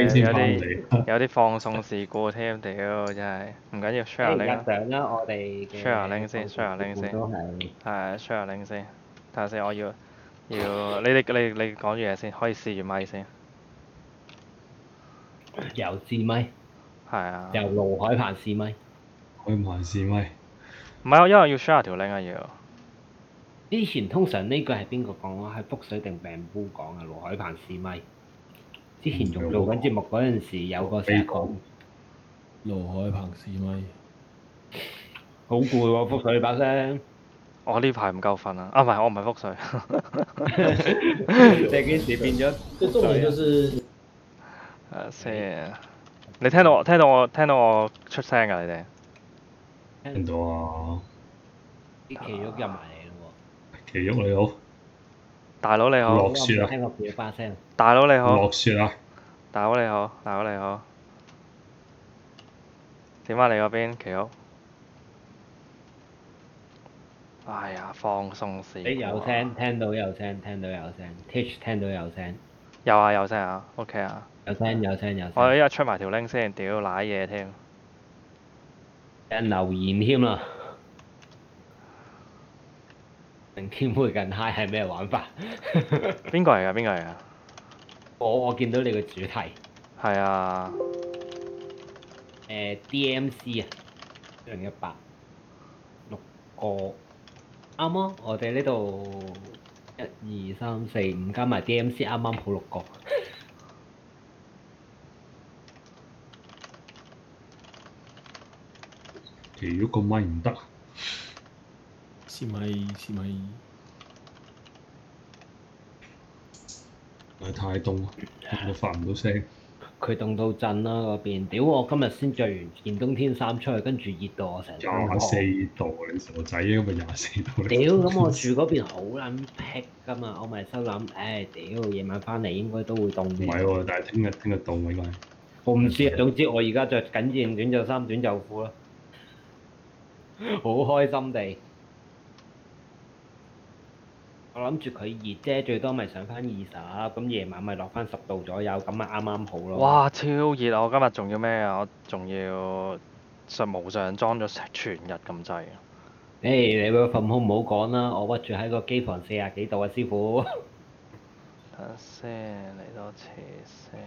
有啲有啲放送事故添，屌真係唔緊要。Share link 啦，我哋。Share link 先，share link 先，係 share link 先。等下先，我要要你哋你你講住嘢先，可以試住麥先。由試麥。係啊。由盧海鵬試麥，許慕賢試麥。唔係我因為要 share 條 link 嘅嘢。以前通常呢句係邊個講啊？係福水定病夫講啊？盧海鵬試麥。之前仲做緊節目嗰陣時，有個社工，盧海鵬師妹，好攰喎，覆水把聲。我呢排唔夠瞓啊！啊，唔係，我唔係覆水。你幾時變咗？你聽到我聽到我聽到我出聲㗎？你哋聽到啊？啲奇玉入埋嚟喇喎！奇玉你好。大佬你好，聽個鬼話聲。大佬你好。落雪啊！大佬你好，大佬你好，點啊你嗰邊？企屋。哎呀，放鬆時。你有聲聽到有聲，聽到有聲，Twitch 聽到有聲。有啊有聲啊，OK 啊。有聲有聲有聲。我依家出埋條 link 先，屌賴嘢添。聽留言添啊。零天會更嗨係咩玩法？邊個嚟㗎？邊個嚟㗎？我我見到你個主題係啊，誒、欸、D M C 啊，零一八六個啱啊！我哋呢度一二三四五加埋 D M C 啱啱好六個，屌個咪唔得黐咪黐咪，但係太凍，我發唔到聲。佢凍到震啦嗰邊，屌我今日先着完件冬天衫出去，跟住熱到我成廿四度，你傻仔？咁咪廿四度屌、哎？屌，咁我住嗰邊好撚僻㗎嘛，我咪心諗，唉，屌夜晚翻嚟應該都會凍嘅。唔係喎，但係聽日聽日凍喎應該。我唔知，總之我而家着緊件短袖衫、短袖褲啦， 好開心地。我諗住佢熱啫，最多咪上翻二十，咁夜晚咪落翻十度左右，咁咪啱啱好咯。哇！超熱啊！我今日仲要咩啊？我仲要實無上裝咗成全日咁滯。誒，你瞓好唔好講啦？我屈住喺個機房四十幾度啊，師傅。得聲，嚟多次聲。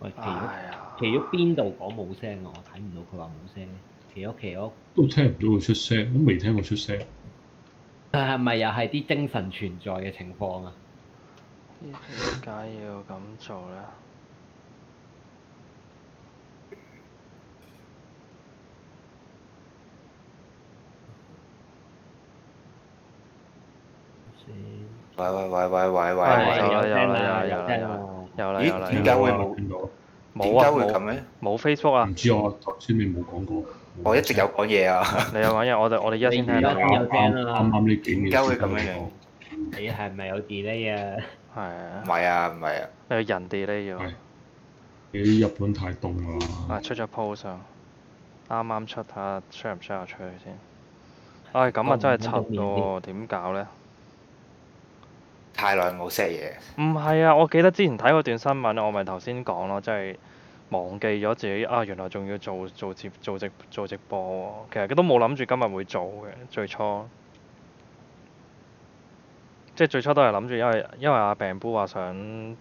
喂，奇屋，奇屋邊度講冇聲啊？我睇唔到佢話冇聲。奇屋，奇屋。都聽唔到佢出聲，我都未聽佢出聲。佢係咪又係啲精神存在嘅情況啊？點解要咁做咧？喂喂喂喂喂喂！有啦有啦有啦有啦有啦！咦？點解會冇見到？冇啊！冇冇 Facebook 啊？唔知我頭先有冇講過。我、哦、一直有講嘢啊！ 你有講嘢，我哋我哋而家先聽啦。啱啱你點嘅？點解會咁樣樣？你係咪有 delay 啊？係啊。唔係啊，唔係啊。你人 delay 咗？你日本太凍啦。啊！出咗 post，啱啱出吓，衰唔衰啊？看看出出先出去先。唉、哎，咁啊，真係柒喎！點搞咧？太耐冇 set 嘢。唔係啊！我記得之前睇嗰段新聞，我咪頭先講咯，即係。忘記咗自己啊！原來仲要做做直做直做直播喎、哦。其實佢都冇諗住今日會做嘅，最初。即係最初都係諗住，因為因為阿病夫話想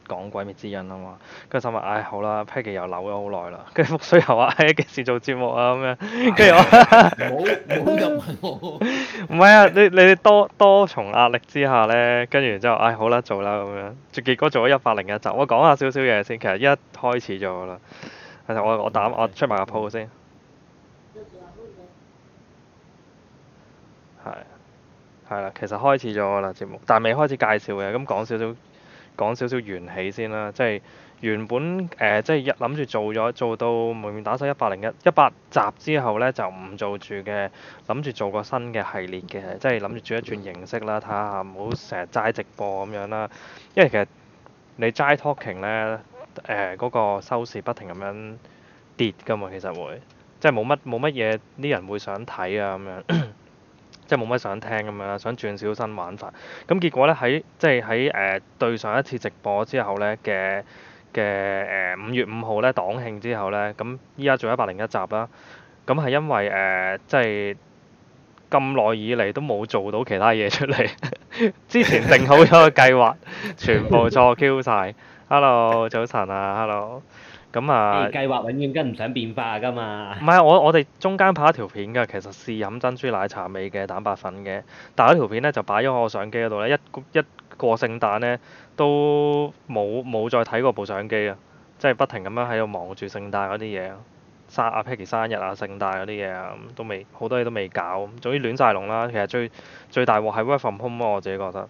講《鬼滅之刃》啊嘛，跟住就話，唉，好啦，Peggy 又扭咗好耐啦，跟住福叔又話，唉、哎，幾時做節目啊咁樣，跟住我，唔好唔好入問我。唔係 啊，你你多多重壓力之下咧，跟住之後，唉，好啦，做啦咁樣，結果做咗一百零一集。我講下少少嘢先，其實一開始就啦，其實我我打、嗯、我出埋個 pose 先。係啦，其實開始咗啦節目，但係未開始介紹嘅，咁講少少講少少緣起先啦，即係原本誒、呃、即係一諗住做咗做到全面打手一百零一一百集之後呢，就唔做住嘅，諗住做個新嘅系列嘅，即係諗住轉一轉形式啦，睇下唔好成日齋直播咁樣啦，因為其實你齋 talking 呢，誒、呃、嗰、那個收視不停咁樣跌㗎嘛，其實會即係冇乜冇乜嘢啲人會想睇啊咁樣， 即係冇乜想聽咁樣啦，想轉少少新玩法。咁結果呢，喺即係喺誒對上一次直播之後呢嘅嘅誒五月五號呢黨慶之後呢，咁依家做一百零一集啦。咁係因為誒、呃、即係咁耐以嚟都冇做到其他嘢出嚟。 之前定好咗個計劃， 全部錯 Q 晒。 Hello，早晨啊，Hello。咁啊，嗯、計劃永遠跟唔上變化㗎嘛。唔係啊，我我哋中間拍一條片㗎，其實試飲珍珠奶茶味嘅蛋白粉嘅，但係嗰條片呢，就擺咗喺我相機嗰度呢一一過聖誕呢，都冇冇再睇過部相機啊，即係不停咁樣喺度忙住聖誕嗰啲嘢，啊，生阿 Peggy 生日啊，聖誕嗰啲嘢啊，都未好多嘢都未搞，總之亂晒龍啦。其實最最大鑊係 Work from Home 咯，我自己覺得。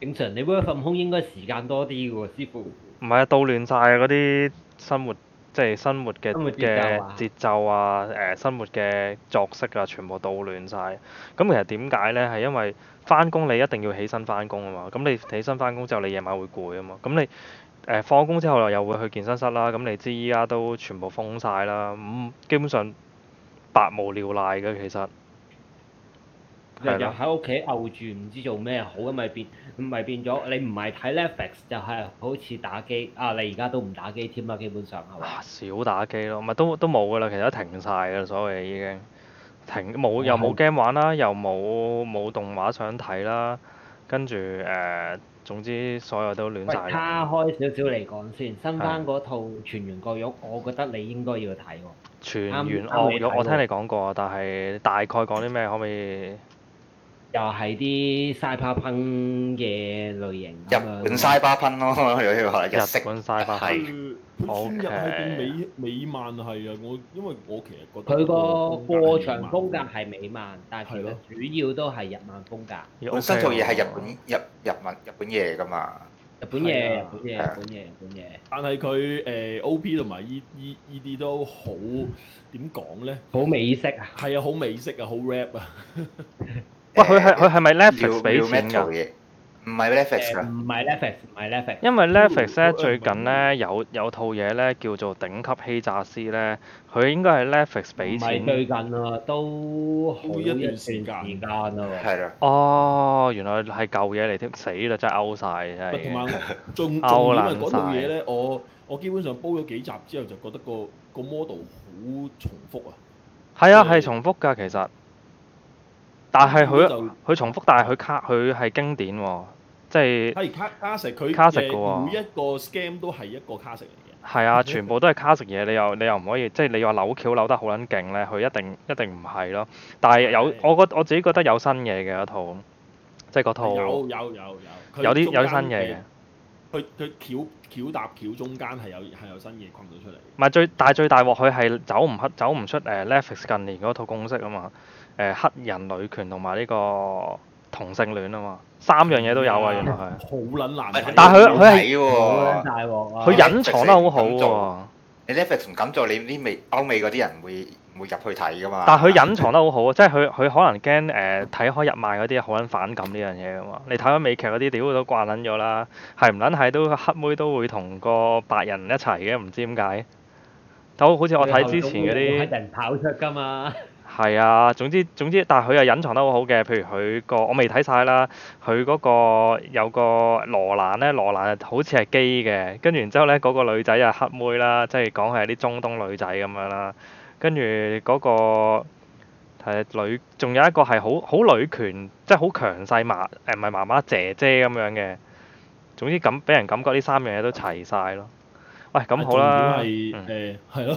正常你 Work from Home 應該時間多啲㗎喎，師傅。唔係啊，倒亂曬嗰啲生活，即係生活嘅嘅節奏啊，誒生活嘅作息啊，全部倒亂晒。咁其實點解呢？係因為翻工你一定要起身翻工啊嘛。咁你起身翻工之後，你夜晚會攰啊嘛。咁你誒放工之後又又會去健身室啦。咁你知依家都全部封晒啦。咁基本上百無聊賴嘅其實。又喺屋企吽住，唔知做咩好咁咪變，唔係變咗你唔係睇 Netflix 就係好似打機啊！你而家都唔打機添啊，基本上係少打機咯，咪都都冇㗎啦，其實都停晒㗎啦，所謂已經停冇又冇 game 玩啦，又冇冇、嗯、動畫想睇啦，跟住誒，總之所有都亂晒。岔開少少嚟講先，新翻嗰套《全員過獄》，我覺得你應該要睇喎。係全員過獄，我聽你講過，但係大概講啲咩，可唔可以？又係啲 Cyberpunk 嘅類型，日本 Cyberpunk 咯，有啲話日式，日本 Cyberpunk 係，OK，美美漫係啊，我因為我其實覺得佢個過場風格係美漫，但係主要都係日漫風格。我新造嘢係日本日日文日本嘢嚟㗎嘛，日本嘢，日本嘢，日本嘢，日本嘢。但係佢誒 OP 同埋依依依啲都好點講咧？好美式啊！係啊，好美式啊，好 rap 啊！哇！佢係佢係咪 Netflix 俾錢㗎？唔係 Netflix 㗎。唔係 Netflix，唔係 Netflix。因為 Netflix 咧最近咧有有套嘢咧叫做《頂級欺詐師》咧，佢應該係 Netflix 俾錢。唔係最近啊，都好一段時間啦。係啦。哦，原來係舊嘢嚟添，死啦，真係 out 曬，真係。同埋仲仲要係嗰套嘢咧，我我基本上煲咗幾集之後就覺得個個 model 好重複啊。係啊，係重複㗎，其實。但係佢佢重複，但係佢卡佢係經典喎，即係。係卡卡食佢嘅每一個 scam 都係一個卡食嚟嘅。係啊，全部都係卡食嘢，你又你又唔可以，即係你話扭橋扭得好撚勁咧，佢一定一定唔係咯。但係有的我覺我，我自己覺得有新嘢嘅一套，即係嗰套。有有有有，有啲有啲新嘢嘅。佢佢橋橋搭橋中間係有係有新嘢困到出嚟。唔係最但係最大鑊，佢係走唔出走唔出誒 Netflix 近年嗰套公式啊嘛。誒、呃、黑人女權同埋呢個同性戀啊嘛，三樣嘢都有啊，原來係。好撚難但係佢佢係佢隱藏得好、啊、藏得好喎、啊。n e f e r 唔敢做，你啲美歐美嗰啲人會會入去睇噶嘛？但係佢隱藏得好好啊，即係佢佢可能驚誒睇開日漫嗰啲好撚反感呢樣嘢噶嘛？你睇開美劇嗰啲屌都慣撚咗啦，係唔撚係都黑妹都會同個白人一齊嘅，唔知點解？都好似我睇之前嗰啲。黑人跑出㗎嘛？ 係啊，總之總之，但係佢又隱藏得好好嘅。譬如佢個我未睇晒啦，佢嗰個有個羅蘭呢，羅蘭好似係基嘅。跟住然之後呢，嗰個女仔啊，黑妹啦，即係講係啲中東女仔咁樣啦。跟住嗰個係女，仲有一個係好好女權，即係好強勢媽唔係媽媽姐姐咁樣嘅。總之咁俾人感覺呢三樣嘢都齊晒咯。喂、哎，咁好啦。重係係咯。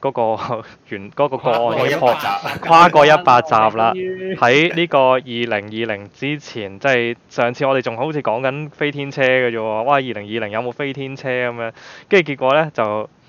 嗰個原嗰個個案跨過一百集啦，喺呢 個二零二零之前，即係上次我哋仲好似講緊飛天車嘅啫喎，哇！二零二零有冇飛天車咁樣？跟住結果咧就～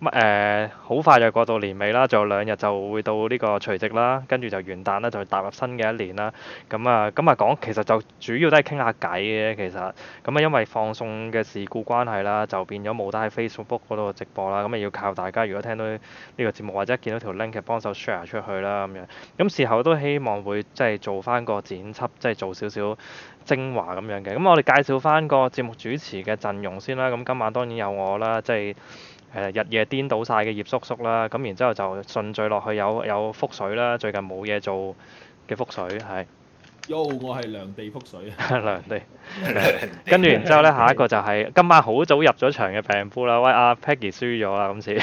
咁誒好快就過到年尾啦，仲有兩日就會到呢個除夕啦，跟住就元旦啦，就踏入新嘅一年啦。咁啊，咁啊講，其實就主要都係傾下偈嘅，其實咁啊，因為放送嘅事故關係啦，就變咗冇得喺 Facebook 嗰度直播啦。咁啊，要靠大家，如果聽到呢個節目或者見到條 link，其實幫手 share 出去啦，咁樣，咁事後都希望會即係做翻個剪輯，即係做少少精華咁樣嘅。咁我哋介紹翻個節目主持嘅陣容先啦。咁今晚當然有我啦，即係。誒日夜顛倒曬嘅葉叔叔啦，咁然之後就順序落去有有覆水啦，最近冇嘢做嘅覆水係。呦，我係涼地覆水啊！涼地。跟住然之後咧，下一個就係今晚好早入咗場嘅病夫啦。喂，阿 Peggy 輸咗啦，今次。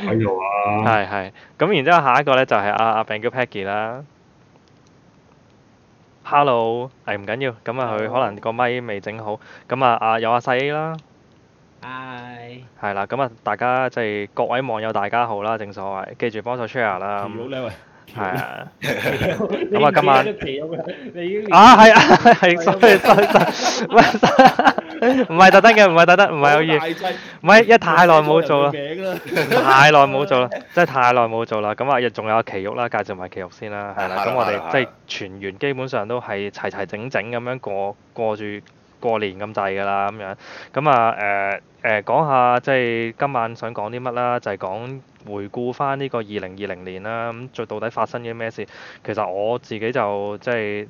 緊要啊！係係，咁然之後下一個咧就係阿阿病叫 Peggy 啦。Hello，係唔緊要，咁啊佢可能個咪未整好，咁啊啊有阿細 A 啦。係，係啦，咁啊，大家即係各位網友大家好啦，正所謂，記住幫手 share 啦。你好咧，喂。係啊。咁啊，今晚啊，係啊，係，衰衰衰，喂，唔係特登嘅，唔係特登，唔係有意，唔係因為太耐冇做啦，太耐冇做啦，即係太耐冇做啦。咁啊，亦仲有奇肉啦，介紹埋奇肉先啦，係啦。咁我哋即係全員基本上都係齊齊整整咁樣過過住過年咁滯㗎啦，咁樣。咁啊，誒。誒、呃、講下即係今晚想講啲乜啦，就係、是、講回顧翻呢個二零二零年啦。咁、嗯、最到底發生咗啲咩事？其實我自己就即係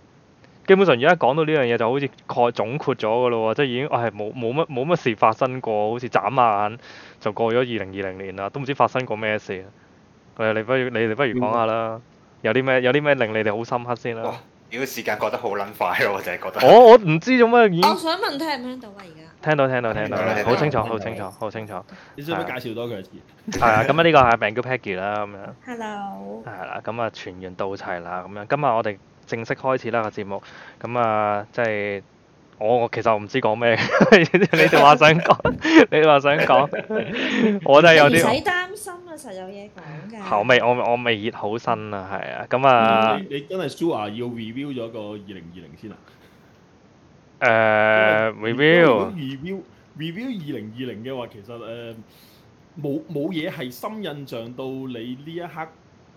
基本上而家講到呢樣嘢，就好似概括總括咗㗎咯喎，即係已經我係冇冇乜冇乜事發生過，好似眨眼就過咗二零二零年啦，都唔知發生過咩事。誒，你不如你哋不如講下啦，有啲咩有啲咩令你哋好深刻先啦。哦秒時間過得好撚快咯，我就係覺得、oh, 我。我我唔知做咩。我想問聽唔聽到啊？而家聽到聽到聽到，好清楚好清楚好清楚。清楚清楚，你需要唔需要介紹多幾次？係 啊、uh,，咁啊呢個係名叫 Peggy 啦，咁樣。Hello。係啦，咁啊全員到齊啦，咁樣。今日我哋正式開始啦、這個節目，咁啊即係。我我其實我唔知講咩，你你話想講，你話想講，我真係有啲唔使擔心啊，實有嘢講嘅。後尾我我未熱好身啊，係啊，咁啊。你你真係蘇華要 review 咗個二零二零先啊？誒，review，review，review 二零二零嘅話，其實誒冇冇嘢係深印象到你呢一刻。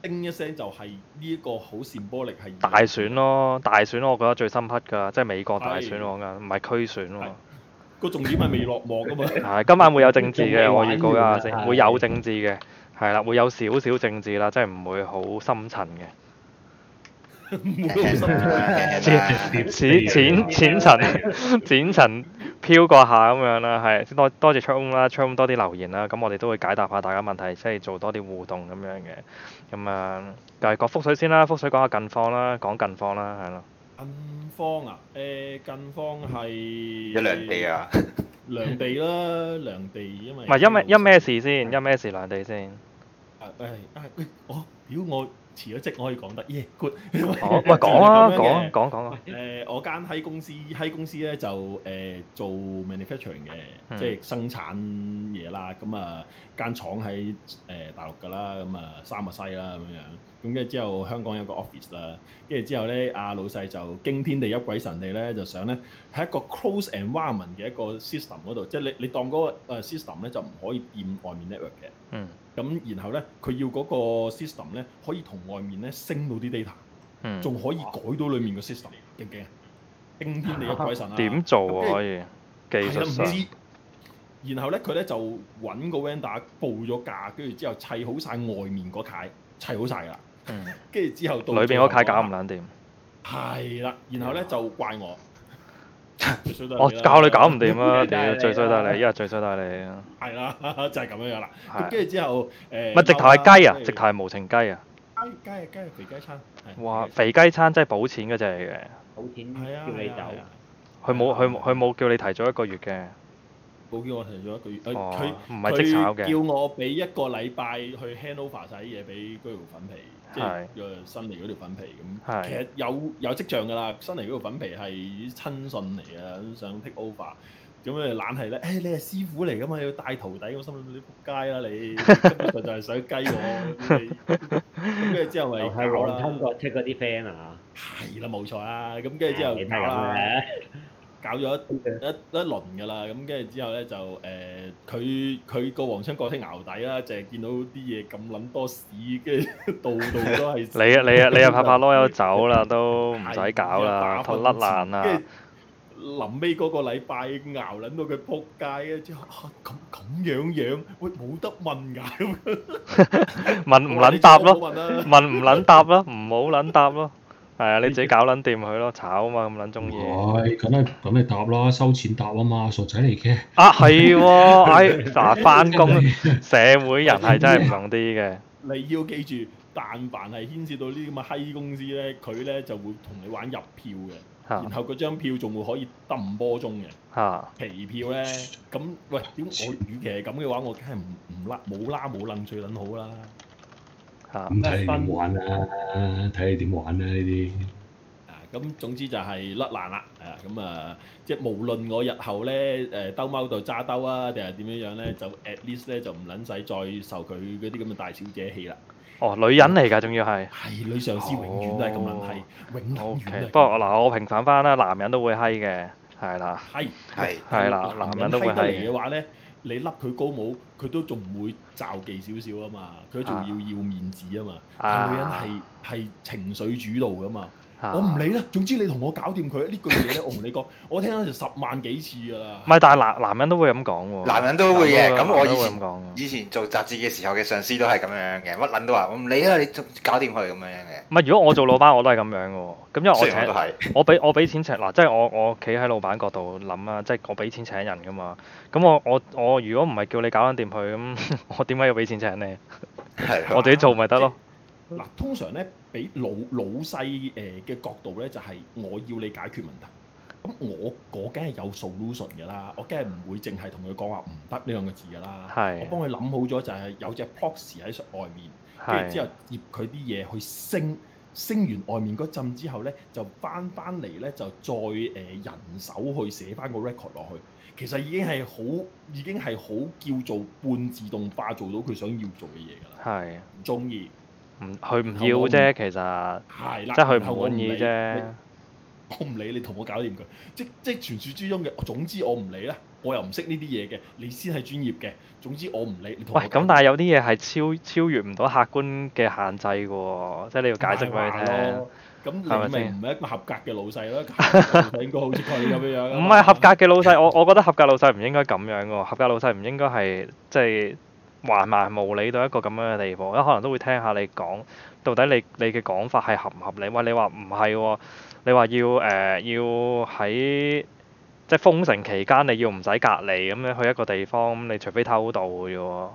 叮一聲就係呢一個好扇波力係大選咯， 大選我覺得最深刻噶，即係美國大選喎，唔係區選喎。個重點係未落幕噶嘛。係 今晚會有政治嘅，我預告一下先，會有政治嘅，係啦， 會有少少政治啦，即係唔會好深沉嘅。淺淺淺淺層，淺層飄過下咁樣啦，係多多謝 Chum 啦，Chum 多啲留言啦，咁我哋都會解答下大家問題，即係做多啲互動咁樣嘅。咁啊，嗯，就係講覆水先啦，覆水講下近況啦，講近況啦，係咯，啊欸。近況啊？誒，近況係一兩地啊，兩 地啦，兩地，因為唔係因咩因咩事先？因咩對、嗯、事兩地先？誒誒，啊，我，哎，屌，哎哦、我。辭咗職，我可以講得咦、yeah, good。我喂講啊講講講啊。誒我間喺公司喺公司咧就誒、呃、做 manufacturing 嘅，嗯、即係生產嘢啦。咁、嗯、啊間廠喺誒、呃、大陸㗎啦，咁、嗯、啊三亞西啦咁樣。咁跟住之後香港有個 office 啦。跟住之後咧阿老細就驚天地泣鬼神地咧就想咧喺一個 close environment 嘅一個 system 嗰度，即係你你，你當嗰個 system 咧就唔可以變外面 network 嘅。嗯。咁然後咧，佢要嗰個 system 咧，可以同外面咧升到啲 data，嗯，仲可以改到裡面個 system，驚唔驚？驚天你個鬼神啊！點做啊？可以唔知。然後咧，佢咧就揾個 vendor 報咗價，跟住之後砌好晒外面嗰啀，砌好曬啦。嗯。跟住之後，裏邊嗰啀搞唔撚掂。係啦，然後咧就怪我。我教你搞唔掂啊！你要最衰得你，一日最衰得你啊！係啦，就係咁樣樣啦。咁跟住之後，誒，咪直頭係雞啊！直頭係無情雞啊！雞雞雞，肥雞餐。哇！肥雞餐真係補錢嗰隻嚟嘅。補錢叫你走。佢冇佢佢冇叫你提早一個月嘅。冇叫我提早一個月，佢唔係即炒嘅。叫我俾一個禮拜去 hand over 曬啲嘢俾居豪粉皮。即係個新嚟嗰條粉皮咁，其實有有跡象㗎啦。新嚟嗰條粉皮係親信嚟啊，想 take over，咁咧懶係咧，誒、欸、你係師傅嚟㗎嘛，你要帶徒弟，咁心諗啲撲街啦你，你就就係想雞喎。跟住 之後咪搞啦，take 嗰啲 friend 啊，係啦冇錯啦，咁跟住之後搞啦。 搞咗一一一輪㗎啦，咁跟住之後咧就誒，佢佢個皇親國戚熬底啦，淨係見到啲嘢咁撚多屎嘅，度度都係。你啊你啊你啊拍拍攞咗走啦，都唔使搞啦，都甩爛啦。臨尾嗰個禮拜熬撚到佢仆街啊！之後嚇咁咁樣樣，喂冇得問㗎，問唔撚答咯，問唔撚答咯，唔好撚答咯。係啊、哎，你自己搞撚掂佢咯，炒嘛咁撚中意。唔係，咁係答啦，收錢答啊嘛，傻仔嚟嘅。 啊係喎，唉、哦，嗱翻工，社會人係真係唔同啲嘅。你要記住，但凡係牽涉到呢啲咁嘅閪公司咧，佢咧就會同你玩入票嘅，然後嗰張票仲會可以抌波中嘅。嚇。期票咧，咁喂，點我？如果係咁嘅話，我梗係唔唔拉冇拉冇撚最撚好啦、啊。咁睇你點玩啦，睇你點玩啦呢啲。啊，咁總之就係甩爛啦。啊，咁啊，即係無論我日後咧，誒兜貓袋揸兜啊，定係點樣樣咧，就 at least 咧就唔撚使再受佢嗰啲咁嘅大小姐氣啦。哦，女人嚟㗎，仲要係。係女上司，永遠都係咁撚，係，永遠。O K，不過嗱，我平反翻啦，男人都會閪嘅，係啦。係。係。係啦，男人都會係嘅話咧。你笠佢高帽，佢都仲唔會罩忌少少啊嘛，佢都仲要要面子啊嘛，女人係係情緒主導噶嘛。我唔理啦，總之你同我搞掂佢呢句嘢咧，我同你講，我聽咗就十萬幾次噶啦。唔係，但係男男人都會咁講喎。男人都會嘅，咁我以前以前做雜誌嘅時候嘅上司都係咁樣嘅，乜撚都話我唔理啦，你搞掂佢咁樣嘅。唔係，如果我做老闆，我都係咁樣嘅喎。咁因為我請我俾我俾錢請嗱， 即係我我企喺老闆角度諗啦，即係我俾錢請人噶嘛。咁我我我，我如果唔係叫你搞翻掂佢，咁我點解要俾錢請你？係吧， 我自己做咪得咯。通常咧，俾老老細誒嘅角度咧，就係、是、我要你解決問題。咁我我梗係有 solution 嘅啦，我梗係唔會淨係同佢講話唔得呢兩個字㗎啦。係是的 我幫佢諗好咗，就係有隻 proxy 喺外面，跟住之後接佢啲嘢去升升完外面嗰陣之後咧，就返返嚟咧就再誒、呃、人手去寫返個 record 落去。其實已經係好已經係好叫做半自動化做到佢想要做嘅嘢㗎啦。係唔中意。佢唔要啫，其實，了即係佢唔滿意啫。已我唔理你，同我搞掂佢。即即傳説之中嘅，總之我唔理啦。我又唔識呢啲嘢嘅，你先係專業嘅。總之我唔理你。喂，咁但係有啲嘢係超超越唔到客觀嘅限制嘅喎，即係你要解釋俾吧吧你聽。咁你咪唔係一個合格嘅老細咯？ 應該好似佢咁樣樣。唔係合格嘅老細， 我我覺得合格老細唔應該咁樣嘅喎。合格老細唔應該係即係。即係即係話埋無理到一個咁樣嘅地步，咁可能都會聽下你講，到底你你嘅講法係合唔合理？哇！你話唔係喎，你話要誒、呃、要喺即係封城期間，你要唔使隔離咁樣去一個地方咁，你除非偷渡嘅啫喎，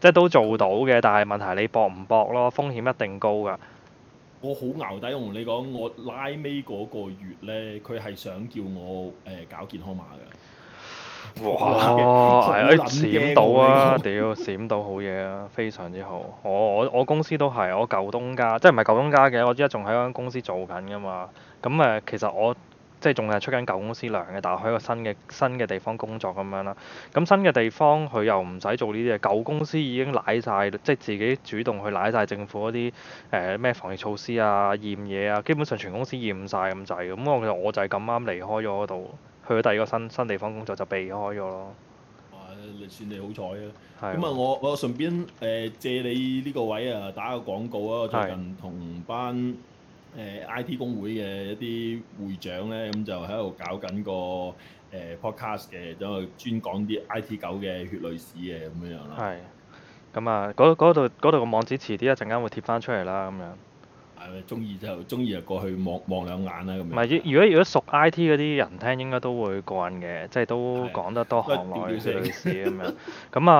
即係都做到嘅，但係問題你搏唔搏咯？風險一定高㗎。我好淆底，我同你講，我拉尾嗰個月呢，佢係想叫我誒、呃、搞健康碼㗎。哇！係啊哇，閃到啊！屌，閃到好嘢啊，非常之好。我我我公司都係，我舊東家，即係唔係舊東家嘅，我依家仲喺嗰間公司做緊噶嘛。咁、嗯、誒，其實我即係仲係出緊舊公司糧嘅，但係喺個新嘅新嘅地方工作咁樣啦。咁、嗯、新嘅地方佢又唔使做呢啲嘢，舊公司已經舐晒，即係自己主動去舐晒政府嗰啲誒咩防疫措施啊、驗嘢啊，基本上全公司驗晒咁滯。咁我其實我就係咁啱離開咗嗰度。去咗第二個新新地方工作就避開咗咯。誒，算你好彩啊！咁啊的，我我順便誒、呃、借你呢個位啊，打個廣告啊！我最近同班誒、呃、IT 工會嘅一啲會長咧，咁就喺度搞緊個誒 Podcast 嘅，就係、呃呃、專講啲 IT 狗嘅血淚史嘅咁樣樣啦。係。咁啊，嗰度度個網址遲啲一陣間會貼翻出嚟啦，咁樣。中意就中意就過去望望兩眼啦，咁樣。唔係，如果如果熟 I T 嗰啲人聽，應該都會過癮嘅，即係都講得多行內嘅事咁樣。咁 啊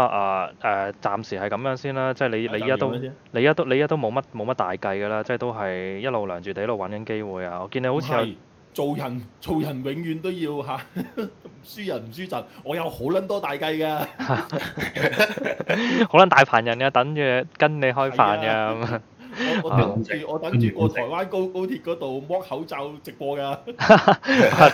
啊誒，暫時係咁樣先啦。即係你你依家都你依家都你依家都冇乜冇乜大計㗎啦。即係都係一路量住地，一路揾緊機會啊！我見你好似係做人做人永遠都要嚇、啊、輸人唔輸陣。我有好撚多，多大計㗎，好撚大羣人嘅等住跟你開飯嘅咁呀 我等住，我等住，我過台灣高高鐵嗰度摸口罩直播噶。我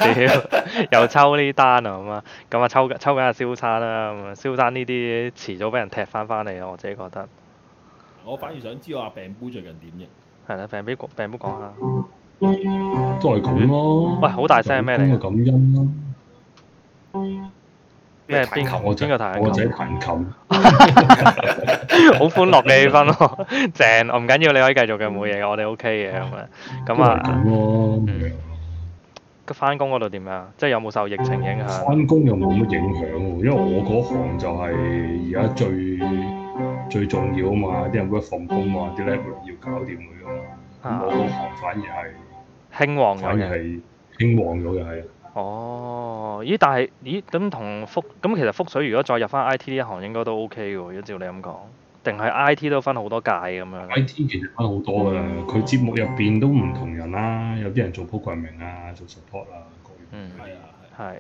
屌，又抽呢單啊咁啊，咁啊抽嘅抽緊阿蕭山啦咁啊，蕭山呢啲遲早俾人踢翻翻嚟啊！我自己覺得。我反而想知道阿病夫最近點啫。係咯，病夫講，病夫講下。都係咁咯。喂，好大聲咩嚟？應該減音咯。咩彈琴？我邊個彈琴？我仔彈琴，好歡樂嘅氣氛咯，正！我唔緊要，你可以繼續嘅，冇嘢嘅，我哋 OK 嘅咁啊。咁咯，咁翻工嗰度點樣？即係有冇受疫情影響？翻工又冇乜影響喎，因為我嗰行就係而家最最重要啊嘛，啲人會放工啊，啲 level 要搞掂佢啊嘛。我嗰行反而係興旺嘅，反而係興旺咗嘅係。哦，咦？但係咦？咁同覆咁，其實覆水，如果再入翻 IT 呢一行應該都 OK 嘅，如果照你咁講，定係 IT 都分好多界咁樣。IT 其實分好多㗎，佢、嗯、節目入邊都唔同人啦，啊、有啲人做 programming 啊，做 support 啊，嗯，係啊，係、啊。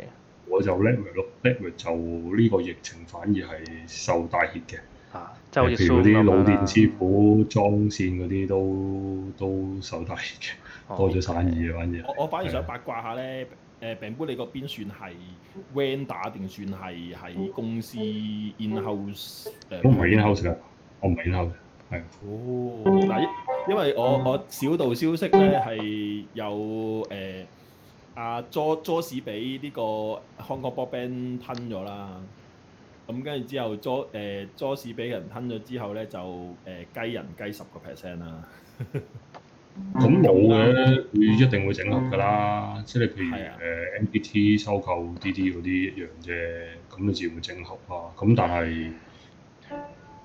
我就叻㗎咯，叻㗎就呢個疫情反而係受大熱嘅，啊，即係好似嗰啲老電師傅、啊、裝線嗰啲都都受大熱嘅，多咗生意啊反而。我、啊、我反而想八卦下咧。誒、呃、band，你個邊算係 vendor 打定算係喺公司 in house？、呃、我唔係 in house 㗎，我唔係 in house。係哦，嗱，因為我我小道消息咧，係有誒阿 JOS 俾呢個 Hong Kong Broadband 吞咗啦，咁跟住之後 JOS 誒 JOS 俾人吞咗之後咧，就誒、呃、雞人雞十個 percent 啊！啦 咁冇嘅，佢一定會整合噶啦。即係譬如誒，MPT 收購啲啲嗰啲一樣啫。咁自然會整合啊。咁但係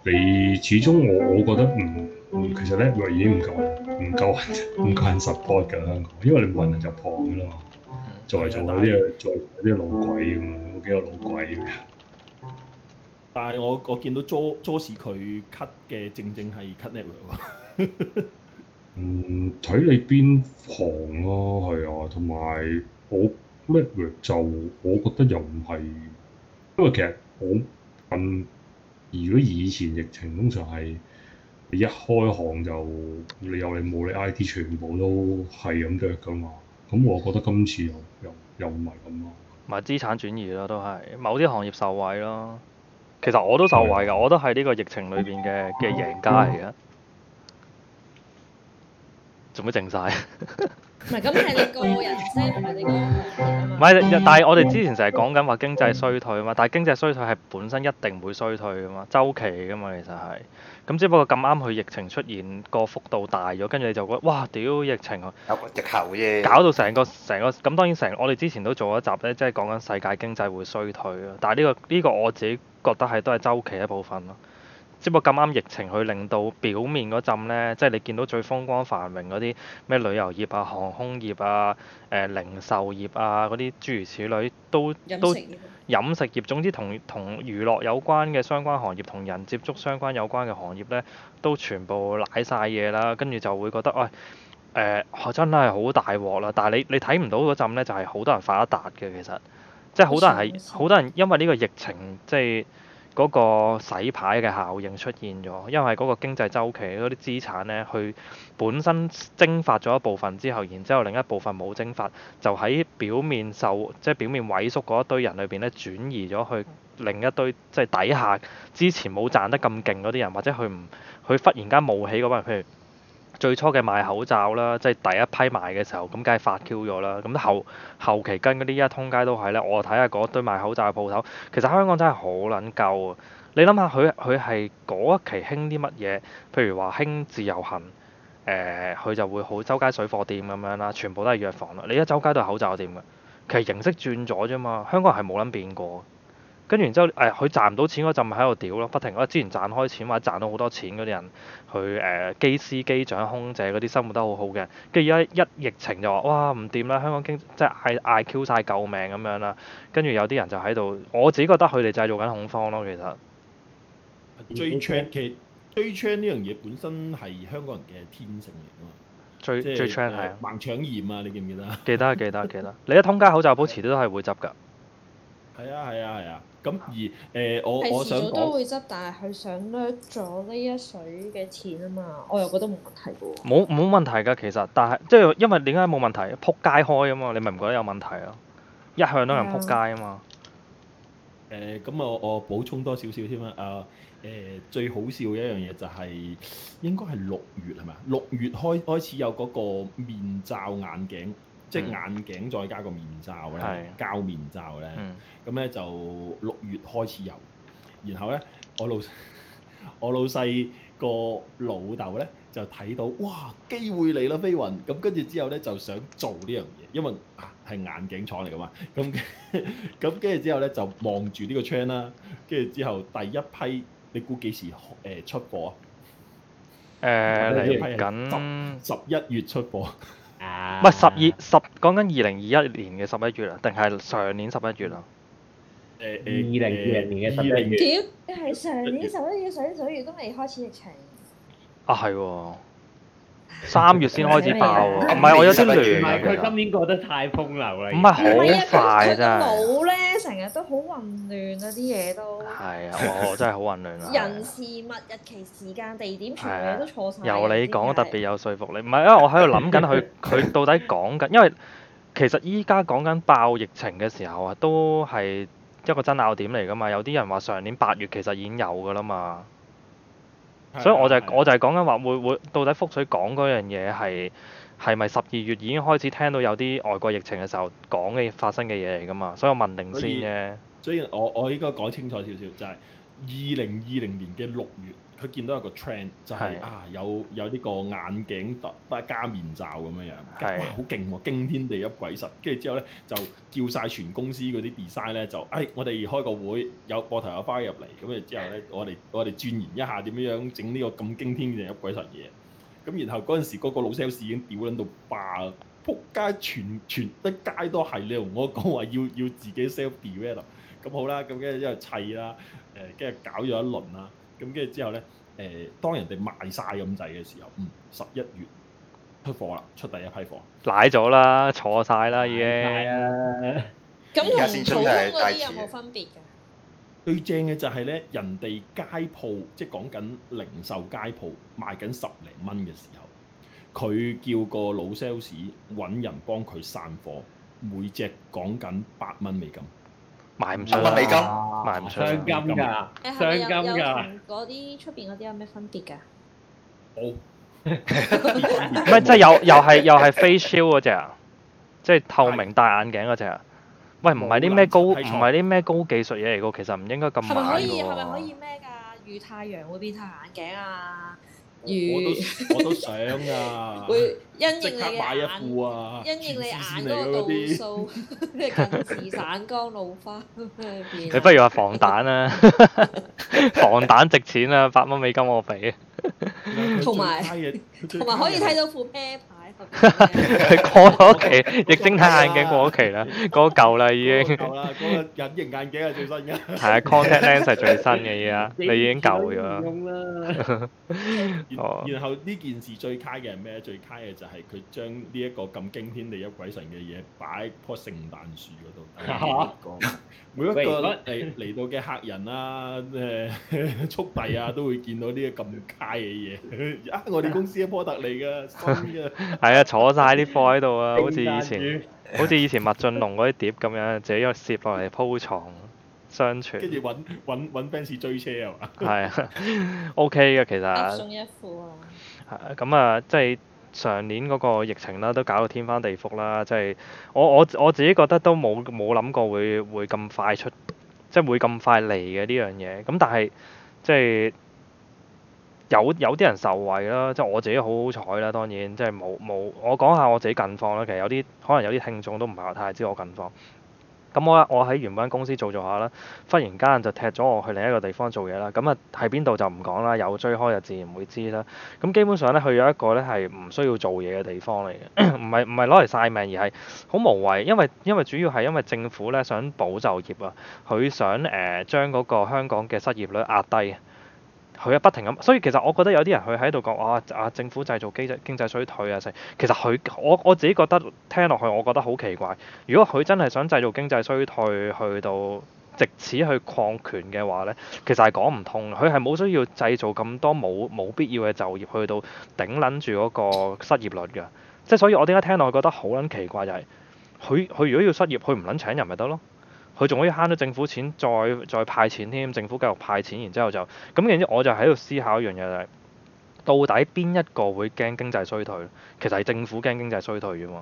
你始終我我覺得唔，其實咧量已經唔夠，唔夠唔夠人，人 support 嘅噶啦，因為你冇人入行嘅咯。在做嗰啲啊，在做嗰啲老鬼咁啊，好幾個老鬼。但係我我見到 JoJo 氏佢 cut 嘅正正係 cut 量。 嗯，睇你邊行啦，係啊，同埋、啊、我咩嘢就我覺得又唔係，因為其實我咁，如果以前疫情通常係一開行就你有你冇你 I T 全部都係咁嘅噶嘛，咁我覺得今次又又又唔係咁咯，唔係資產轉移咯，都係某啲行業受惠咯，其實我都受惠㗎，啊、我都係呢個疫情裏邊嘅嘅贏家嚟嘅。啊啊。仲咩靜晒？唔係咁係你個人啫，唔係你個人。唔係，但係我哋之前成日講緊話經濟衰退啊嘛，但係經濟衰退係本身一定會衰退噶嘛，周期嚟噶嘛，其實係。咁只不過咁啱佢疫情出現個幅度大咗，跟住你就覺得哇屌疫情啊！有個直頭耶！搞到成個成個咁，當然成我哋之前都做一集咧，即係講緊世界經濟會衰退咯。但係呢個呢個我自己覺得係都係周期一部分咯。只不過咁啱疫情去令到表面嗰陣咧，即係你見到最風光繁榮嗰啲咩旅遊業啊、航空業啊、誒、呃、零售業啊嗰啲諸如此類，都飲都飲食業，總之同同娛樂有關嘅相關行業、同人接觸相關有關嘅行業呢，都全部奶晒嘢啦，跟住就會覺得喂誒，哎呃、真係好大鑊啦！但係你你睇唔到嗰陣咧，就係、是、好多人發一達嘅其實，即係好多人係好多人因為呢個疫情即係。嗰個洗牌嘅效應出現咗，因為嗰個經濟週期嗰啲資產咧，佢本身蒸發咗一部分之後，然之後另一部分冇蒸發，就喺表面受即係、就是、表面萎縮嗰一堆人裏邊咧，轉移咗去另一堆即係、就是、底下之前冇賺得咁勁嗰啲人，或者佢唔佢忽然間冒起嗰班，譬如。最初嘅賣口罩啦，即係第一批賣嘅時候，咁梗係發 Q 咗啦。咁後後期跟嗰啲一通街都係咧，我睇下嗰堆賣口罩嘅鋪頭，其實香港真係好撚舊啊！你諗下，佢佢係嗰一期興啲乜嘢？譬如話興自由行，誒、呃、佢就會好周街水貨店咁樣啦，全部都係藥房啦。你一周街都係口罩店嘅，其實形式轉咗啫嘛。香港人係冇諗變過。跟住然之後，誒、哎、佢賺唔到錢嗰陣咪喺度屌咯，不停。哇！之前賺開錢或者賺到好多錢嗰啲人，佢誒、呃、機師、機長、空姐嗰啲生活得好好嘅，跟住而家一疫情就話哇唔掂啦，香港經濟即係嗌嗌 Q 晒救命咁樣啦。跟住有啲人就喺度，我自己覺得佢哋製造緊恐慌咯，其實最。最搶嘅，最搶呢樣嘢本身係香港人嘅天性嚟啊嘛。最傳最搶傳係。盲搶鹽啊！你記唔記得啊？記得記得記得，你一通街口罩保持啲都係會執㗎。係啊係啊係啊，咁、啊啊、而誒、呃、我我想都會執，我但係佢想掠咗呢一水嘅錢啊嘛，我又覺得冇問題嘅冇冇問題㗎，其實，但係即係因為點解冇問題？撲街開啊嘛，你咪唔覺得有問題咯？一向都係撲街啊嘛。誒、啊，咁、呃、我我補充多少少添啦。啊、呃、誒，最好笑嘅一樣嘢就係、是、應該係六月係咪啊？六月開始開始有嗰個面罩眼鏡。即係眼鏡再加個面罩咧，膠是的 面罩咧，咁咧、嗯、就六月開始有。然後咧，我老我老細個老豆咧就睇到，哇！機會嚟啦，飛雲。咁跟住之後咧，就想做呢樣嘢，因為啊係眼鏡廠嚟嘅嘛。咁咁跟住之後咧，就望住呢個窗啦。跟住之後，第一批你估幾時誒出貨啊？誒嚟緊十一11、呃、月出貨。唔係、啊、十二十講緊二零二一年嘅十一月啊，定係上年十一月啊？二零二零年嘅十一月？點係上年十一月、啊、上年十一月，月，月都未開始疫情啊？係三月先開始爆，唔係我有啲亂啊！佢今年過得太風流啦，唔係好快真冇腦咧，成日都好混亂啊！啲嘢都係啊，我真係好混亂啊！人事物、日期、時間、地點，全部都錯曬。由你講特別有說服力，唔係因為我喺度諗緊佢佢到底講緊，因為其實依家講緊爆疫情嘅時候啊，都係一個爭拗點嚟㗎嘛。有啲人話上年八月其實已經有㗎啦嘛。所以我就係、的我就係講緊話會會到底覆水講樣嘢，係係咪十二月已經開始聽到有啲外國疫情嘅時候講嘅發生嘅嘢嚟㗎嘛，所以我問定先啫。所以我，我我應該講清楚少少，就係二零二零年嘅六月。佢見到有個 trend 就係啊，有有呢個眼鏡加加面罩咁樣樣，好勁喎，驚天地泣鬼神！跟住之後咧就叫晒全公司嗰啲 design 咧就，誒、哎、我哋開個會，有個頭有花入嚟，咁誒之後咧我哋我哋鑽研一下點樣樣整呢個咁驚天地泣鬼神嘢，咁然後嗰陣時嗰個老 sales 已經屌撚到爆，撲街全全得街都係你我，我講話要要自己 self develop 咁好啦，咁跟住一後砌啦，誒跟住搞咗一輪啦。咁跟住之後咧，誒當人哋賣晒咁滯嘅時候，嗯十一月出貨啦，出第一批貨，奶咗啦，坐曬啦已經。咁同普通嗰啲有冇分別㗎？Yeah 最正嘅就係咧，人哋街鋪即係講緊零售街鋪賣緊十零蚊嘅時候，佢叫個老 sales 搵人幫佢散貨，每隻講緊八蚊美金。賣唔出啦，雙金噶，雙金噶，嗰啲出邊嗰啲有咩分別噶？冇，唔係即係又又係又係 face shield 嗰隻啊，即係透明的戴眼鏡嗰隻啊。喂，唔係啲咩高，唔係啲咩高技術嘢嚟噶，其實唔應該咁買噶。係咪可以係咪可以咩噶？遇太陽會變太陽眼鏡啊？我都我都想啊！ 會因應你嘅眼，買一副啊，因應你眼嗰個度數， 近視散光老花咩？ 了啊、你不如話防彈啊， 防彈值錢啊，八蚊美金我俾，同埋同埋可以睇到副啤牌。佢過咗期，液晶睇眼鏡過咗期啦，過咗舊啦已經。過啦，嗰隱形眼鏡係最新嘅。係啊，contact lens 係最新嘅嘢啊，你已經舊咗啦。哦。然後呢件事最 key 嘅係咩？最 key 嘅就係佢將呢一個咁驚天地泣鬼神嘅嘢擺喺棵聖誕樹嗰度。嚇！每一個嚟嚟到嘅客人啊，誒速遞啊，都會見到呢個咁 key 嘅嘢。啊！我哋公司一樖特嚟嘅，新嘅。係啊，坐晒啲貨喺度啊，好似以前，安 好似以前麥浚龍嗰啲碟咁樣，自己又攝落嚟鋪床相傳，跟住揾揾揾 fans 追車啊嘛。係 啊，OK 嘅其實。一送一副啊。咁啊，即係上年嗰個疫情啦，都搞到天翻地覆啦，即係我我我自己覺得都冇冇諗過會會咁快出，即係會咁快嚟嘅呢樣嘢。咁但係即係。有有啲人受惠啦，即係我自己好好彩啦，當然即係冇冇我講下我自己近況啦。其實有啲可能有啲聽眾都唔係話太知我近況。咁我我喺原本公司做做下啦，忽然間就踢咗我去另一個地方做嘢啦。咁啊喺邊度就唔講啦，有追開就自然會知啦。咁基本上咧去咗一個咧係唔需要做嘢嘅地方嚟嘅，唔係唔係攞嚟曬命，而係好無謂，因為因為主要係因為政府咧想保就業啊，佢想誒、呃、將嗰個香港嘅失業率壓低。佢啊不停咁，所以其實我覺得有啲人佢喺度講，哇啊，政府製造經濟經濟衰退啊，其實佢我我自己覺得聽落去，我覺得好奇怪。如果佢真係想製造經濟衰退去到藉此去擴權嘅話呢，其實係講唔通，佢係冇需要製造咁多冇冇必要嘅就業去到頂撚住嗰個失業率㗎，即係所以我點解聽落去覺得好撚奇怪就係，佢佢如果要失業，佢唔撚請人咪得咯？佢仲可以慳到政府錢，再再派錢添，政府繼續派錢，然之後就咁。然之我就喺度思考一樣嘢，就係到底邊一個會驚經濟衰退？其實係政府驚經濟衰退嘅喎，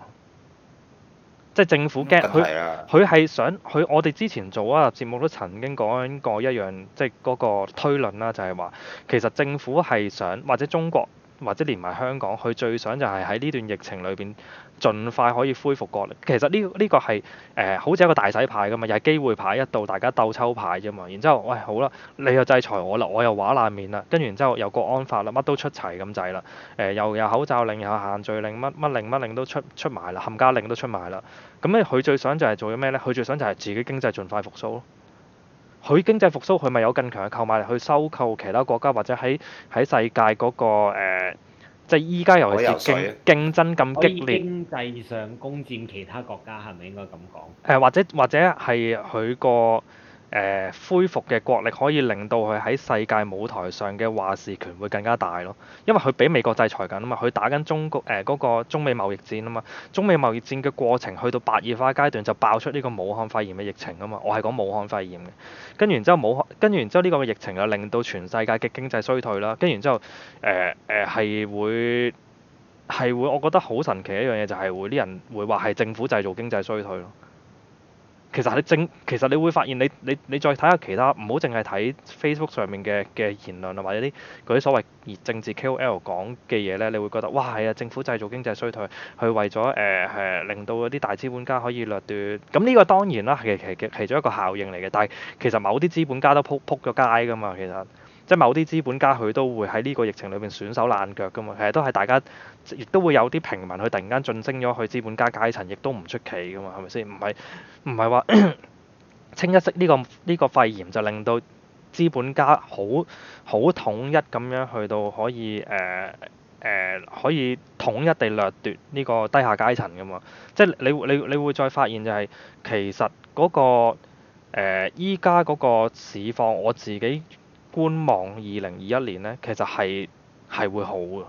即係政府驚佢佢係想佢。我哋之前做啊節目都曾經講過一樣，即係嗰個推論啦，就係話其實政府係想或者中國或者連埋香港，佢最想就係喺呢段疫情裏邊。盡快可以恢復過嚟。其實呢個呢個係誒、呃、好似一個大洗牌㗎嘛，又係機會牌一度大家鬥抽牌啫嘛。然之後，喂好啦，你又制裁我啦，我又話爛面啦，跟住然之後又國安法啦，乜都出齊咁滯啦。又有口罩令，又有限聚令，乜乜令乜令都出出埋啦，冚家令都出埋啦。咁、嗯、咧，佢最想就係做嘅咩呢？佢最想就係自己經濟盡快復甦咯。佢經濟復甦，佢咪有更強嘅購買力去收購其他國家或者喺喺世界嗰、那個、呃即係依家，尤其是競競爭咁激烈，經濟上攻佔其他國家，係咪應該咁講？誒，或者，或者係佢個。呃、恢復嘅國力可以令到佢喺世界舞台上嘅話事權會更加大咯，因為佢俾美國制裁緊啊嘛，佢打緊中國誒嗰、呃嗰個、中美貿易戰啊嘛，中美貿易戰嘅過程去到白熱化階段就爆出呢個武漢肺炎嘅疫情啊嘛，我係講武漢肺炎嘅，跟完之後武漢，跟完之後呢個疫情就令到全世界嘅經濟衰退啦，跟完之後誒誒係會係會，會我覺得好神奇一樣嘢就係、係、會啲人會話係政府製造經濟衰退咯。其實你政，其實你會發現你你你再睇下其他，唔好淨係睇 Facebook 上面嘅嘅言論啊，或者啲嗰啲所謂政治 KOL 講嘅嘢咧，你會覺得哇係啊，政府製造經濟衰退，去為咗誒誒令到嗰啲大資本家可以掠奪，咁呢個當然啦，其其其其中一個效應嚟嘅，但係其實某啲資本家都仆仆咗街㗎嘛，其實。即係某啲資本家佢都會喺呢個疫情裏邊損手爛腳㗎嘛，其實都係大家亦都會有啲平民去突然間晉升咗去資本家階層，亦都唔出奇㗎嘛，係咪先？唔係唔係話清一色呢、這個呢、這個肺炎就令到資本家好好統一咁樣去到可以誒誒、呃呃、可以統一地掠奪呢個低下階層㗎嘛？即係你你你會再發現就係、是、其實嗰、那個誒依家嗰個市況我自己。觀望二零二一年呢，其實係係會好嘅，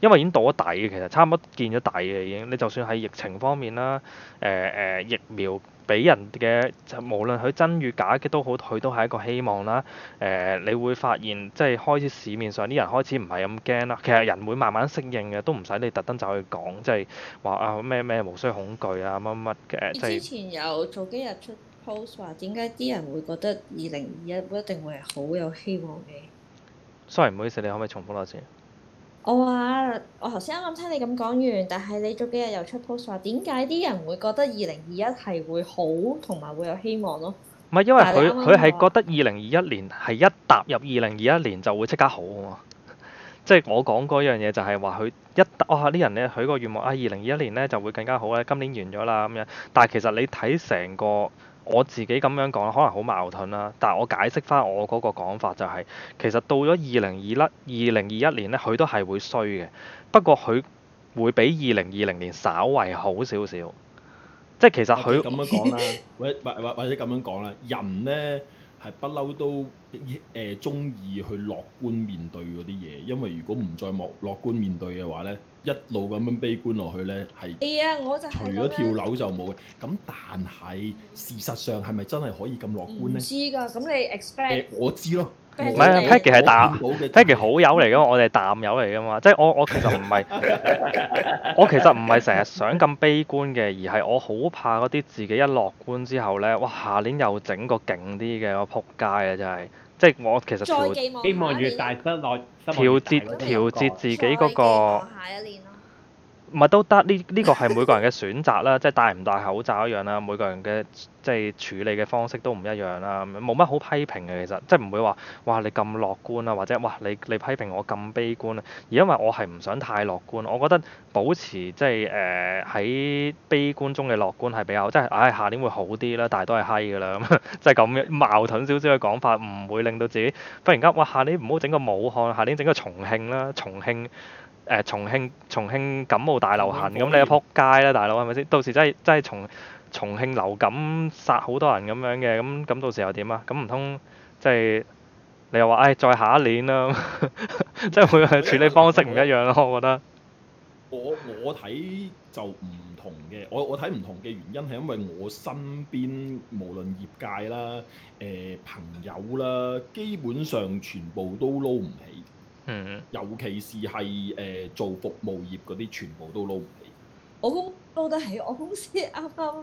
因為已經到咗底嘅，其實差唔多見咗底嘅已經。你就算喺疫情方面啦，誒、呃、疫苗俾人嘅就無論佢真與假嘅都好，佢都係一個希望啦。誒、呃，你會發現即係開始市面上啲人開始唔係咁驚啦。其實人會慢慢適應嘅，都唔使你特登走去講，即係話啊咩咩無需恐懼啊乜乜嘅。啊、即之前有早幾日出 post 話點解啲人會覺得二零二一一定會係好有希望嘅？sorry，唔好意思，你可唔可以重複多次？我話我頭先啱啱聽你咁講完，但係你早幾日又出 post 話點解啲人會覺得二零二一係會好同埋會有希望咯？唔係因為佢佢係覺得二零二一年係一踏入二零二一年就會即刻好啊嘛。即係我講嗰樣嘢就係話佢一哦啲人咧，佢個願望啊，二零二一年咧就會更加好咧。今年完咗啦咁樣，但係其實你睇成個。我自己咁樣講，可能好矛盾啦。但係我解釋翻我嗰個講法就係、係，其實到咗二零二一、二零二一年咧，佢都係會衰嘅。不過佢會比二零二零年稍微好少少。即係其實佢咁、okay，樣講啦，或或 或者咁樣講啦，人咧。係不嬲都誒鍾意去樂觀面對嗰啲嘢，因為如果唔再樂樂觀面對嘅話咧，一路咁樣悲觀落去咧係。除咗跳樓就冇。咁但係事實上係咪真係可以咁樂觀咧？唔知㗎，咁你 expect 我知咯。唔係啊，Peggy 係大，Peggy 好友嚟噶嘛，有我哋係淡友嚟噶嘛。 即係我我其實唔係，我其實唔係成日想咁悲觀嘅，而係我好怕嗰啲自己一樂觀之後咧，哇！下年又整個勁啲嘅，我撲街啊真係。即係我其實調，希望越大不落調節調節自己嗰個。唔係都得，呢呢個係每個人嘅選擇啦，即係戴唔戴口罩一樣啦。每個人嘅即係處理嘅方式都唔一樣啦，冇乜好批評嘅其實，即係唔會話哇你咁樂觀啊，或者哇你你批評我咁悲觀啊。而因為我係唔想太樂觀，我覺得保持即係誒喺悲觀中嘅樂觀係比較，即係唉下年會好啲啦，但係都係閪噶啦即係咁嘅矛盾少少嘅講法，唔會令到自己忽然間哇下年唔好整個武漢，下年整個重慶啦，重慶。誒、呃、重慶重慶感冒大流行，咁、嗯、你一撲街啦、啊，大佬係咪先？到時真係真係重重慶流感殺好多人咁樣嘅，咁咁到時又點啊？咁唔通即係你又話誒、哎、再下一年啦，即係會處理方式唔一樣咯、嗯，我覺得。我我睇就唔同嘅，我我睇唔同嘅原因係因為我身邊無論業界啦、誒、呃、朋友啦，基本上全部都撈唔起。嗯、尤其是係誒、呃、做服務業嗰啲，全部都撈唔起。我公撈得起，我公司啱啱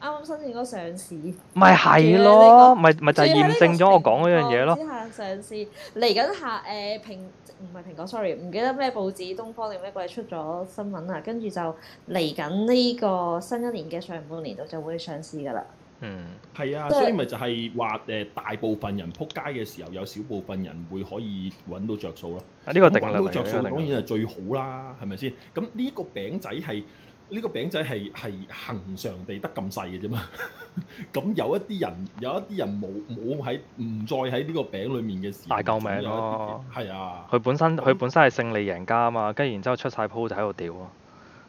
啱申請個上市。咪係咯，咪咪就驗證咗我講嗰樣嘢咯。之下、這個、上市嚟緊下誒蘋，唔係蘋果，sorry，唔記得咩報紙，東方定咩鬼出咗新聞啊？跟住就嚟緊呢個新一年嘅上半年度就會上市㗎啦。嗯，係啊，所以咪就係話誒，大部分人撲街嘅時候，有少部分人會可以揾到着數咯。呢、啊呢個定力嚟嘅，揾到著數當然係最好啦，係咪先？咁呢個餅仔係呢、呢個餅仔係係恆常地得咁細嘅啫嘛。咁 有一啲人有一啲人冇冇喺唔再喺呢個餅裡面嘅時，大救命咯，係啊。佢、啊、本身佢、嗯、本身係勝利贏家啊嘛，跟住然之後出晒鋪就喺度屌。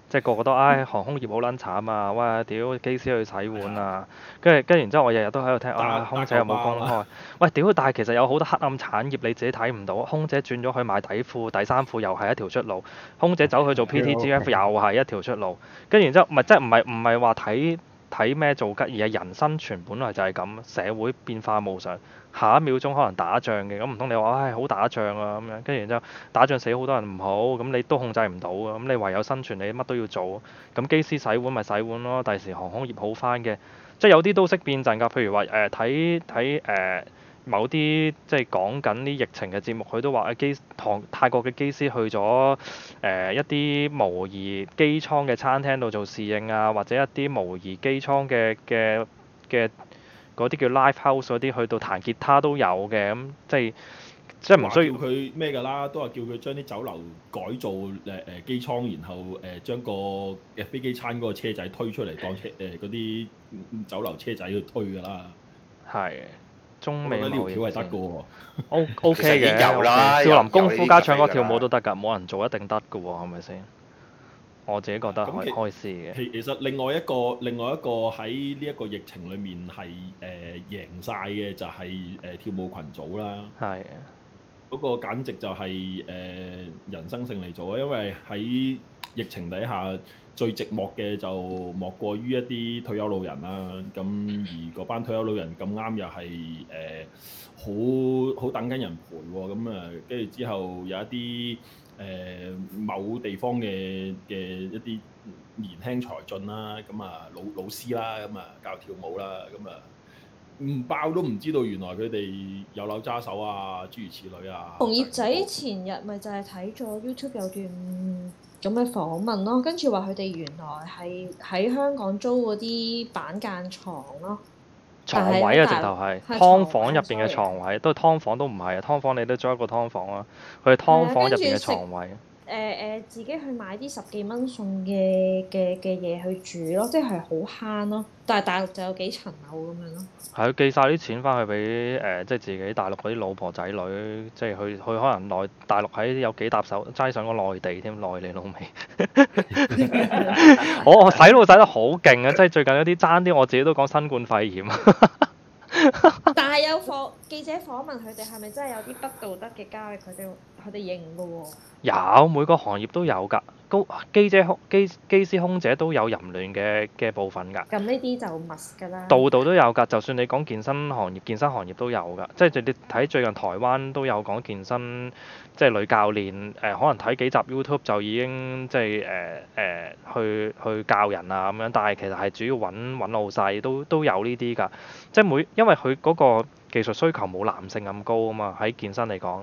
即係個個都，唉、哎，航空業好撚慘啊！哇，屌機師去洗碗啊！跟住然之後，我日日都喺度聽，啊，空姐又冇工開，喂，屌！但係其實有好多黑暗產業你自己睇唔到，空姐轉咗去賣底褲、底衫褲又係一條出路，空姐走去做 PTGF 又係一條出路。跟住然之後，唔係即係唔係唔係話睇睇咩做吉，而係人生全本來就係咁，社會變化無常。下一秒鐘可能打仗嘅，咁唔通你話，唉，好打仗啊咁樣，跟住然之後打仗死好多人唔好，咁你都控制唔到嘅，咁你唯有生存你乜都要做，咁機師洗碗咪洗碗咯，第時航空業好返嘅，即係有啲都識變陣㗎。譬如話誒睇睇誒某啲即係講緊啲疫情嘅節目，佢都話誒機唐泰國嘅機師去咗誒、呃、一啲模擬機艙嘅餐廳度做侍應啊，或者一啲模擬機艙嘅嘅嘅。嗰啲叫 live house 嗰啲，去到彈吉他都有嘅，咁即係即係唔需要佢咩㗎啦，都係叫佢將啲酒樓改造誒誒機艙，然後誒將個飛機餐嗰個車仔推出嚟當車誒嗰啲酒樓車仔去推㗎啦。係。 中美呢條橋係得㗎喎。 o O K 嘅。Okay、其實有啦。 少林功夫加唱歌跳舞都得㗎，冇人做一定得㗎喎，係咪先？我自己覺得係開開試嘅。其其實另外一個另外一個喺呢一個疫情裡面係誒、呃、贏晒嘅就係、是、誒、呃、跳舞群組啦。係的。嗰個簡直就係、是、誒、呃、人生勝利組啊！因為喺疫情底下最寂寞嘅就莫過於一啲退休老人啦。咁而嗰班退休老人咁啱又係誒好好等緊人陪喎、哦。咁啊，跟住之後有一啲。誒、呃、某地方嘅嘅一啲年輕才俊啦，咁、嗯、啊老老師啦，咁、嗯、啊教跳舞啦，咁啊唔爆都唔知道原來佢哋有樓揸手啊，諸如此類啊。紅葉仔前日咪就係睇咗 YouTube 有段咁嘅訪問咯，跟住話佢哋原來係喺香港租嗰啲板間牀咯。床位啊，直頭係劏房入邊嘅床位，床都劏 Sorry. 房都唔係啊，劏房你都租一個劏房啊，佢係劏房入邊嘅床位。誒誒，自己去買啲十幾蚊餸嘅嘅嘅嘢去煮咯，即係好慳咯。但係大陸就有幾層樓咁樣咯。係佢寄晒啲錢翻去俾誒，即係自己大陸嗰啲老婆仔女，即係去佢可能內大陸喺有幾搭手，齋上個內地添，內地老味。我洗腦洗得好勁啊！即係最近有啲爭啲，我自己都講新冠肺炎。 但係有訪 記者訪問佢哋，係咪真係有啲不道德嘅交易？佢哋佢哋認噶喎、哦。有每個行業都有噶，高機姐空機機師空姐都有淫亂嘅嘅部分噶。咁呢啲就密噶啦。度度都有噶，就算你講健身行業，健身行業都有噶， 即係你睇最近台灣都有講健身。即係女教練誒、呃，可能睇幾集 YouTube 就已經即係誒誒去去教人啊咁樣，但係其實係主要揾揾老細都都有呢啲㗎。即係每因為佢嗰個技術需求冇男性咁高啊嘛，喺健身嚟講，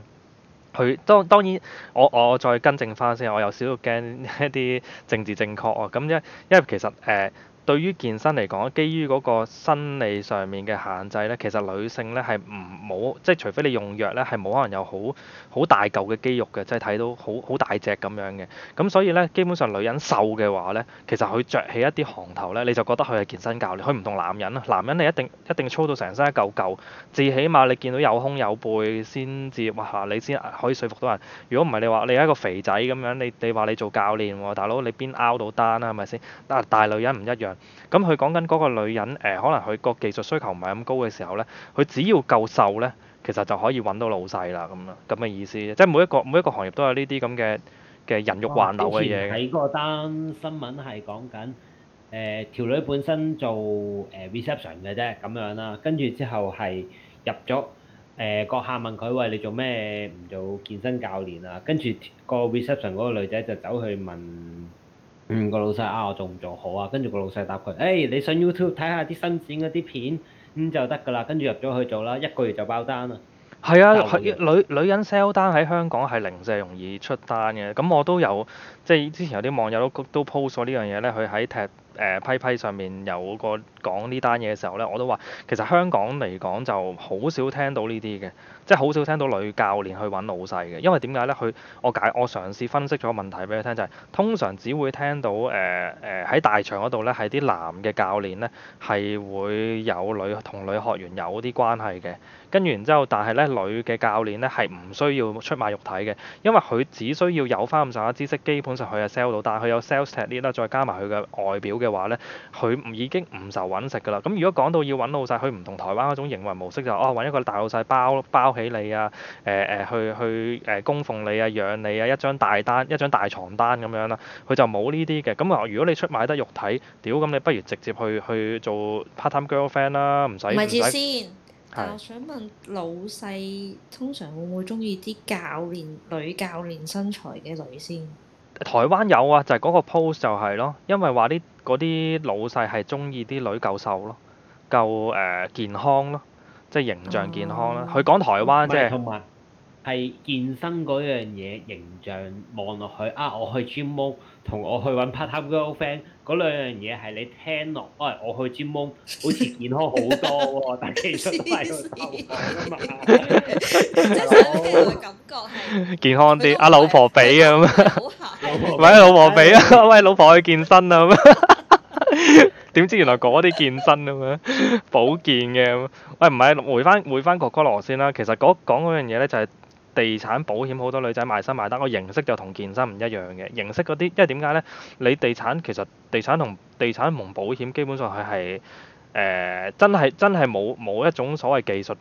佢當當然我我再更正翻先，我有少少驚一啲政治正確啊，咁因為因為其實誒。呃對於健身嚟講，基於嗰個生理上面嘅限制咧，其實女性咧係唔冇，即係除非你用藥咧，係冇可能有好好大嚿嘅肌肉嘅，即係睇到好好大隻咁樣嘅。咁所以咧，基本上女人瘦嘅話咧，其實佢着起一啲行頭咧，你就覺得佢係健身教練。佢唔同男人啊，男人你一定一定操到成身一嚿嚿，至起碼你見到有胸有背先至，哇！你先可以說服到人。如果唔係你話你係一個肥仔咁樣，你你話你做教練大佬你邊 out 到單啊？係咪先？但係大女人唔一樣。咁佢講緊嗰個女人誒、呃，可能佢個技術需求唔係咁高嘅時候咧，佢只要夠瘦咧，其實就可以揾到老細啦，咁啦，咁嘅意思。即係每一個每一個行業都有呢啲咁嘅嘅人肉橫流嘅嘢。之前睇嗰單新聞係講緊誒條女本身做誒 reception 嘅啫咁樣啦，跟住之後係入咗誒個客問佢喂，你做咩唔做健身教練啊？跟住個 reception 嗰個女仔就走去問。嗯，個老細啊，我做唔做好啊？跟住個老細答佢：誒、欸，你上 YouTube 睇下啲伸展嗰啲片，咁、嗯、就得㗎啦。跟住入咗去做啦，一個月就爆單啦。係啊，女女人 sell 單喺香港係零舍容易出單嘅。咁我都有，即係之前有啲網友都都 post 過呢樣嘢咧，佢喺踢。誒、呃、批批上面有個講呢單嘢嘅時候咧，我都話其實香港嚟講就好少聽到呢啲嘅，即係好少聽到女教練去揾老細嘅，因為點解咧？佢我解我嘗試分析咗個問題俾你聽，就係、是、通常只會聽到誒誒喺大場嗰度咧，係啲男嘅教練咧係會有女同女學員有啲關係嘅。跟住然之後，但係咧女嘅教練咧係唔需要出賣肉體嘅，因為佢只需要有翻咁上下知識，基本上佢係 sell 到。但係佢有 sales talent 啦，再加埋佢嘅外表嘅話咧，佢唔已經唔愁揾食噶啦。咁如果講到要揾老細，佢唔同台灣嗰種營運模式就哦揾一個大老細包包起你啊，誒、呃、誒、呃、去去誒、呃、供奉你啊，養你啊，一張大單一張大床單咁樣啦，佢就冇呢啲嘅。咁啊，如果你出賣得肉體，屌咁你不如直接去去做 part time girlfriend 啦，唔使唔使。啊！但我想問老細通常會唔會鍾意啲教練、女教練身材嘅女先？台灣有啊，就係嗰個 pose 就係咯，因為話啲嗰啲老細係鍾意啲女夠瘦咯，夠誒健康咯，即係形象健康啦。佢講台灣即係同埋係健身嗰樣嘢形象望落去啊！我去 gym 屋同我去揾 partner 嗰個 friend。嗰兩樣嘢係你聽落，哎，我去 gym room 好似健康好多喎，但其實都係偷㗎嘛。即係啲人嘅感覺係健康啲。阿老婆俾啊咁啊，喂老婆俾啊，喂老婆去健身啊咁啊。點知原來嗰啲健身咁嘛，保健嘅。喂，唔係回翻回翻哥哥羅先啦。其實講講嗰樣嘢咧，就係。地產保險好多女仔賣身賣單，個形式就同健身唔一樣嘅。形式嗰啲，因為點解咧？你地產其實地產同地產同保險基本上佢係誒真係真係冇冇一種所謂技術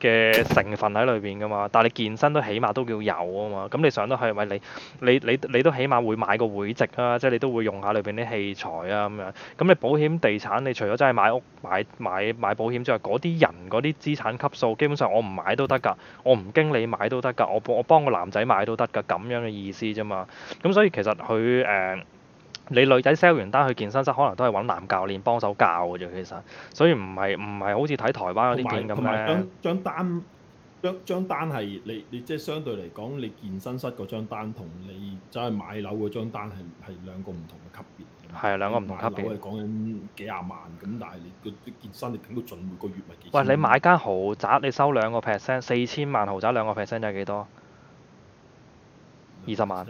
嘅成分喺裏邊㗎嘛，但係你健身都起碼都叫有啊嘛，咁你上都係咪你你你你都起碼會買個會籍啊，即係你都會用下裏邊啲器材啊咁樣，咁你保險地產，你除咗真係買屋買買買保險之外，嗰啲人嗰啲資產級數，基本上我唔買都得㗎，我唔經你買都得㗎，我我幫個男仔買都得㗎，咁樣嘅意思啫嘛，咁所以其實佢誒。呃你女仔 sell 完單去健身室，可能都係揾男教練幫手教嘅啫。其實，所以唔係唔係好似睇台灣嗰啲片咁咧。同埋張單係你你即係相對嚟講，你健身室嗰張單同你走去買樓嗰張單係係兩個唔同嘅級別。係兩個唔同級別。買樓係講緊幾廿萬，咁但係你嗰健身你頂到盡，每個月咪幾？喂，你買間豪宅，你收兩個 percent，四千萬豪宅兩個 percent，係幾多？二十萬。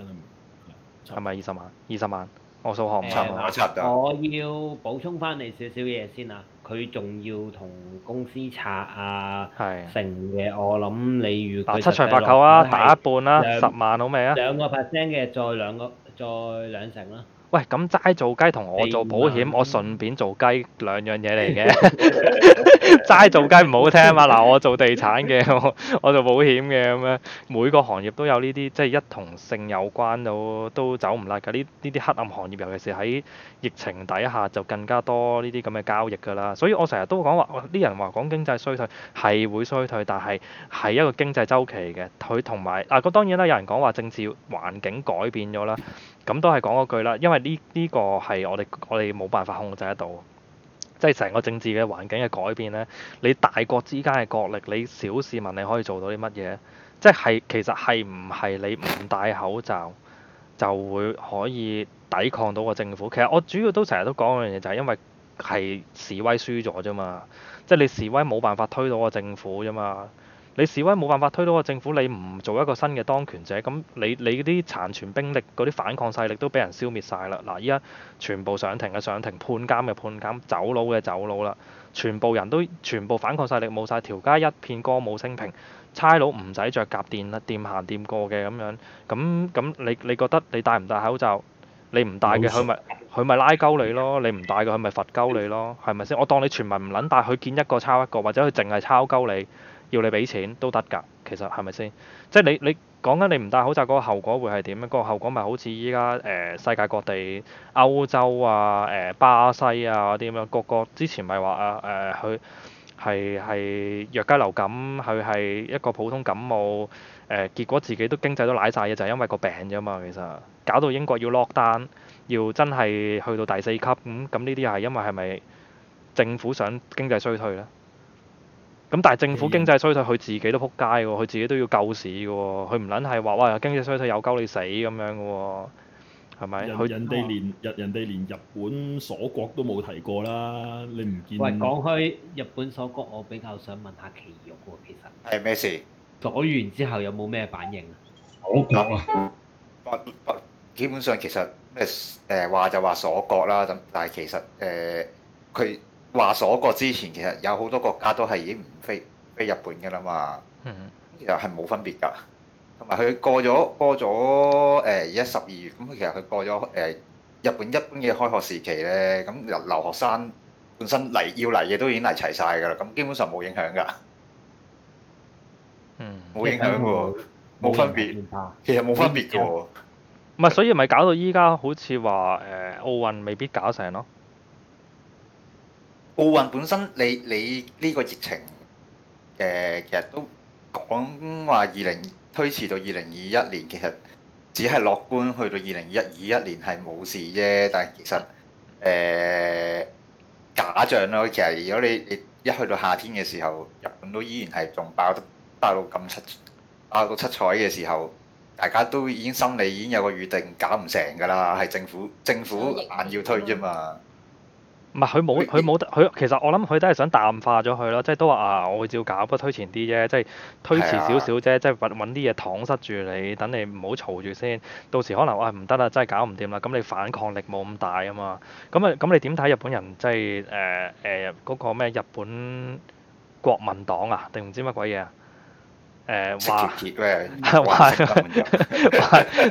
真係唔係二十萬？二十萬？我數學唔差、欸啊、我要補充翻你少少嘢先啊，佢仲要同公司拆啊係成嘅，我諗你預佢七除八扣啊，打一半啦，十萬好未啊？兩個 percent 嘅再兩個再兩成啦、啊。喂，咁齋做雞同我做保險，我順便做雞兩樣嘢嚟嘅。齋做雞唔好聽啊！嗱，我做地產嘅，我做保險嘅咁樣，每個行業都有呢啲，即係一同性有關都都走唔甩㗎。呢呢啲黑暗行業，尤其是喺疫情底下，就更加多呢啲咁嘅交易㗎啦。所以我成日都講話，啲人話講經濟衰退係會衰退，但係係一個經濟週期嘅。佢同埋嗱，咁當然啦，有人講話政治環境改變咗啦。咁都係講嗰句啦，因為呢呢個係我哋我哋冇辦法控制得到，即係成個政治嘅環境嘅改變呢，你大國之間嘅角力，你小市民你可以做到啲乜嘢？即係其實係唔係你唔戴口罩就會可以抵抗到個政府？其實我主要都成日都講嗰樣嘢，就係因為係示威輸咗啫嘛，即係你示威冇辦法推到個政府啫嘛。你示威冇辦法推到個政府，你唔做一個新嘅當權者，咁你你啲殘存兵力、嗰啲反抗勢力都俾人消滅晒啦。嗱，依家全部上庭嘅上庭，上庭，上庭判監嘅判監，走佬嘅走佬啦，全部人都全部反抗勢力冇晒，條街一片歌舞升平，差佬唔使著夾電掂行掂過嘅咁樣。咁咁你你覺得你戴唔戴口罩？你唔戴嘅佢咪佢咪拉鳩你咯，你唔戴嘅佢咪罰鳩你咯，係咪先？我當你全民唔撚戴，但佢見一個抄一個，或者佢淨係抄鳩你。要你俾錢都得㗎，其實係咪先？即係你你講緊你唔戴口罩嗰個後果會係點咧？嗰個後果咪好似依家誒世界各地歐洲啊、誒、呃、巴西啊嗰啲咁樣，個個之前咪話啊誒佢係係弱雞流感，佢係一個普通感冒，誒、呃、結果自己都經濟都瀨晒嘅，就係、因為個病啫嘛。其實搞到英國要 lockdown 要真係去到第四級咁，咁呢啲係因為係咪政府想經濟衰退呢？咁、嗯、但係政府經濟衰退，佢的自己都撲街喎，佢自己都要救市嘅喎，佢唔撚係話哇經濟衰退有鳩你死咁樣嘅喎，係咪？人哋連日人哋連日本鎖國都冇提過啦，你唔見？喂，講開日本鎖國，我比較想問下奇玉喎，其實係咩事？阻完之後有冇咩反應啊？冇啊國？ 基本上其實咩誒話就話鎖國啦，咁但係其實誒佢，呃話鎖國之前，其實有好多國家都係已經唔飛飛日本㗎喇嘛，嗯，其實係冇分別㗎。同埋佢過咗過咗誒而家十二月，咁其實佢過咗誒日本一般嘅開學時期咧，咁留留學生本身嚟要嚟嘅都已經嚟齊晒㗎啦，咁基本上冇影響㗎，嗯，冇影響嘅喎，冇分別，其實冇分別嘅喎，唔係所以咪搞到依家好似話誒奧運未必搞成咯。奧運本身你，你你呢個疫情，誒、呃、其實都講話二零推遲到二零二一年，其實只係樂觀去到二零一二一年係冇事啫。但係其實誒、呃、假象咯，其實如果你你一去到夏天嘅時候，日本都依然係仲爆得爆到咁七爆到七彩嘅時候，大家都已經心理已經有個預定，搞唔成㗎啦。係政府政府硬要推啫嘛。嗯嗯。唔係佢冇佢冇得佢，其實我諗佢都係想淡化咗佢咯，即係都話啊，我會照搞，不過推前啲啫，即係推遲少少啫，即係揾啲嘢搪塞住你，等你唔好嘈住先。到時可能啊唔得啦，真係搞唔掂啦，咁你反抗力冇咁大啊嘛。咁啊咁你點睇日本人即係誒誒嗰個咩日本國民黨啊？定唔知乜鬼嘢啊？誒話係話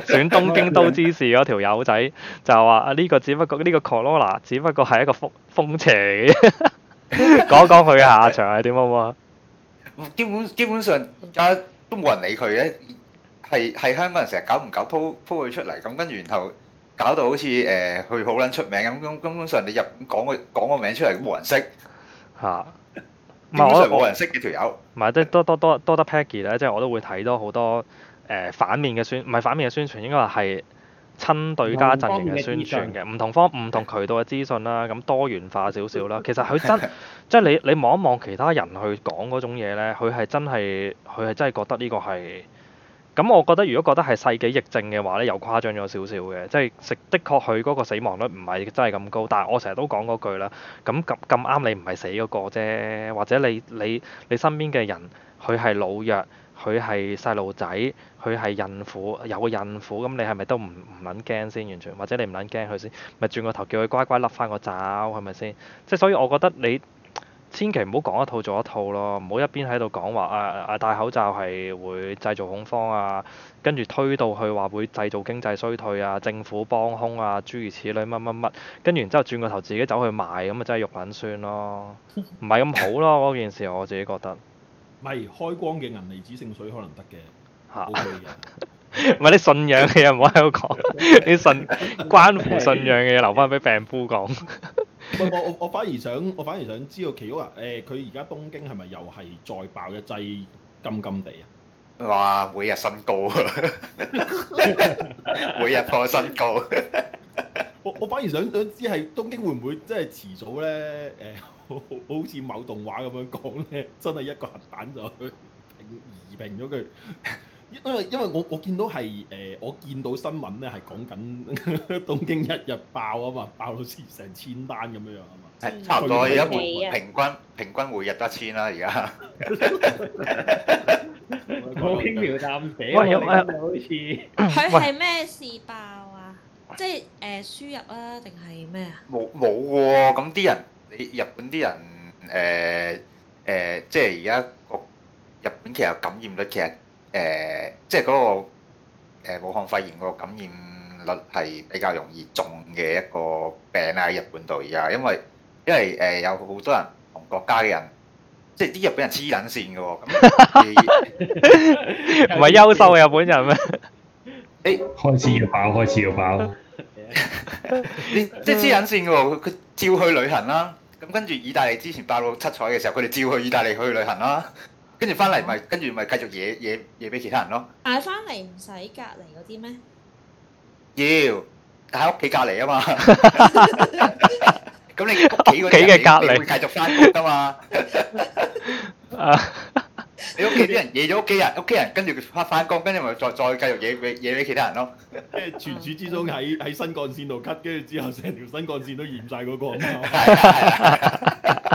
選東京都知事嗰條友仔 就話，呢、啊呢個只不過呢、呢個 Corona 只不過係一個風風邪。 講講佢嘅下場係點好冇啊？基本基本上而家都冇人理佢嘅，係係香港人成日搞唔搞鋪鋪佢出嚟，咁跟住然後搞到好似誒佢好撚出名咁。根本上你入講個講個名出嚟，冇人識嚇。啊唔係我個人識幾條友，唔係即多多多多得 Peggy 咧，即係我都會睇到好多誒、呃、反面嘅宣，唔係反面嘅宣傳，應該話係親對家陣營嘅宣傳嘅，唔同方唔同渠道嘅資訊啦，咁多元化少少啦。其實佢真 即係你你望一望其他人去講嗰種嘢咧，佢係真係佢係真係覺得呢個係。咁、嗯、我覺得如果覺得係世紀疫症嘅話咧，又誇張咗少少嘅，即係食的確佢嗰個死亡率唔係真係咁高，但係我成日都講嗰句啦，咁咁咁啱你唔係死嗰個啫，或者你你你身邊嘅人佢係老弱，佢係細路仔，佢係孕婦有個孕婦，咁你係咪都唔唔撚驚先完全，或者你唔撚驚佢先，咪轉個頭叫佢乖乖甩翻個爪係咪先？即係所以我覺得你。千祈唔好講一套做一套咯，唔好一邊喺度講話啊啊戴口罩係會製造恐慌啊，跟住推到去話會製造經濟衰退啊，政府幫兇啊，諸如此類乜乜乜，跟住然之後轉個頭自己走去賣，咁啊真係肉撚酸咯，唔係咁好咯嗰 件事我自己覺得。咪開光嘅銀離子聖水可能得嘅，好、 OK 唔係啲信仰嘅嘢唔好喺度講，啲信關乎信仰嘅嘢留翻俾病夫講。我我我反而想，我反而想知道奇屋啊，誒佢而家東京係咪又係再爆一劑金金地啊？哇，每日新高， 每日破新高。 我我反而想想知係東京會唔會即係遲早咧？誒、呃、好好似某動畫咁樣講咧，真係一個核彈就去夷平咗佢。因為因為我我見到係誒、呃，我見到新聞咧係講緊東京一日爆啊嘛，爆到成千單咁樣樣啊嘛，差唔多一平均 平均每日得千啦。而家輕描淡寫，喂又唔好似佢係咩事爆啊？即係誒輸入啊，定係咩啊？冇冇喎，咁啲人你日本啲人誒誒、呃呃呃，即係而家個日本其實感染率其實。誒、呃，即係嗰、那個、呃、武漢肺炎個感染率係比較容易中嘅一個病喺、啊、日本度而家，因為因為誒有好多人同國家嘅人，即係啲日本人黐隱線嘅喎，唔係優秀日本人咩？誒、 欸，開始要爆，開始要爆，即係黐隱線嘅喎，佢佢照去旅行啦。咁跟住意大利之前爆到七彩嘅時候，佢哋照去意大利去旅行啦。跟住翻嚟，咪跟住咪繼續惹惹惹俾其他人咯。但係翻嚟唔使隔離嗰啲咩？要喺屋企隔離啊嘛。咁你屋企嘅隔離會繼續翻工噶嘛？啊！你屋企啲人惹咗屋企人，屋企人跟住翻工，跟住咪再再繼續惹俾惹俾其他人咯。即係傳輸之中喺喺新幹線度 cut，跟住之後成條新幹線都染曬嗰個啊嘛。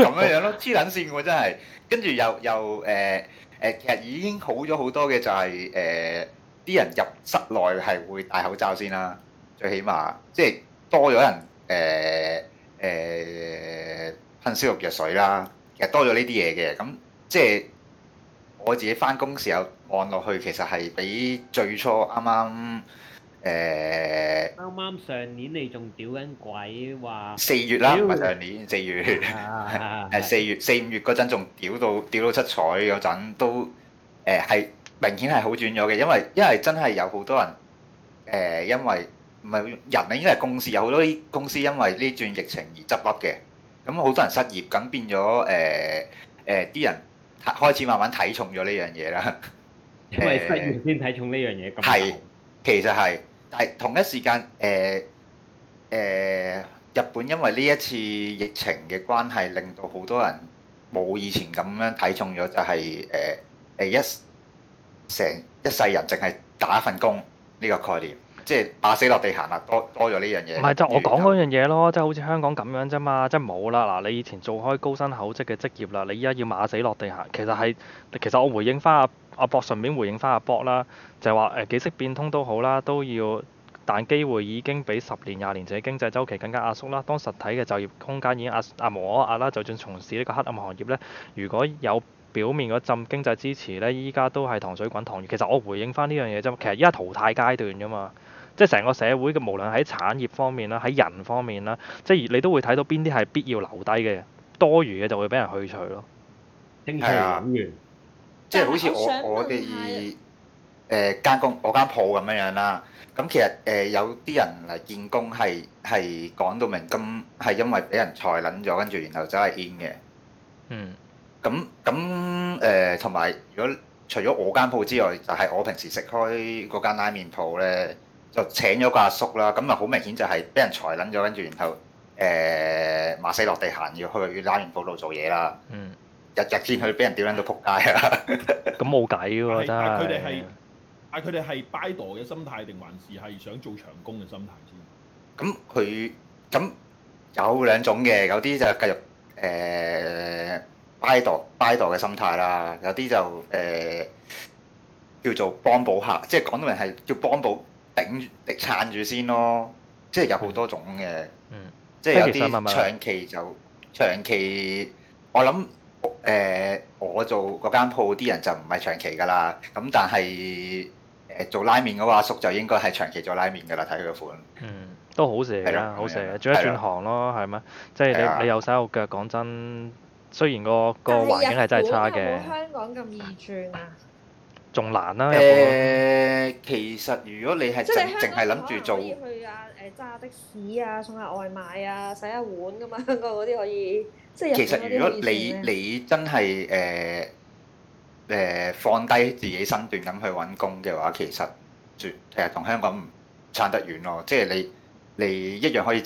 咁樣樣咯，黐撚線喎，真係。跟住又又誒誒、呃，其實已經好咗好多嘅、就係，就係誒啲人入室內係會戴口罩先啦。最起碼即係多咗人誒誒、呃呃、噴消毒藥水啦。其實多咗呢啲嘢嘅，咁即係我自己翻工時候按落去，其實係比最初啱啱。誒啱啱上年你仲屌緊鬼話四月啦，唔係上年四月，係四月四五月嗰陣仲屌到屌到七彩嗰陣都誒係明顯係好轉咗嘅，因為因為真係有好多人誒，因為唔係人，因為公司有好多啲公司因為呢轉疫情而執笠嘅，咁好多人失業，咁變咗誒誒啲人開始慢慢睇重咗呢樣嘢啦，因為失業先睇重呢樣嘢，係其實係。但係同一時間，誒、呃、誒、呃，日本因為呢一次疫情嘅關係，令到好多人冇以前咁樣睇重咗，就係、就係誒誒一成一世人淨係打一份工呢，呢個概念，即係馬死落地行啦，多多咗呢後、就係、樣嘢。唔係就我講嗰樣嘢咯，即係好似香港咁樣啫嘛，即係冇啦。嗱，你以前做開高薪厚職嘅職業啦，你依家要馬死落地行，其實係其實我回應翻阿、啊、阿博，順便回應翻阿、啊、博啦。就話誒、呃、幾識變通都好啦，都要，但機會已經比十年、廿年嘅經濟周期更加壓縮啦。當實體嘅就業空間已經壓壓無可壓啦，就算從事呢個黑暗行業呢，如果有表面嗰陣經濟支持呢，依家都係糖水滾糖漿。其實我回應翻呢樣嘢啫，其實依家淘汰階段㗎嘛，即係成個社會嘅無論喺產業方面啦，喺人方面啦，即係你都會睇到邊啲係必要留低嘅，多餘嘅就會俾人去除咯。係啊，即係好似我我哋。 誒、呃、間工我間鋪咁樣樣啦，咁其實誒有啲人嚟見工係係講到明咁，係因為俾人裁撚咗，跟住然後走去 in 嘅。嗯。咁咁誒同埋，如果除咗我間鋪之外，就係、是、我平時食開嗰間拉麵鋪咧，就請咗個阿叔啦。咁啊，好明顯就係俾人裁撚咗，跟住然後誒馬死落地行要去拉麵鋪度做嘢啦。嗯。日日先去俾人屌撚到仆街啊！咁冇計噶喎，真係。佢哋係。但係佢哋係 bidder 嘅心態，定還是係想做長工嘅心態先？咁佢咁有兩種嘅，有啲就繼續誒 bidder bidder 嘅心態啦。有啲就誒、呃、叫做幫補客，即係講到明係叫幫補頂撐住先咯。即係有好多種嘅、嗯，嗯，即係有啲長期就、嗯嗯、長期。我諗誒、呃，我做嗰間鋪啲人就唔係長期㗎啦。咁但係。誒做拉麵嘅阿叔就應該係長期做拉麵㗎啦，睇佢個款。嗯，都好蝕㗎，好蝕嘅，轉一的轉行咯，係咪？的即係你你有手有腳，講真，雖然、嗰個、嗰個環境係真係差嘅。香港咁易轉啊？仲難啦、啊、～誒、呃，其實如果你係淨淨係諗住做，呃、去啊誒揸的士啊，送下外賣啊，洗一碗㗎嘛。香港嗰啲可以，即係其實如果你、嗯、你真係誒。誒、呃、放低自己身段咁去揾工嘅話，其實誒同香港唔撐得遠咯。即係你你一樣可以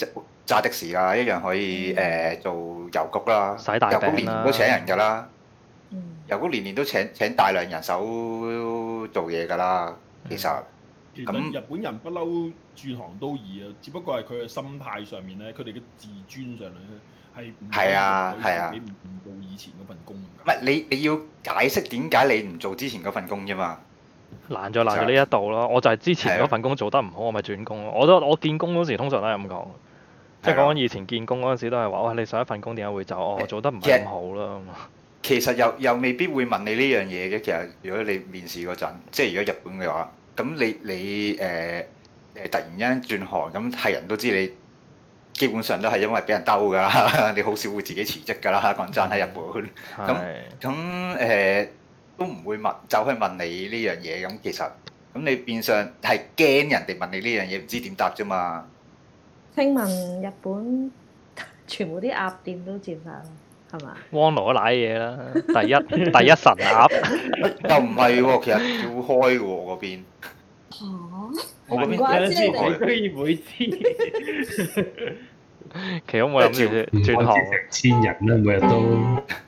揸的士啦、啊，一樣可以誒、呃、做郵局啦。郵局年年都請人㗎啦，郵局年年都請請大量人手做嘢㗎啦。其實咁日本人不嬲轉行都易啊，只不過係佢嘅心態上面咧，佢哋嘅自尊上面咧。係，啊，係啊，你唔唔做以前嗰份工？唔係你你要解釋點解你唔做之前嗰份工啫嘛？難就難喺呢一度咯，就是，我就係之前嗰份工做得唔好，啊、我咪轉工咯。我都我見工嗰時通常都係咁講，即係講以前見工嗰陣時都係話：，喂、哎，你上一份工點解會走？我做得唔係咁好啦。其實又又未必會問你呢樣嘢嘅。其實如果你面試嗰陣，即係如果日本嘅話，咁你你誒誒、呃、突然間轉行，咁係人都知你。基本上都係因為俾人兜㗎，你好少會自己辭職㗎啦。講真喺日本，咁咁誒都唔會問，走去問你呢樣嘢。咁其實咁你變相係驚人哋問你呢樣嘢，唔知點答啫嘛。聽聞日本全部啲鴨店都佔晒啦，係嘛？汪羅奶嘢啦，第一 第一神鴨， 又唔係喎，其實要開喎嗰邊。哦，唔怪之你哋居然會知， 其實我諗住轉行。成千人啦、啊，每日都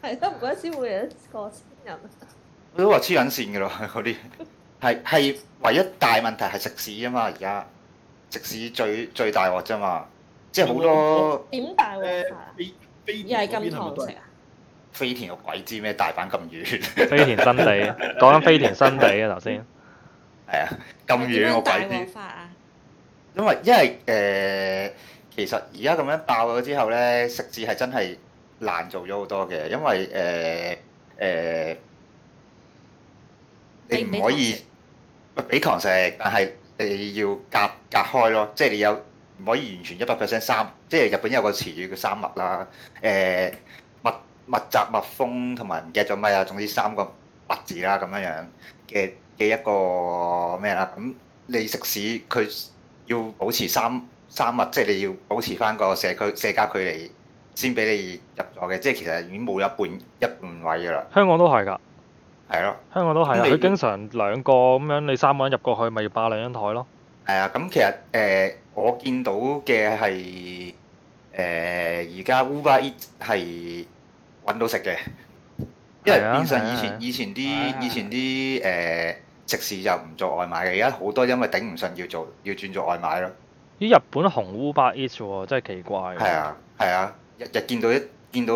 係 都唔怪之會有一個千人。我都話黐緊線嘅咯，嗰啲係係唯一大問題係食屎啊嘛！而家食屎最最大鑊咋嘛，即係好多點、嗯、大鑊、啊呃、又係金堂食啊？飛田我鬼知咩大阪咁遠？飛 田新地講緊飛田新地啊，頭先。係啊，咁遠個鬼啲。因為一係誒，其實而家咁樣爆咗之後咧，食肆係真係難做咗好多嘅，因為誒誒，你唔可以唔俾堂食，但係你要隔隔開咯，即係你有唔可以完全一百 percent 三，即係日本有個詞語叫三密啦，誒密密集密封同埋唔記咗乜啊，總之三個密字啦，咁樣樣嘅。嘅一個咩啦、啊？咁、嗯、你食肆佢要保持三三密，即係你要保持翻個社區社交距離先俾你入咗嘅。即係其實已經冇一半一半位噶啦。香港都係㗎，係咯、啊。香港都係，佢你經常兩個咁樣，你三個人入過去咪要霸兩張台咯。誒、嗯，咁、嗯嗯嗯嗯嗯、其實誒、呃、我見到嘅係誒而、呃、家 Uber Eat 係揾到食嘅，因為變成以前以前啲以前啲誒。食肆就唔做外賣嘅，而家好多因為頂唔順要做，要轉做外賣咯。啲日本紅 Uber Eat 喎，真係奇怪。係啊，係啊，日日見到一見到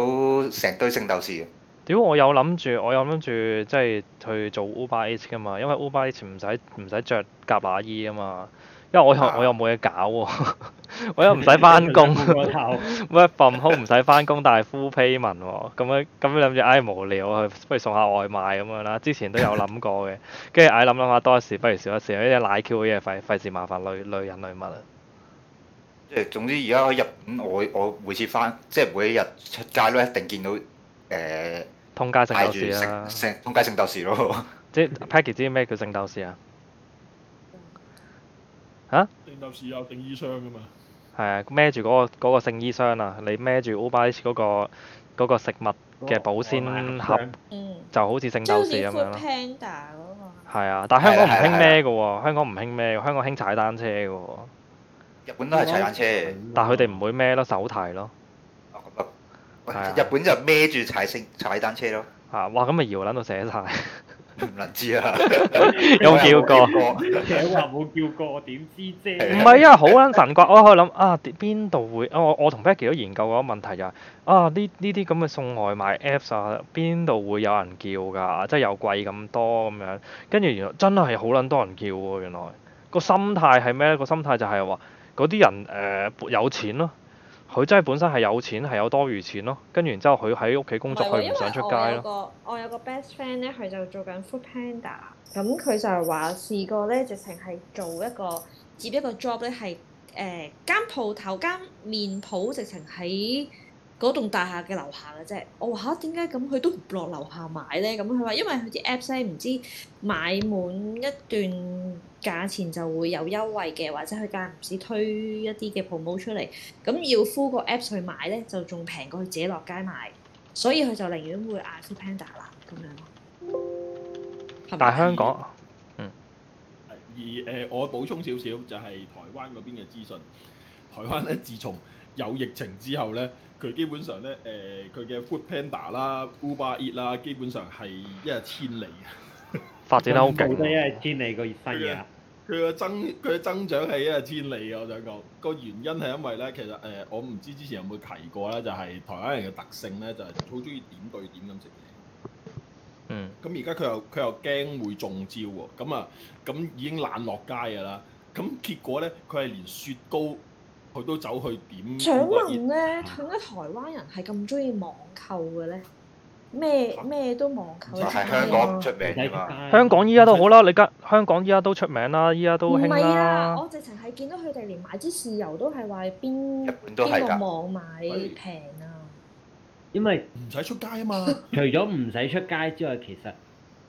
成堆聖鬥士。屌，我有諗住，我有諗住即係去做 Uber Eat 噶嘛，因為 Uber Eat 唔使唔使着甲馬衣啊嘛。因為我又 我又冇嘢搞喎，我又唔使翻工，咩份工唔使翻工？但係 full payment 喎。咁樣咁樣諗住，唉，無聊，不如送下外賣咁樣啦。之前都有諗過嘅，跟住唉，諗諗下多一事不如少一事，啲奶 Q 啲嘢費費事麻煩女女人女物啊。即係總之而家喺日本我，我我每次翻即係每一日出街都一定見到誒、呃、通街聖鬥士啊，成通街聖鬥士咯。即係 Patty 知咩叫聖鬥士啊？ 啊！聖鬥士有聖衣箱㗎嘛？係啊，孭住嗰個嗰個聖衣箱啊，你孭住 OBI 嗰個嗰個食物嘅保鮮盒，就好似聖鬥士咁樣咯。Jordan Panda 嗰個。係啊，但係香港唔興孭㗎喎，香港唔興孭，香港興踩單車㗎喎。日本都係踩單車，但係佢哋唔會孭咯，手提咯。日本就孭住踩聖踩單車咯。啊！哇！咁咪搖撚到寫晒。唔能知啊， 叫過 有叫過？你話冇叫過，我點知啫？唔係啊，好撚神怪，我喺度諗啊，邊度會啊？我我同 Beggy 都研究過個問題就係、是、啊，呢呢啲咁嘅送外賣 Apps 啊，邊度會有人叫㗎？即係又貴咁多咁樣，跟住原來真係好撚多人叫喎。原來個心態係咩咧？個心態就係話嗰啲人誒、呃、有錢咯。佢真係本身係有錢，係有多餘錢咯、啊。跟住然之後，佢喺屋企工作，佢唔想出街咯。我因為我有個， 我有個 best friend 咧，佢就做緊 food panda。咁佢就係話試過咧，直情係做一個接一個 job 咧，係、呃、誒間鋪頭間麵鋪直情喺。嗰棟大廈嘅樓下嘅啫，我話嚇點解咁？佢都唔落樓下買咧，咁佢話因為佢啲 app 咧唔知買滿一段價錢就會有優惠嘅，或者佢間唔時推一啲嘅 promo 出嚟，咁要 full 個 app 去買咧就仲平過自己落街買，所以佢就寧願會 iPhone Panda 啦咁樣。但係香港，嗯。而誒，我補充少少就係台灣嗰邊嘅資訊。台灣咧，自從有疫情之後咧。佢基本上咧，誒、呃，佢嘅 Food Panda 啦、Uber Eat 啦，基本上係一日千里啊！ 發展得好勁啊！ 一日千里個熱氛啊！佢嘅增佢嘅增長係一日千里啊！我想講個原因係因為咧，其實誒、呃，我唔知之前有冇提過咧，就係、係、台灣人嘅特性咧，就係好中意點對點咁食嘢。嗯。咁而家佢又佢又驚會中招喎，咁啊，咁已經爛落街㗎啦，咁結果咧，佢係連雪糕。佢都走去點？想問咧，點解台灣人係咁中意網購嘅咧？咩咩都網購，香港唔出名啲嘛？香港依家都好啦，你家香港依家都出名啦，依家都興唔係啊！我直情係見到佢哋連買支豉油都係話邊邊個網買平啊！因為唔使出街啊嘛，除咗唔使出街之外，其實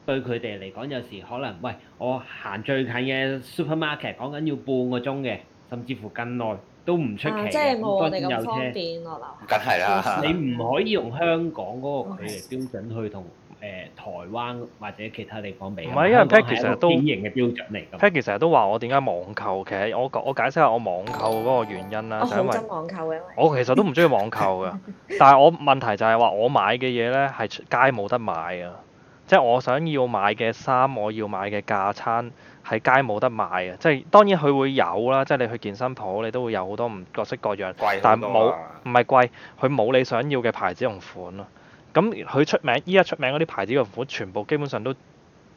對佢哋嚟講，有時可能喂我行最近嘅 supermarket，講緊要半個鐘嘅，甚至乎更耐。都唔出奇、啊，即係冇我哋車，咁方便囉。梗係啦，是是你唔可以用香港嗰個距離標準去同誒、呃、台灣或者其他地方比。唔係是，是是因為 Peggy 其實都典型嘅標準嚟㗎。Peggy 成日都話我點解網購？其實我我解釋下我網購嗰個原因啦，哦、因為我其實都唔中意網購㗎， 但係我問題就係話我買嘅嘢咧係街冇得買啊，即、就、係、是、我想要買嘅衫，我要買嘅架撐。喺街冇得賣嘅，即係當然佢會有啦。即係你去健身鋪，你都會有好多唔各式各樣，很但係冇唔係貴，佢冇你想要嘅牌子同款咯。咁佢出名依家出名嗰啲牌子嘅款，全部基本上都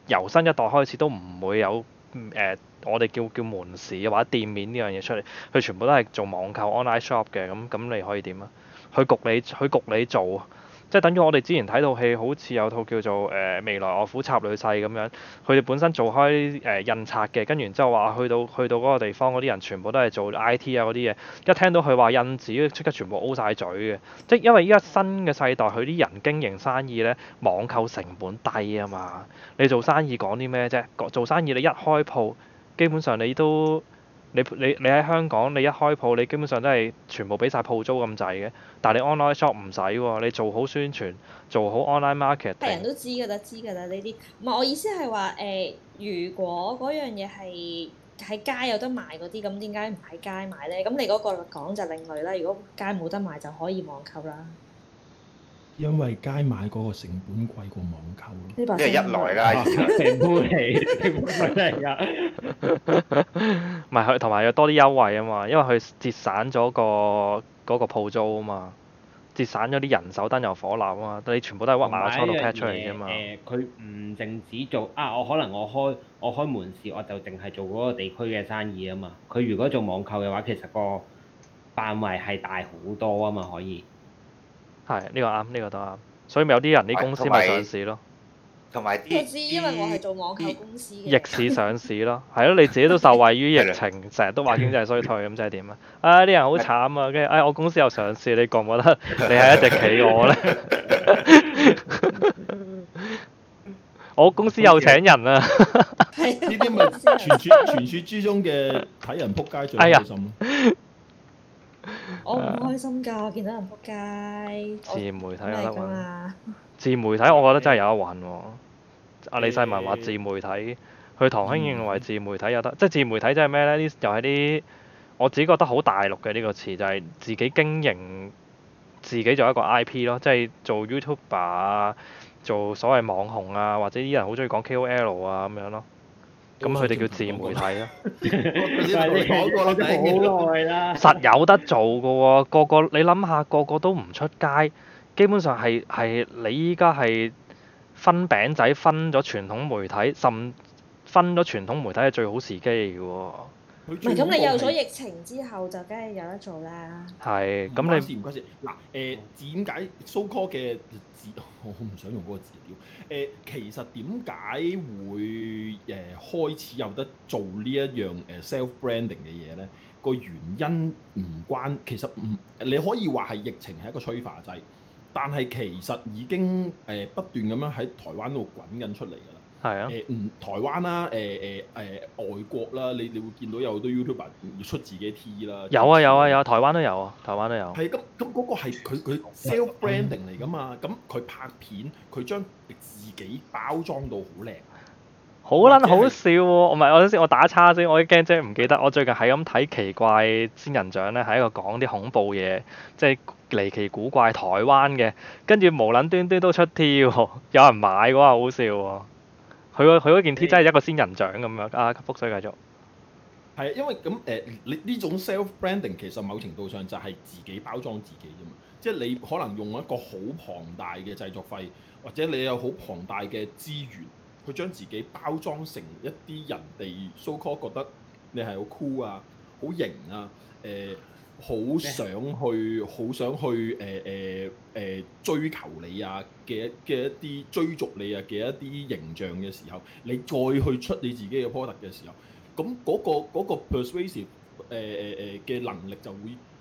由新一代開始都唔會有誒、呃，我哋叫叫門市或者店面呢樣嘢出嚟。佢全部都係做網購 online shop 嘅，咁咁你可以點啊？佢焗你，佢焗你做。即係等於我哋之前睇套戲，好似有套叫做《誒、呃、未來岳父插女婿》咁樣，佢哋本身做開誒、呃、印刷嘅，跟住之後話去到去到嗰個地方，嗰啲人全部都係做 I T 啊嗰啲嘢，一聽到佢話印紙，即刻全部 O 晒嘴嘅。即係因為依家新嘅世代，佢啲人經營生意咧，網購成本低啊嘛。你做生意講啲咩啫？做生意你一開鋪，基本上你都～你你你喺香港，你一開鋪，你基本上都係全部俾晒鋪租咁滯嘅。但係你 online shop 唔使喎，你做好宣傳，做好 online market，係人都知㗎啦，知㗎啦呢啲。唔係我意思係話誒，如果嗰樣嘢係喺街有得賣嗰啲，咁點解唔喺街買咧？咁你嗰個講就另類啦。如果街冇得賣，就可以網購啦。因為街買嗰個成本貴過網購，呢個一來㗎，啊、成本嚟，成本嚟啊！唔係佢，同埋又多啲優惠啊嘛，因為佢節省咗個嗰、嗰個鋪租啊嘛，節省咗啲人手燈油火蠟啊嘛，你全部都喺屈埋出嚟啊嘛。誒佢唔淨止做啊，我可能我開我開門市，我就淨係做嗰個地區嘅生意啊嘛。佢如果做網購嘅話，其實個範圍係大好多啊嘛，可以。係呢個啱，呢個都啱，所以咪有啲人啲公司咪有上市咯。同埋啲，知，因為我係做網購公司逆市上市咯，係咯，你自己都受惠於疫情，成日都話經濟衰退咁，即係點啊？啊、哎，啲人好慘啊！跟住，哎，我公司又上市，你覺唔覺得你係一隻企鵝咧？ 我公司又請人啊！呢啲咪傳説傳説之中嘅睇人撲街最開我唔開心㗎，uh, 我見到人仆街。自媒體有得玩。自媒體我覺得真係有得玩喎，阿 Okay. 李世民話自媒體，佢 Hey. 唐興認為自媒體有得，嗯、即係自媒體即係咩呢？啲又係啲我自己覺得好大陸嘅呢個詞，就係、是、自己經營，自己做一個 I P 咯，即係做 YouTuber 啊，做所謂網紅啊，或者啲人好中意講 K O L 啊咁樣咯。咁佢哋叫自媒體咯，實有得做㗎喎、哦，個個你諗下，個個都唔出街，基本上係係你依家係分餅仔分咗傳統媒體，甚分咗傳統媒體係最好時機嚟嘅喎。咁你有咗疫情之後就梗係有得做啦。係是，咁你唔關事，唔關事。嗱，誒、呃、點解 so call 嘅字，我唔想用嗰個字了、呃。其實點解會誒、呃、開始有得做呢一樣誒 self branding 嘅嘢咧？個原因唔關，其實唔你可以話係疫情係一個催化劑，但係其實已經誒不斷咁樣喺台灣度滾緊出嚟嘅。係啊！誒唔、呃、台灣啦，誒誒誒外國啦，你你會見到有好多 YouTuber 要出自己 T 啦、啊。有啊有啊有啊，台灣都有啊，台灣都有。係咁，咁嗰個係佢佢 self branding 嚟㗎嘛？咁佢拍片，佢將自己包裝到好靚，好撚好笑喎、啊！我咪先我打叉先，我驚即係唔記得。我最近係咁睇奇怪仙人掌咧，係一個講啲恐怖嘢，即係離奇古怪台灣嘅，跟住無撚端端都出 T 喎，有人買嘅話，好笑喎、啊！佢佢嗰件 T 真係一個仙人掌咁樣，阿、啊、福水繼續。係啊，因為咁誒，你、呃、呢種 self branding 其實某程度上就係自己包裝自己啫嘛。即係你可能用一個好龐大嘅製作費，或者你有好龐大嘅資源，去將自己包裝成一啲人哋 so called 覺得你係好酷啊、好型啊，誒、呃。好想去，好想去誒誒誒追求你啊嘅嘅一啲追逐你啊嘅一啲形象嘅時候，你再去出你自己嘅 product 嘅時候，咁嗰個嗰個嗰個 persuasive 誒誒誒誒誒嘅能力就會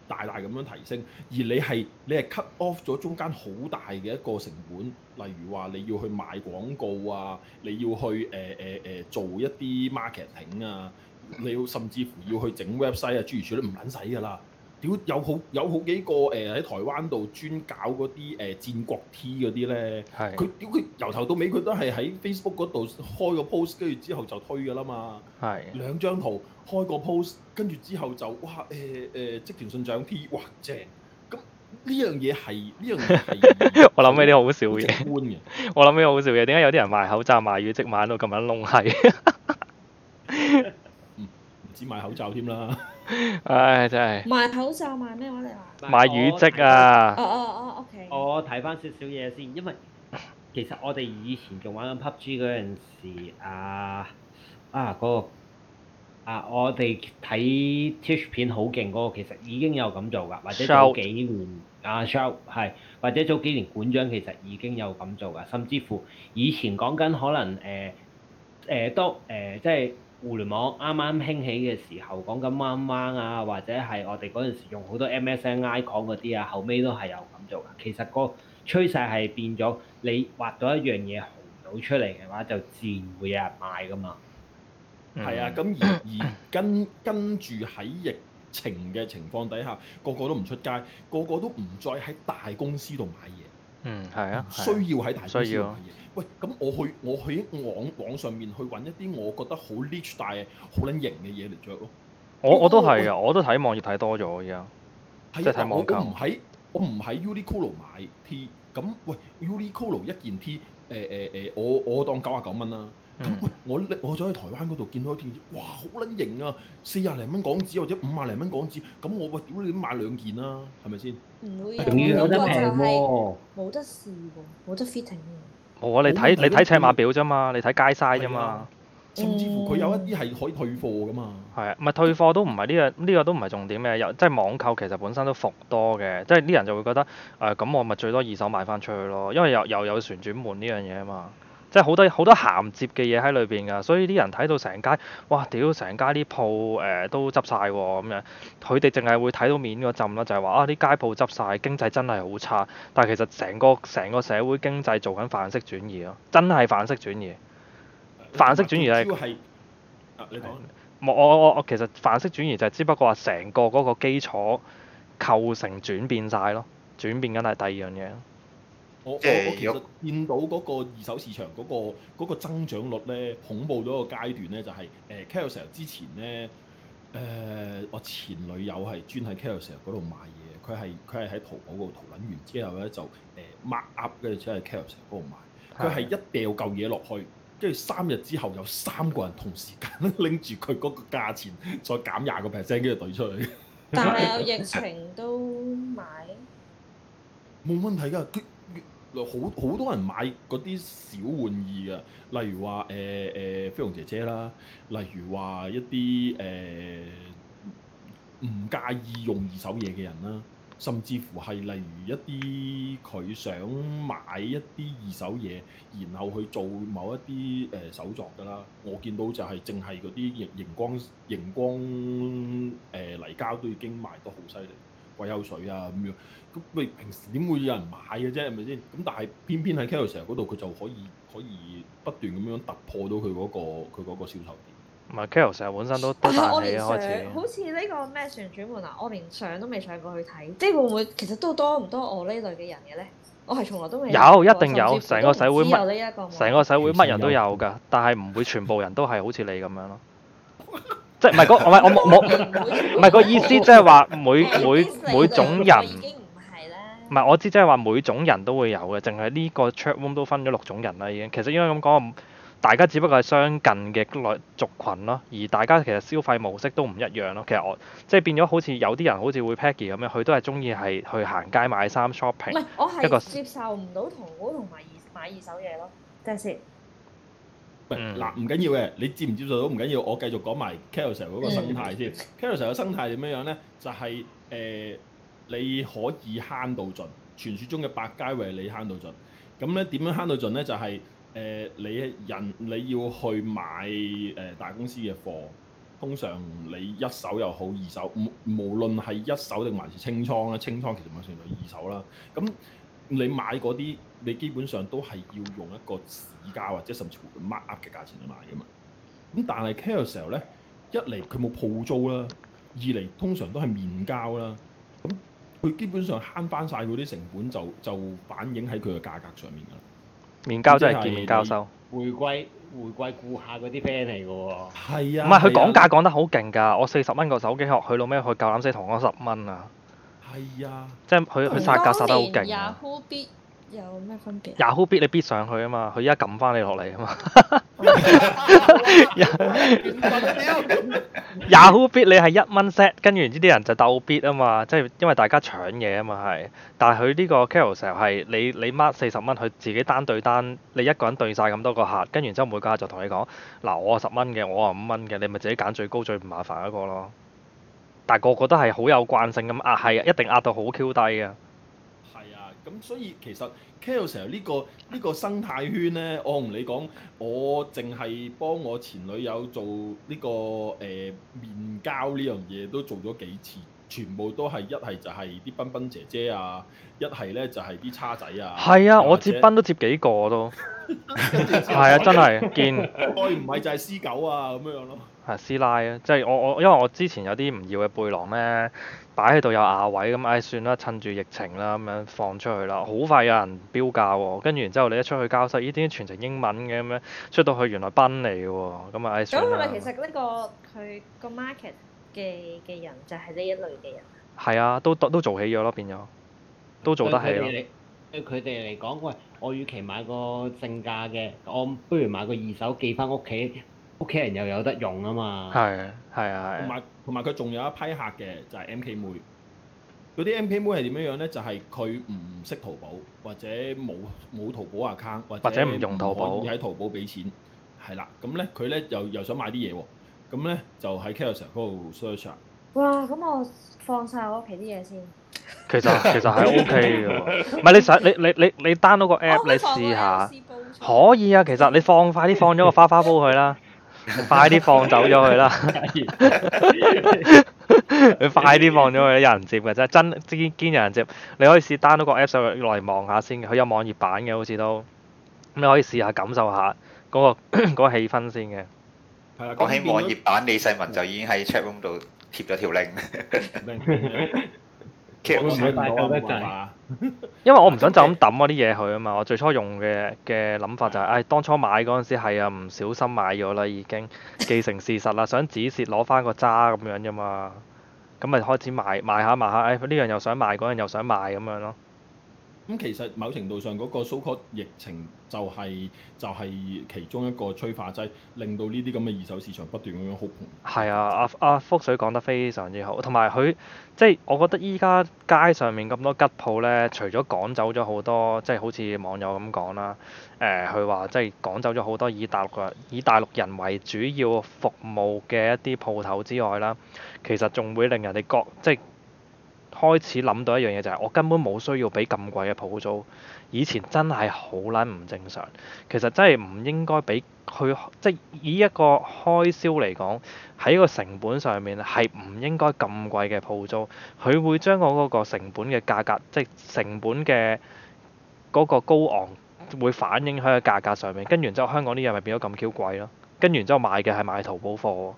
大大咁樣提升。而你係你係 cut off 咗中間好大嘅一個成本，例如話你要去買廣告啊，你要去誒誒誒做一啲 marketing 啊，你要甚至乎要去整 website 啊諸如諸如此類，唔撚使㗎啦。有好有好幾個誒喺、呃、台灣度專搞嗰啲誒戰國 T 嗰啲咧，佢屌佢由頭到尾佢都係喺 Facebook 嗰度開個 post，跟住之後就推㗎啦嘛，是的 兩張圖開個 post，跟住之後就哇誒誒、呃呃、織田信長 T，哇正！咁呢樣嘢係呢樣嘢係， 我諗起啲好笑嘅， 我諗起好笑嘅，點解有啲人賣口罩賣到即晚都咁樣窿係？唔止賣口罩添啦。唉，真係賣口罩賣咩話你話賣羽織啊！哦哦哦，OK。我睇翻少少嘢先，因為其實我哋以前仲玩緊 PUBG 嗰陣時啊啊嗰個啊，我哋睇 Twitch 片好勁嗰個，其實已經有咁做㗎，或者早幾年啊，Shaw 係或者早幾年館長其實已經有咁做㗎，甚至乎以前講緊可能誒誒都誒即係。互聯網啱啱興起嘅時候，講緊啱啱啊，或者係我哋嗰陣時用好多 MSN、icon 嗰啲啊，後尾都係有咁做嘅。其實個趨勢係變咗，你畫到一樣嘢紅到出嚟嘅話，就自然會有人買㗎嘛。係、嗯、啊，咁而而跟跟住喺疫情嘅情況底下，個個都唔出街，個個都唔再喺大公司度買嘢。嗯，係啊，啊需要喺大超市要喂，咁我去我去網網上面去揾一啲我覺得好 cheap 但係好撚型嘅嘢嚟着咯。我我都係啊，我都睇網頁睇多咗而家。即係、啊、我唔喺我唔喺 Uniqlo 買 T，咁喂 Uniqlo 一件 T，誒誒誒，我我當九啊九蚊啦。嗯、我我仲喺台灣嗰度見到一件，哇，好撚型啊！四廿零蚊港紙或者五萬零蚊港紙，咁我喂，屌你都買兩件啦，啊，係咪先？唔會，你覺得就冇得事喎，冇得 fitting 喎。冇啊！嗯、你睇你睇尺碼表啫嘛，你睇街晒 i 啫嘛。甚至乎佢有一啲係可以退貨噶嘛。係、嗯、啊，唔係退貨都唔係呢樣呢個都唔係重點嘅，又即係網購其實本身都服多嘅，即係啲人就會覺得誒咁、呃呃、我咪最多二手賣翻出去咯，因為又又有旋轉門呢樣嘢啊嘛。即係好多好多銜接嘅嘢喺裏邊㗎，所以啲人睇到成街，哇屌！成街啲鋪誒都執晒喎咁樣，佢哋淨係會睇到面嗰陣咯，就係話啊啲街鋪執晒，經濟真係好差。但係其實成個成個社會經濟做緊範式轉移咯，真係範式轉移。範式轉移係你講。我我我其實範式轉移就係只不過話成個嗰個基礎構成轉變晒咯，轉變緊係第二樣嘢。嗯、我我其實見到嗰個二手市場嗰、那個那個增長率咧，恐怖到一個階段咧、就是，就係誒 Carousell e 之前咧，誒、呃、我前女友係專喺 Carousell 嗰度買嘢，佢係佢係喺淘寶嗰度淘撚完之後咧就誒 mark up 嘅，就喺 Carousell 嗰度買，佢係的一掉嚿嘢落去，跟住三日之後有三個人同時間拎住佢嗰個價錢再減廿個 percent，跟住對出去。但係有疫情都買？冇 問題㗎。好，好多人買嗰啲小玩意啊，例如話誒誒飛熊姐姐啦，例如話一啲誒唔介意用二手嘢嘅人啦，甚至乎係例如一啲佢想買一啲二手嘢，然後去做某一啲誒、呃、手作㗎啦。我見到就係淨係嗰啲熒熒光熒光誒、呃、泥膠都已經賣得好犀利，貴有水啊咁樣。喂，平時點會有人買嘅啫，係咪先？咁但係偏偏喺 Kaos 城嗰度，佢就可以可以不斷咁樣突破到佢嗰個佢嗰個銷售。唔係 Kaos 城本身都得大嘅開始。好似呢個咩旋轉門啊，我連上都未上過去睇，即係會唔會其實都多唔多我呢類嘅人嘅咧？我係從來都未有，一定有成個社會，成個社會乜人都有㗎，但係唔會全部人都係好似你咁樣咯。即係唔係嗰唔係我冇冇唔係個意思，即係話每每每種人。唔係，我知即係話每種人都會有嘅，淨係呢個 chat room 都分咗六種人啦已經。其實應該咁講，大家只不過係相近嘅類族群咯，而大家其實消費模式都唔一樣咯。其實我即係變咗好似有啲人好似會 packy 咁樣，佢都係中意係去行街買衫 shopping。唔係，我係接受唔到淘寶同埋二買二手嘢咯，即係。嗱、嗯，唔緊要嘅，你接唔接受到唔緊要，我繼續講埋 Carousel 嗰個生態先。Carousel、嗯、嘅、嗯、生態點樣樣咧？就係、是、誒。呃你可以慳到盡，傳説中嘅百佳為你慳到盡咁咧。點樣慳到盡咧？就係、是、誒、呃，你人你要去買誒、呃、大公司嘅貨，通常你一手又好，二手無無論係一手定還是清倉咧，清倉其實咪算到二手啦。咁你買嗰啲，你基本上都係要用一個市價或者甚至乎 mark 嘅價錢去買㗎嘛。咁但係 Carousell 咧，一嚟佢冇鋪租啦，二嚟通常都係面交啦。佢基本上慳翻晒嗰啲成本，就就反映喺佢嘅價格上面㗎。面交即係見面交收，回歸回歸顧客嗰啲 friend 嚟㗎喎。係啊，唔係佢講價講得好勁㗎。我四十蚊個手機殼，佢老咩佢夠膽死同我十蚊啊。係啊，即係佢佢殺價殺得好勁啊。有咩分別？Yahoo bid 你必上去啊嘛，佢依家撳翻你落嚟啊嘛。Yahoo bid 你係一蚊 set，跟住然之啲人就鬥 bid 啊嘛，即係因為大家搶嘢啊嘛係。但係佢呢個 Carol 成日係你你 mark 四十蚊，佢自己單對單，你一個人對晒咁多個客，跟住然之後每個客就同你講，嗱我十蚊嘅，我話五蚊嘅，你咪自己揀最高最唔麻煩嗰個咯。但係個個都係好有慣性咁壓，係一定壓到好 Q 低㗎。咁所以其實 Kel 成日呢個呢、這個生態圈咧，我同你講，我淨係幫我前女友做呢、這個誒、呃、面交呢樣嘢，都做咗幾次，全部都係一係就係啲賓賓姐姐啊，一係咧就係啲叉仔啊，係啊，者我接賓都接幾個都 係 啊，真係見，再唔係就係 C9 啊咁樣樣咯，係師奶啊，即係、啊就是、我我因為我之前有啲唔要嘅背囊咧。擺喺度有亞位咁，哎算啦，趁住疫情啦，咁樣放出去啦，好快有人標價喎。跟住然之後你一出去交收，咦點解全程英文嘅咁樣？出到去原來賓嚟嘅喎，咁啊哎。咁係咪其實呢個佢個 market 嘅嘅人就係呢一類嘅人？係啊，都都，都做起咗咯，變咗，都做得起咯。對佢哋嚟講，喂，我與其買個正價嘅，我不如買個二手寄翻屋企，屋企人又有得用啊嘛。係啊，係啊，係。同同埋佢仲有一批客嘅，就係、是、M K 妹。嗰啲 M K 妹係點樣樣咧？就係佢唔識淘寶，或者冇冇淘寶 account 或者唔用淘寶，喺淘寶俾錢。係啦，咁咧佢咧又又想買啲嘢喎，咁咧就喺 Carousell 嗰度 search 下。哇！咁我放晒我屋企啲嘢先其。其實其實係 O K 嘅喎，唔係你想你你你你 down 到個 app 我我你試下。試可以啊，其實你放快啲放咗個花花煲佢啦。 快啲放走咗佢啦！你快啲放咗佢，有人接嘅真係真堅有人接，你可以試 download 個 app 上嚟望下先，佢有網頁版嘅好似都，咁你可以試下感受下嗰、嗰個嗰氣、 嗰個、氛先嘅。係啊，講起網頁版，李世民就已經喺 chat room 度貼咗條令。唔會唔夠咩計？因為我唔想就咁抌嗰啲嘢佢啊嘛。我最初用嘅嘅諗法就係、是，唉、哎，當初買嗰陣時係啊，唔小心買咗啦，已經既成事實啦。想止蝕攞翻個渣咁樣啫嘛。咁咪開始賣賣下賣下，唉，呢、哎、樣又想賣，嗰樣又想賣咁樣咯。咁其實某程度上嗰個 so-called 疫情就係、是，就係、是，其中一個催化劑令到呢啲咁嘅二手市場不斷咁樣好，係啊，阿、啊、阿福水講得非常之好，同埋佢即係我覺得依家街上面咁多吉鋪咧，除咗趕走咗好多，即、就、係、是，好似網友咁講啦，誒、呃，佢話即係趕走咗好多以大陸嘅以大陸人為主要服務嘅一啲鋪頭之外啦，其實仲會令人哋覺即係。就是開始諗到一樣嘢就係、是、我根本冇需要俾咁貴嘅鋪租，以前真係好撚唔正常。其實真係唔應該俾佢，即係以一個開銷嚟講，喺個成本上面咧係唔應該咁貴嘅鋪租。佢會將我嗰個成本嘅價格，即係成本嘅嗰個高昂會反映喺個價格上面。跟住之後，香港啲嘢咪變咗咁 Q 貴咯？跟住之後買嘅係買淘寶貨。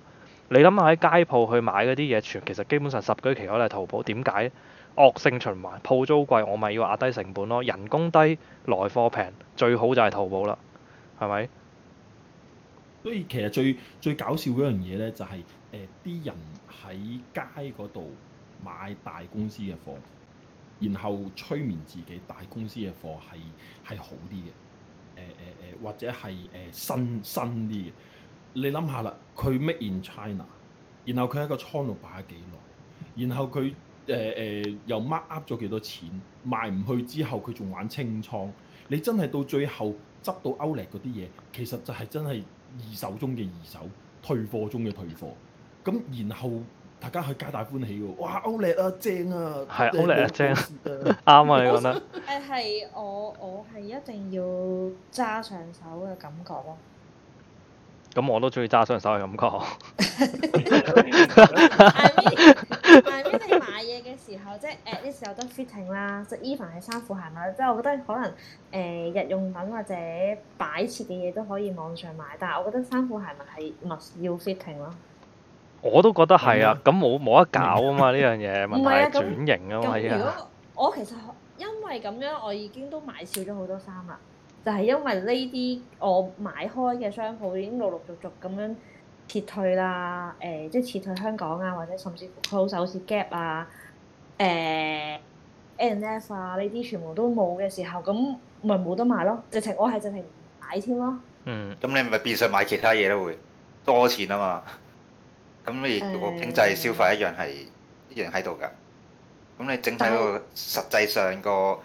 你諗下喺街鋪去買嗰啲嘢，全其實基本上十居其九都係淘寶。點解？惡性循環，鋪租貴，我咪要壓低成本咯。人工低，來貨平，最好就係淘寶啦。係咪？所以其實最最搞笑嗰樣嘢呢，就係啲人喺街嗰度買大公司嘅貨，然後催眠自己大公司嘅貨係係好啲嘅、呃呃，或者係、呃、新新啲嘅。你諗下啦，佢 make in China，然後佢喺個倉度擺咗幾耐，然後佢誒誒又 mark up 咗幾多錢，賣唔去之後佢仲玩清倉。你真係到最後執到歐力嗰啲嘢，其實就係真係二手中嘅二手，退貨中嘅退貨。咁然後大家係皆大歡喜㗎，哇歐力啊，正啊，係歐力啊，正啊，啱啊你覺得，係係我我係一定要揸上手嘅感覺咯。咁我都中意揸雙手嘅感覺。阿 m a 你買嘢嘅時候，即係誒呢時候都 fitting 啦，即係 even 係衫褲鞋襪，即係我覺得可能誒日用品或者擺設嘅嘢都可以網上買，但係我覺得衫褲鞋襪係咪要 fitting 咯。我都覺得係啊，咁冇冇得搞啊嘛呢樣嘢， 問題係轉型啊嘛 如果我其實因為咁樣，我已經都買少咗好多衫啦。但係因為呢啲我買開嘅商鋪已經陸陸,陸續續咁樣撤退啦，誒、呃，即係撤退香港啊，或者甚至好似 Gap 啊，誒、呃、N.F. 啊，呢啲全部都冇嘅時候，咁咪冇得買咯。直情我係直情買添咯。嗯，咁你咪變相買其他嘢都會多錢啊嘛。咁你個經濟消費一樣係一樣喺度㗎。咁、嗯、你整體個實際上個。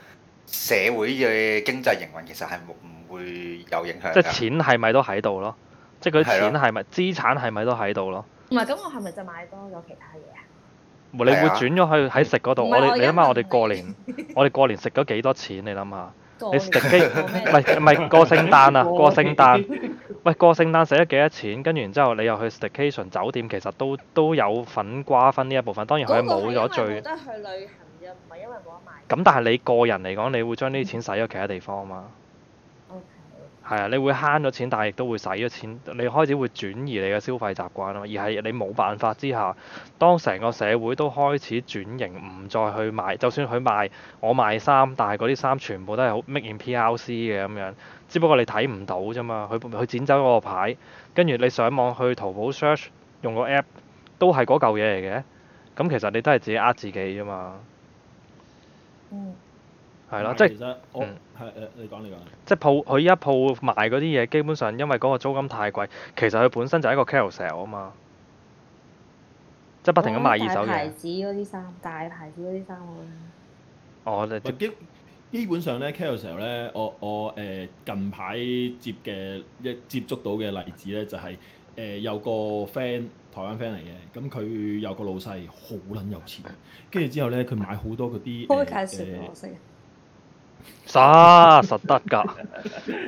社會嘅經濟營運其實係唔會有影響。即係錢係咪都喺度咯？即係佢錢係咪資產係咪都喺度咯？唔係，咁我係咪就買多咗其他嘢啊？你會轉咗去喺食嗰度？你諗下，我哋過年，我哋過年食咗幾多錢？你諗下，你 staycation 唔係唔係過聖誕啊？過聖誕，喂，過聖誕食咗幾多錢？跟住然之後，你又去 staycation 酒店，其實都都有份瓜分呢一部分。當然佢冇咗最。咁但係你個人嚟講，你會將呢啲錢使咗其他地方啊嘛，係啊 Okay.，你會慳咗錢，但係亦都會使咗錢。你開始會轉移你嘅消費習慣啊嘛，而係你冇辦法之下，當成個社會都開始轉型，唔再去買。就算佢賣我賣衫，但係嗰啲衫全部都係好 make in PRC 嘅咁樣，只不過你睇唔到啫嘛。佢佢剪走嗰個牌，跟住你上網去淘寶 search，用個 app 都係嗰嚿嘢嚟嘅。咁其實你都係自己呃自己啫嘛。係、嗯、啦，即係其實，我係誒你講你講。即係鋪佢依家鋪賣嗰啲嘢，基本上因為嗰個租金太貴，其實佢本身就係一個 Carousell 啊嘛，即係不停咁賣二手嘢。牌子嗰啲衫，大牌子嗰啲衫我。啊、哦，你基基本上咧 Carousell 咧，我我誒、呃、近排接嘅一接觸到嘅例子咧，就係、是、誒、呃、有個 friend。台灣 friend 嚟嘅，咁佢有個老細好撚有錢，跟住之後咧，佢買好多嗰啲誒，實實得㗎，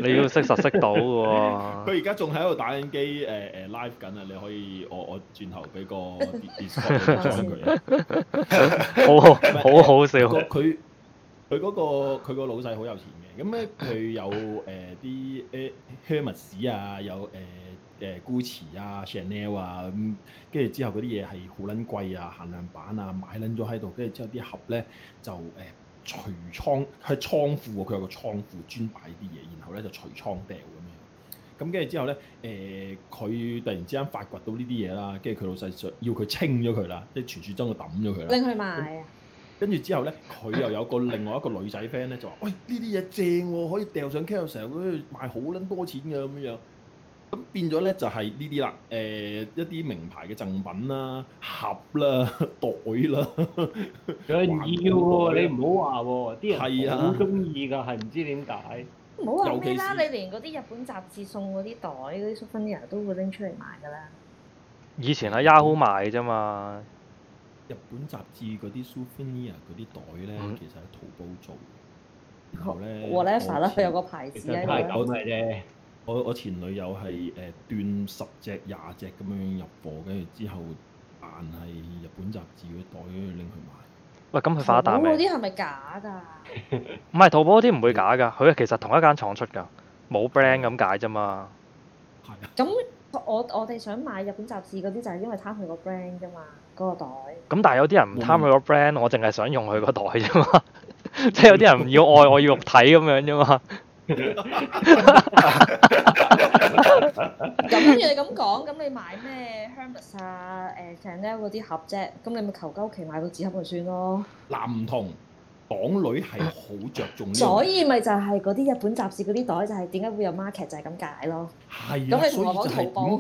你要識實識到喎、啊。佢而家仲喺度打緊機誒誒 live 緊啊！你可以我我轉頭俾個跌跌手講佢，好好好好笑。， 佢佢嗰個佢、嗰個、個老細好有錢嘅，咁咧佢有誒啲誒 Hermes 啊，有、呃、誒。呃呃呃呃呃呃誒古馳啊，Chanel 啊，咁跟住之後嗰啲嘢係好撚貴啊，限量版啊，買撚咗喺度，跟住之後啲盒咧就誒除、呃、倉喺倉庫喎，佢有個倉庫專擺啲嘢，然後咧就除倉掉咁樣。咁跟住之後咧，誒、呃、佢突然之間發掘到呢啲嘢啦，跟住佢老細想要佢清咗佢啦，即係存儲樽佢抌咗佢啦。令佢賣啊！跟住、嗯、之後咧，佢又有個 另外一個女仔 friend 咧就話，喂、哎，呢啲嘢正喎，可以掉上 k 成日都 e 好撚多錢嘅咁樣。咁變咗咧就係呢啲啦，誒一啲名牌嘅贈品啦、盒啦、袋啦，要喎！你唔好話喎，啲人係好中意㗎，係唔知點解。唔好話啦！你連嗰啲日本雜誌送嗰啲袋嗰啲 Souvenir 都會拎出嚟買㗎啦。以前喺 Yahoo 賣嘅啫嘛。日本雜誌嗰啲 Souvenir 嗰啲袋咧，其實喺淘寶做。好咧。w a l 有個牌子啊。係狗仔啫？我我前女友係誒斷十隻廿隻咁樣入貨，跟住之後扮係日本雜誌嘅袋拎去買。喂，咁佢發一啖味。嗰啲係咪假㗎？唔係，淘寶嗰啲唔會假㗎，佢其實同一間廠出㗎，冇 brand 咁解啫嘛。係啊。 咁我我哋想買日本雜誌嗰啲就係因為貪佢個 brand 啫嘛，嗰、嗰個袋。咁 但係有啲人唔貪佢個 brand，嗯、我淨係想用佢個袋啫嘛。即係有啲人唔要愛，我要肉體咁樣啫嘛。咁你咁講，咁你買咩 Hermes 啊、誒 Chanel 嗰啲盒啫，咁你咪求鳩其買個紙盒咪算咯。男唔同港女係好着重。所以咪就係嗰啲日本雜誌嗰啲袋，就係點解會有 market 就係咁解咯。係啊，咁你同我講淘寶。唔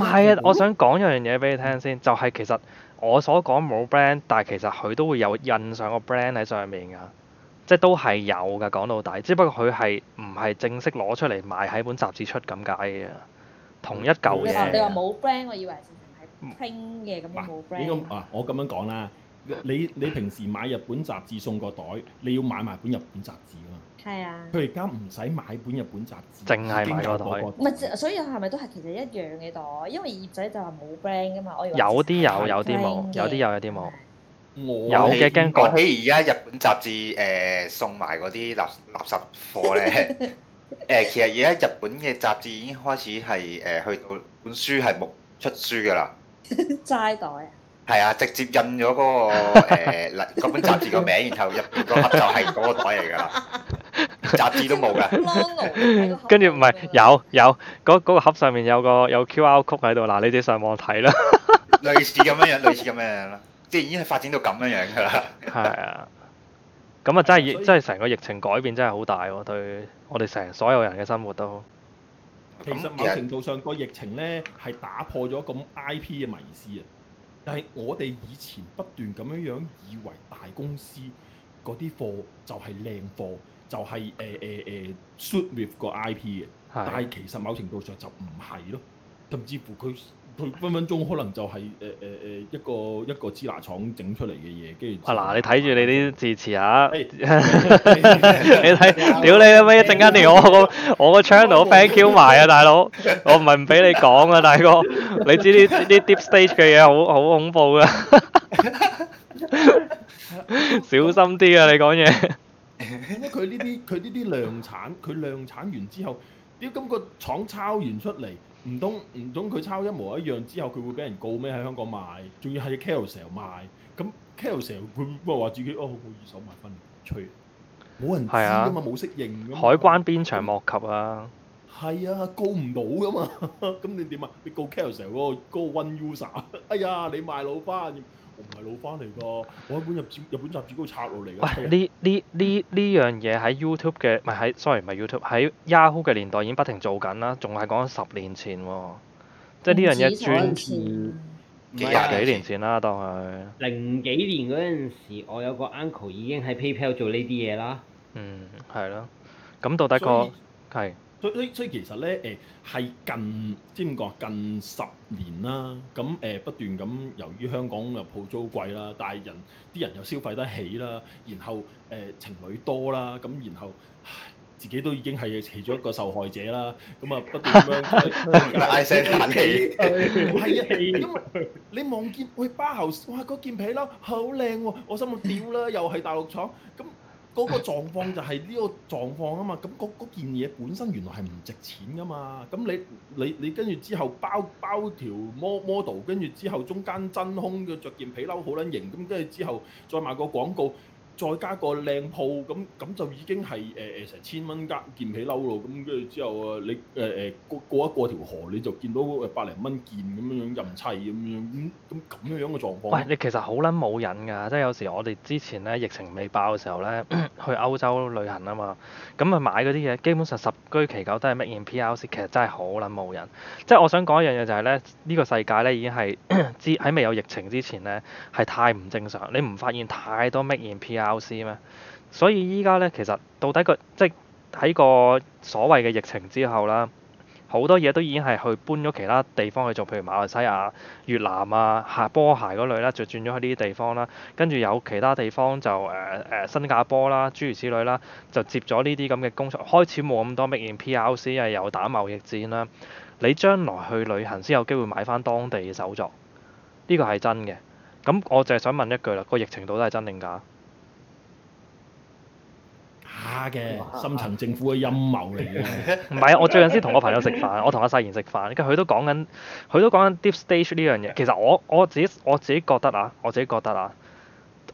係、就是、 啊，我想講一樣嘢俾你聽先，就係、是、其實我所講冇 brand，但係其實佢都會有印上個 brand 喺上面噶。即係都係有㗎，講到底，只不過佢係唔係正式攞出嚟賣喺本雜誌出咁解嘅，同一嚿嘢。你話你話冇 brand 我以為淨係拼嘅，咁樣冇 brand。啊，我咁樣講啦，你你平時買日本雜誌送個袋，你要買埋本日本雜誌嘛？係啊。佢而家唔使買本日本雜誌，淨係買個袋。唔係，所以係咪都係其實一樣嘅袋？因為葉仔就話冇 brand 㗎嘛，我有啲有，有，有啲冇，的有啲有，有啲冇。有有嘅驚講起而家日本雜誌誒、呃、送埋嗰啲垃垃圾貨咧誒、呃，其實而家日本嘅雜誌已經開始係誒、呃、去到本書係冇出書噶啦，齋袋啊，係 啊，直接印咗嗰、那個誒、呃、本雜誌個名，然後入邊個盒就係嗰個袋嚟噶啦，雜誌都冇噶，跟住唔係有有嗰、那個盒上面有個有 QR Code 喺度，嗱你哋上網睇啦，類似咁樣樣，類似咁嘅樣。即係已經係發展到咁樣樣㗎啦。係啊，咁啊真係疫，真係成個疫情改變真係好大喎、啊。對我哋成所有人嘅生活都。其實某程度上個疫情咧係打破咗咁 I P 嘅迷思啊！但係我哋以前不斷咁樣樣以為大公司嗰啲貨就係靚貨，就係誒誒誒 shoot with 個 I P 嘅，的但係其實某程度上就唔係咯，甚至乎佢。佢分分鐘可能就係誒誒誒一個一個支拿廠整出嚟嘅嘢，跟住啊嗱，你睇住你啲字詞嚇，你睇，屌你，咁樣一陣間連我個 我個 channel 都俾人 Q 埋啊，大佬！我唔係唔俾你講啊，大哥，你知呢啲啲 d stage 嘅嘢好好，好恐怖噶， 小心啲啊！你講嘢。佢呢啲佢呢啲量產，佢量產完之後，屌、這、咁個廠抄完出嚟。唔通唔通佢抄一模一樣之後，佢會俾人告咩？喺香港賣，仲要喺 Carousell 賣，咁 Carousell 佢唔會話自己哦好二手賣翻，吹冇人知㗎嘛，冇識認，適應海關鞭長莫及啊！係啊，告唔到㗎嘛，咁你點啊？你告 Carousell 嗰個嗰 One User，哎呀，你賣老翻、啊！唔係老翻嚟㗎，我喺本日本雜誌嗰度拆落嚟。喂，呢呢呢呢樣嘢喺 YouTube 嘅，唔係喺 sorry 唔係 YouTube，喺 Yahoo 嘅年代已經不停做緊啦，仲係講十年前喎，即係呢樣嘢轉幾十幾年前啦，當係零幾年嗰陣時，我有個 uncle 已經喺 PayPal 做呢啲嘢啦。嗯，係咯，咁到底個係。以所以，所，以所以其實咧誒，係近知唔知點講？近十年啦，咁誒、欸、不斷咁由於香港又鋪租貴啦，但係人啲人又消費得起啦，然後誒、呃、情侶多啦，咁然後自己都已經係其中一個受害者啦，咁啊不斷咁樣唉聲嘆氣，係啊， 因為你望見喂，巴喉哇嗰件皮褸好靚喎，啊，我心諗屌啦，又係大陸廠咁。嗰 個狀況就係呢個狀況啊嘛，咁嗰件嘢本身原來係唔值錢噶嘛，咁你你你跟住之後包包條 model，跟住之後中間真空嘅着件皮褸好撚型，咁跟住之後再買個廣告。再加個靚鋪，咁咁就已經係誒誒成千蚊間件皮褸咯。咁跟住之後啊，你誒誒、呃、過一過一條河你就見到百零蚊件咁樣樣任砌咁樣樣，咁咁咁樣樣嘅狀況。喂，你其實好撚冇癮㗎，即係有時我哋之前咧疫情未爆嘅時候咧，去歐洲旅行啊嘛，咁啊買嗰啲嘢基本上十居其九都係 make in PRC, 其實真係好撚冇癮。即係我想講一樣嘢就係咧，呢、呢個世界咧已經係之喺未有疫情之前咧係太唔正常，你唔發現太多 make in PRC。所以依家呢，其實到底佢即係喺個所謂嘅疫情之後啦，好多嘢都已經係去搬咗其他地方去做，譬如馬來西亞、越南啊、下波鞋嗰類啦，就轉咗去呢啲地方啦。跟住有其他地方就誒誒、呃呃、新加坡啦，諸如此類啦，就接咗呢啲咁嘅工作。開始冇咁多，Made in P R C 係又打貿易戰啦。你將來去旅行先有機會買翻當地嘅手作，呢個係真嘅。咁我就係想問一句啦，個疫情到底係真定假？假嘅，啊、深層政府嘅陰謀嚟嘅。唔係啊，我最近先同我朋友食飯，我同阿世賢食飯，跟佢都講緊，佢都講緊 deep stage 呢樣嘢。其實我我自己我自己覺得啊，我自己覺得啊，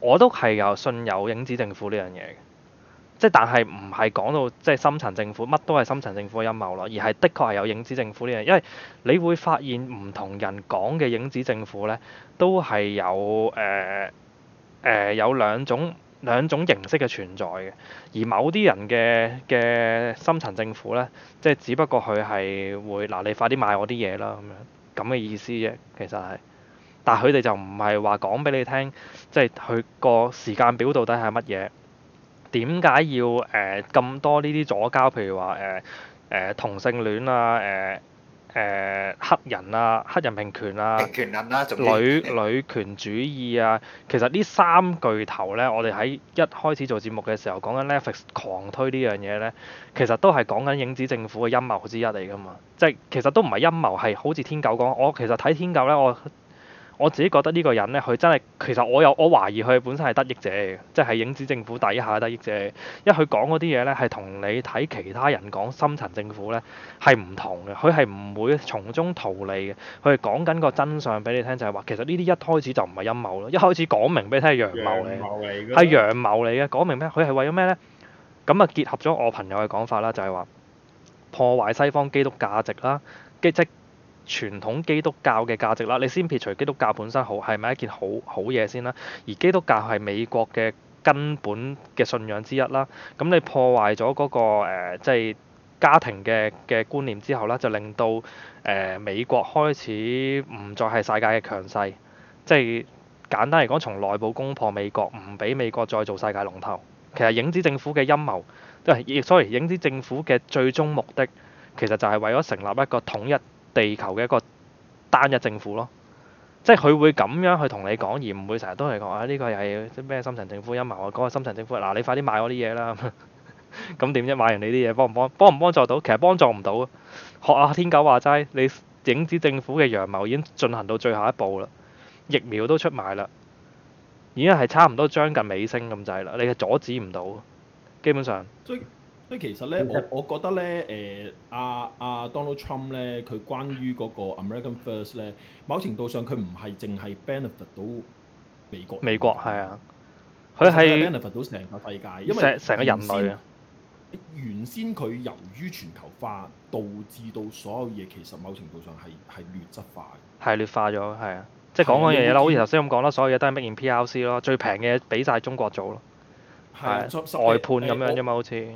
我都係有信有影子政府呢樣嘢嘅。即係但係唔係講到即係、即係、深層政府，乜都係深層政府嘅陰謀咯，而係的確係有影子政府呢樣。因為你會發現唔同人講嘅影子政府呢，都係有誒誒、呃呃、有兩種。兩種形式嘅存在嘅，而某啲人嘅嘅深層政府咧，即係只不過佢係會嗱，你快啲買我啲嘢啦咁樣咁嘅意思啫，其實係，但係佢哋就唔係話講俾你聽，即係佢個時間表到底係乜嘢？點解要誒咁、呃、多呢啲左膠？譬如話誒誒同性戀啊誒。呃誒、呃、黑人啊，黑人平權啊，權啊女女權主義啊，其實三句呢三巨頭咧，我哋喺一開始做節目嘅時候講緊 Netflix 狂推呢樣嘢咧，其實都係講緊影子政府嘅陰謀之一嚟噶嘛，即、就、係、是、其實都唔係陰謀，係好似天狗講，我其實睇天狗呢，我。我自己覺得呢個人呢，佢真係其實我有我懷疑佢本身係得益者嘅，即係影子政府底下得益者。因為佢講嗰啲嘢呢，係同你睇其他人講深層政府呢，係唔同嘅。佢係唔會從中圖利嘅。佢係講緊個真相俾你聽，就係、是、話其實呢啲一開始就唔係陰謀咯，一開始講明俾你聽係陽謀嚟，係陽謀嚟嘅。講明咩？佢係為咗咩呢？咁啊結合咗我朋友嘅講法啦，就係、是、話破壞西方基督價值啦，即傳統基督教嘅價值啦，你先撇除基督教本身好係咪一件好好嘢先啦。而基督教係美國嘅根本嘅信仰之一啦。咁你破壞咗嗰個誒，即係家庭嘅嘅觀念之後咧，就令到誒美國開始唔再係世界嘅強勢。即係簡單嚟講，從內部攻破美國，唔俾美國再做世界龍頭。其實影子政府嘅陰謀，喂，sorry，影子政府嘅最終目的其實就係為咗成立一個統一。地球嘅一個單一政府咯，即係佢會咁樣去同你講，而唔會成日都係講啊呢、這個又係咩深層政府陰謀啊，嗰個深層政府嗱、啊、你快啲買我啲嘢啦咁，咁點啫？買完你啲嘢幫唔幫幫唔幫助到？其實幫助唔到。學阿天狗話齋，你影子政府嘅陽謀已經進行到最後一步啦，疫苗都出賣啦，已經係差唔多將近尾聲咁滯啦，你係阻止唔到，基本上。所以其實咧，我我覺得咧，誒阿阿 Donald Trump 咧，佢關於嗰個 American First 咧，某程度上佢唔係淨係 benefit 到美，美國。美國係啊，佢係 benefit 到成個世界，因為成成個人類啊。原先佢由於全球化，導致到所有嘢其實某程度上係係劣質化。係劣化咗，係啊，即係講嗰樣嘢啦。好似頭先咁講啦，所有嘢都係 make in PRC 咯，最平嘅嘢俾曬中國做咯，係、啊、係外判咁樣啫嘛、欸，好似。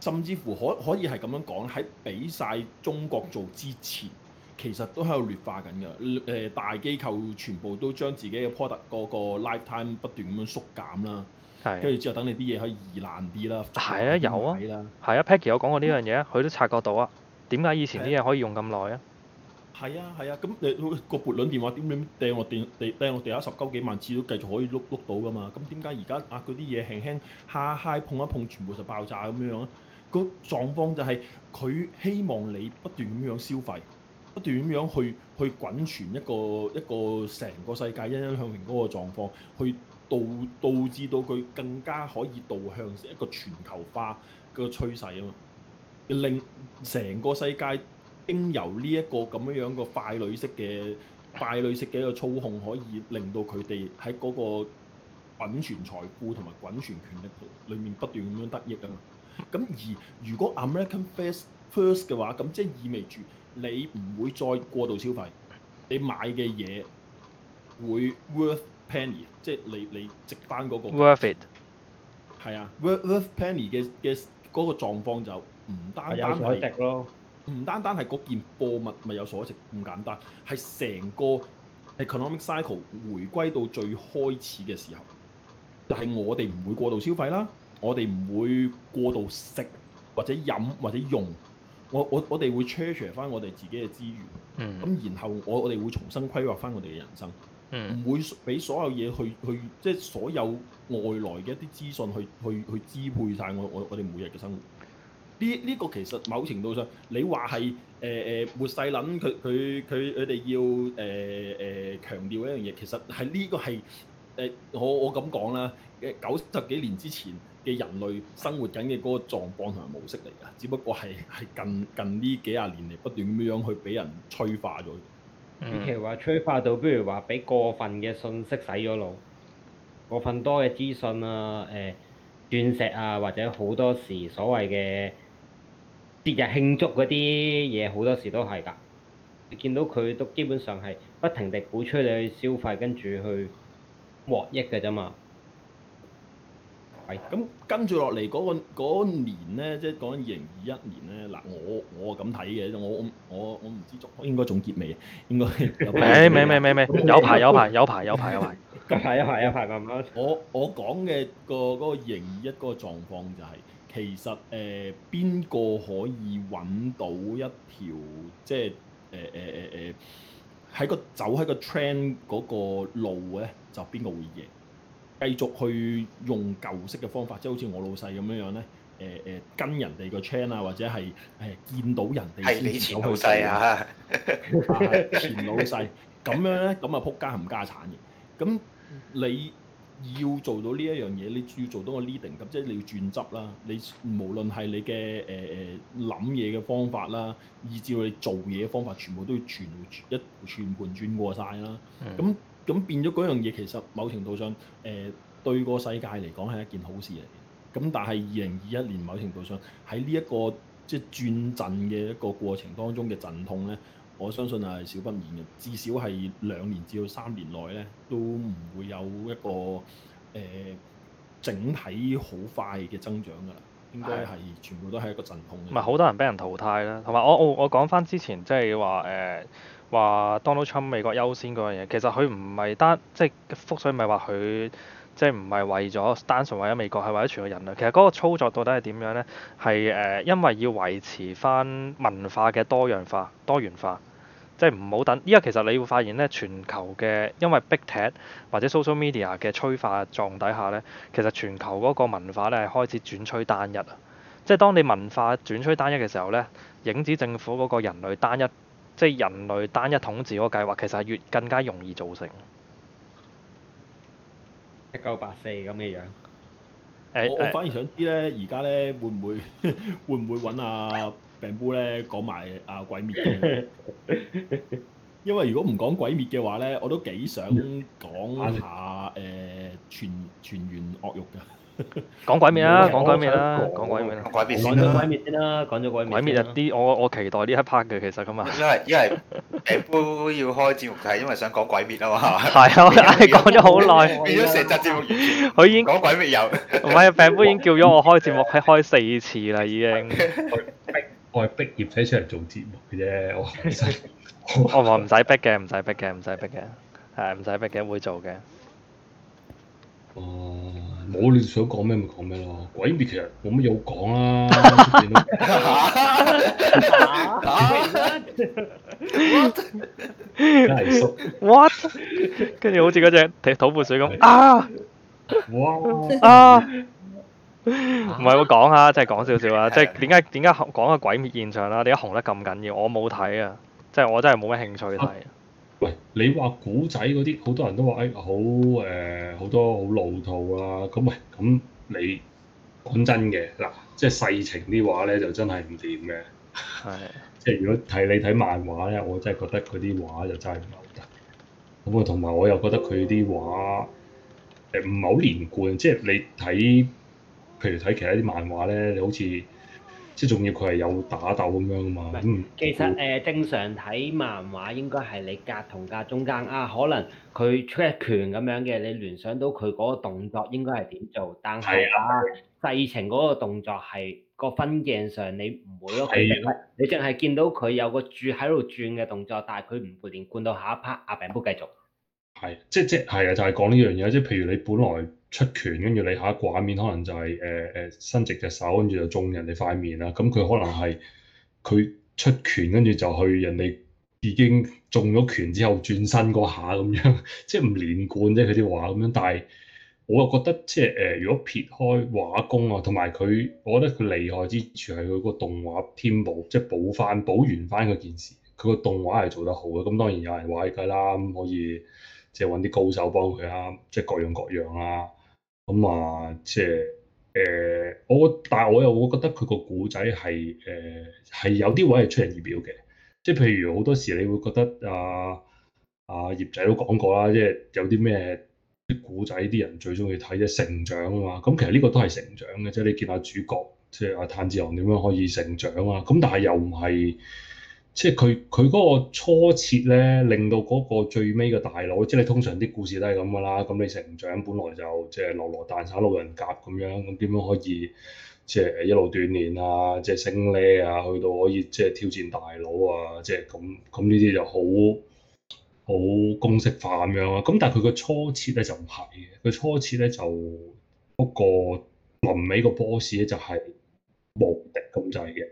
甚至乎可可以係咁樣講，喺俾晒中國做之前，其實都喺度劣化緊㗎。誒大機構全部都將自己嘅 product 嗰個 lifetime 不斷咁樣縮減啦，跟住是的 之後等你啲嘢可以易爛啲啦。係啊，有啊，係啊，Peggy 有講過呢樣嘢，佢、嗯、都察覺到啊。點解以前啲嘢可以用咁耐啊？係啊，係啊，咁你個撥輪電話點點掟我跌掟我跌咗十幾萬次都繼續可以碌碌到㗎嘛？咁點解而家啊嗰啲嘢輕輕哈嗨碰一碰，全部就爆炸咁樣樣啊？個狀況就係佢希望你不斷咁樣消費，不斷咁樣去去滾存一個一個成個世界欣欣向榮嗰個狀況，去導導致到佢更加可以導向一個全球化嘅趨勢啊嘛，令成個世界經由呢一個咁樣樣嘅傀儡式嘅傀儡式嘅一個操控，可以令到佢哋喺嗰個滾存財富同埋滾存權力裏面不斷咁樣得益啊嘛。咁而如果 American first first 嘅話，咁即係意味住你唔會再過度消費，你買嘅嘢會 worth penny，即係你你值翻嗰個得、啊、worth，係啊，worth worth penny 嘅嘅嗰個狀況就唔單單係有所值咯，唔單單係件貨物咪有所值，唔簡單，單，係成個 economic cycle 回歸到最開始嘅時候，就係我哋唔會過度消費啦。我哋唔會過度食或者飲或者用，我我我哋會 charge 翻我哋自己嘅資源。咁、嗯、然後我我哋會重新規劃翻我哋嘅人生。唔、嗯、會俾所有嘢去去即係所有外來嘅一啲資訊去去去支配晒我我我哋每日嘅生活。呢呢、這個其實某程度上，你話係誒誒末世論佢佢佢佢哋要誒誒強調一樣嘢，其實係呢、這個係誒、呃、我我咁講啦，誒九十幾年之前。嘅人類生活緊嘅嗰個狀況同埋模式嚟噶，只不過係係近近呢幾廿年嚟不斷咁樣去俾人催化咗。譬、嗯、如話催化到，不如話俾過分嘅信息洗咗腦，過分多嘅資訊啊，誒、欸、鑽石啊，或者好多時所謂嘅節日慶祝嗰啲嘢，好多時都係㗎。你見到佢都基本上係不停地鼓吹你去消費，跟住去獲益嘅啫嘛。係，咁、嗯、跟住落嚟嗰個年咧，即係講緊二零二一年咧。嗱，我我咁睇嘅，我我我我唔知總應該總結未，應該。唔係唔係唔係有排有排有排有排有排。係啊係啊排慢慢。 我我講嘅個嗰、那個營業嗰個狀況就係、是，其實誒邊個可以揾到一條即係誒誒誒誒喺個走喺個 trend 嗰個路咧，就邊個會贏？繼續去用舊式嘅方法，即係好似我老細咁樣樣咧，誒、呃、誒、呃、跟人哋個 chain 啊，或者係誒、呃、見到人哋係你前老細啊，前、啊、 老細咁樣咧，咁啊撲街冚家鏟嘅。咁你要做到呢一樣嘢，你要做到個 leading，即係你要轉執啦。你無論係你嘅誒誒諗嘢嘅方法啦，以致到你做嘢嘅方法，全部都要全、一全盤轉過曬啦。咁咁變咗嗰樣嘢，其實某程度上，誒、呃、對個世界嚟講係一件好事嚟嘅。咁但係二零二一年某程度上喺呢一個即係轉陣嘅一個過程當中嘅陣痛咧，我相信係少不免嘅。至少係兩年至到三年內咧，都唔會有一個誒、呃、整體好快嘅增長㗎喇。應該係全部都係一個陣痛。唔係好多人俾人淘汰啦。同埋我我我講翻之前即係話誒。呃話 Donald Trump 美國優先嗰樣嘢，其實佢唔係單即係覆水，唔係話佢即係唔係為咗單純為咗美國，係為咗全個人類。其實嗰個操作到底係點樣呢？係誒、呃，因為要維持翻文化嘅多樣化、多元化，即係唔好等。因為其實你會發現呢全球嘅因為 Big Tech 或者 social media 嘅催化狀底下呢，其實全球嗰個文化呢係開始轉趨單一，即係當你文化轉趨單一嘅時候呢，影子政府嗰個人類單一。即係人類單一統治嗰個計劃，其實係越更加容易造成。一九八四咁嘅樣，樣、欸我。我反而想知咧，而家咧會唔會會唔會揾阿病夫咧講埋阿鬼滅 因為如果唔講鬼滅嘅話咧，我都幾想講下誒、呃、全全員惡欲㗎。講鬼滅啦，講鬼滅啦，講鬼滅啦。講咗鬼滅先啦，講咗鬼滅。鬼滅啊！啲我我期待呢一 part 嘅，其實咁啊。因為因為，病夫要開節目就係因為想講鬼滅啊嘛。係啊，我講咗好耐。變咗成集節目佢已經我講鬼滅又唔係，病夫已經叫咗我開節目係開四次啦，已經。我係逼葉仔出嚟做節目嘅啫，我唔唔使逼嘅，唔使逼嘅，唔使逼嘅，係唔使逼嘅，會做嘅。哦。冇，你想講咩咪講咩咯。鬼滅其實冇乜嘢好講啦。打咩，跟住好似嗰隻土撥鼠咁。 啊！哇！啊！唔係 我講啊，即係講少少啊，即係點解點解講個鬼滅現場啦？點解紅得咁緊要？我冇睇啊，即係我真係冇乜興趣睇。喂，你話古仔嗰啲好多人都話誒、哎、好誒好、呃、多好老套啊！咁喂咁你講真嘅嗱，即係細情啲畫咧就真係唔掂嘅。係即係如果睇你睇漫畫咧，我真係覺得佢啲畫就真係唔係好得。咁啊，同埋我又覺得佢啲畫誒唔係好連貫，即係你睇譬如睇其他啲漫畫咧，你好似。即仲要，佢係有打鬥咁樣啊嘛。唔、嗯、其實誒、呃、正常睇漫畫應該係你格同格中間啊，可能佢出一拳咁樣嘅，你聯想到佢嗰個動作應該係點做？但係啊，細、啊、情嗰個動作係個分鏡上你唔會咯。佢、啊、你淨係見到佢有個柱喺度轉嘅動作，但係佢唔會連貫到下一 part。阿餅都繼續。係，即即係啊，就係、就係、講呢樣嘢。即譬如你本來出拳，跟住你下一畫面可能就係誒誒伸直隻手，跟住就中人哋塊面啦。咁佢可能係佢出拳，跟住就去人哋已經中咗拳之後轉身嗰下咁樣， 即唔連貫啫佢啲畫咁樣。但係我又覺得即係誒、呃，如果撇開畫功啊，同埋佢，我覺得佢厲害之處係佢個動畫添補，即補翻補完翻嗰件事。佢個動畫係做得好嘅，咁當然有人話佢啦，咁可以。即係揾啲高手幫佢啦，即係各樣各樣啦，咁啊，即係誒，我但係我又覺得佢個古仔係誒係有啲位係出人意表嘅。即係譬如好多時你會覺得啊啊葉仔都講過啦，即係有啲咩啲古仔啲人最鍾意睇啫，成長啊嘛，咁其實呢個都係成長嘅，即係你見下主角即係阿炭志雄點樣可以成長啊，咁但係又唔係，即係佢佢嗰個初設咧，令到嗰個最尾嘅大佬，即係你通常啲故事都係咁噶啦。咁你成長本來就即係嘍囉蛋散路人甲咁樣，咁點樣可以即係一路鍛鍊啊，即係升 level 啊，去到可以即係挑戰大佬啊，即係咁咁呢啲就好好公式化咁樣啊。咁但係佢個初設咧就唔係嘅，佢初設咧就嗰、嗰個臨尾個 boss 咧就係無敵咁滯嘅。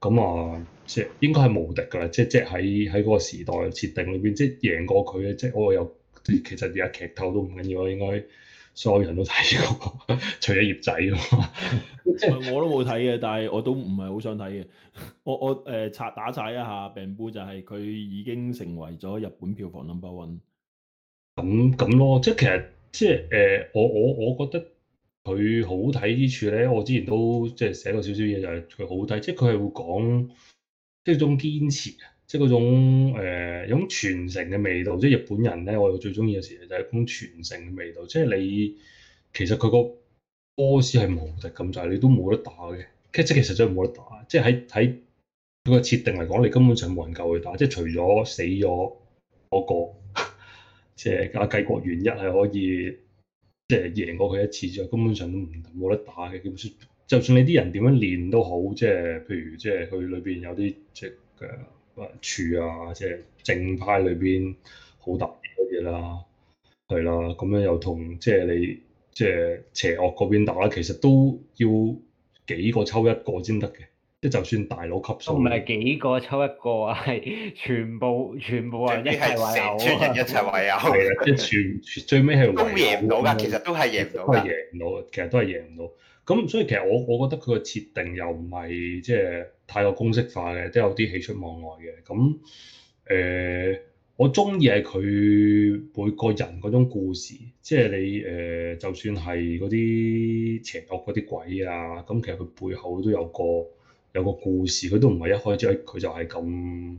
咁啊，即係應該係無敵㗎啦！即係即係喺喺嗰個時代設定裏邊，即係贏過佢嘅，即係我有其實而家劇透都唔緊要，我應該所有人都睇過，除咗葉仔。即 係我都冇睇嘅，但係我都唔係好想睇嘅。我我誒拆、呃、打晒一下《病夫》，就係佢已經成為咗日本票房 number one。咁咁、嗯、咯，即係其實即係誒、呃，我我我覺得。佢好睇之處咧，我之前都即係寫過少少嘢，就係、是、佢好睇，即係佢係會講即係、就是、一種堅持，即係嗰種誒、呃、一種傳承嘅味道。即係日本人咧，我最中意嘅時就係一種傳承嘅味道。即係你其實佢個 boss 係無敵咁就係你都冇得打嘅，即係即係真係冇得打。即係喺喺佢個設定嚟講，你根本上冇人夠去打。即係除咗死咗嗰、那個， 即係阿繼國元一係可以。即係贏過佢一次，就根本上都唔冇得打嘅。就算你啲人點樣練都好，即係譬如，即係佢裏邊有啲即係誒、呃、處啊，即係正派裏邊好特別嘅嘢啦，係啦。咁樣又同即係你即係邪惡嗰邊打，其實都要幾個抽一個先得嘅。即就算大佬級數唔係幾個抽一個啊，係全部全部啊一齊圍全人一齊圍友。啊， 即、就、係、是、全，全，全最尾係都贏唔到㗎，其實都係贏唔到。都係贏唔到，其實都係贏唔到。咁所以其實我我覺得佢個設定又唔係即係太過公式化嘅，都有啲喜出望外嘅。咁誒、呃，我中意係佢每個人嗰種故事，即、就、係、是、你誒、呃，就算係嗰啲邪惡嗰啲鬼啊，咁其實佢背後都有個。有個故事，佢都唔係一開始佢就係咁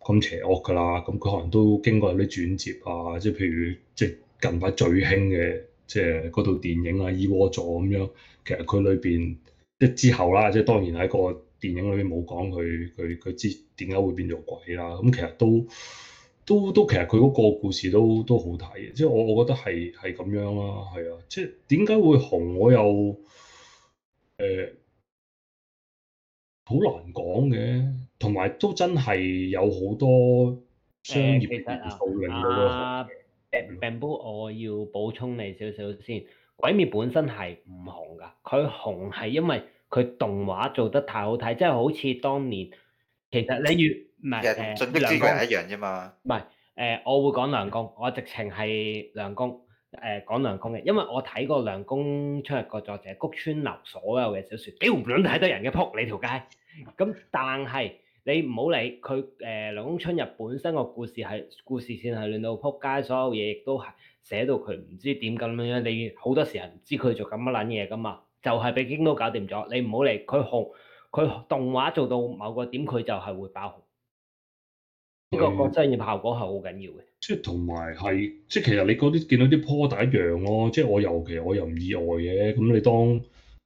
咁邪惡㗎啦。咁佢可能都經過有啲轉折啊，即係譬如即係近排最興嘅即係嗰套電影啊，e《異魔座》咁樣。其實佢裏邊即係之後啦，即係當然喺個電影裏面冇講佢佢佢知點解會變做鬼啦。咁、嗯、其實都都都，其實佢嗰個故事都都好睇嘅。即係我我覺得係係咁樣啦，係啊。即係點解會紅，我有？我又誒。好難講嘅，同埋都真係有好多商業因素令到咯。其實啊 Ben 我要補充你少少先。鬼滅本身係唔紅噶，佢紅係因為佢動畫做得太好睇，即係好似當年。其實你越唔係誒，兩公一樣啫嘛。唔係誒，我會講兩公，我直情係兩公。誒，講涼宮嘅，因為我睇過涼宮春日個作者谷川流所有嘅小說，屌唔准睇得人嘅扑你條街。咁但係你唔好理佢，誒涼宮春日本身個故事係故事線係亂到扑街，所有嘢亦都係寫到佢唔知點咁樣樣。你好多時係唔知佢做緊乜卵嘢噶嘛，就係、是、俾京都搞掂咗。你唔好理佢紅，佢動畫做到某個點，佢就係會爆紅。這個、這個質疑效果係好緊要嘅，即係同埋係，即係其實你嗰啲見到啲 po 大一樣咯，即係我尤其我又唔意外嘅，咁你當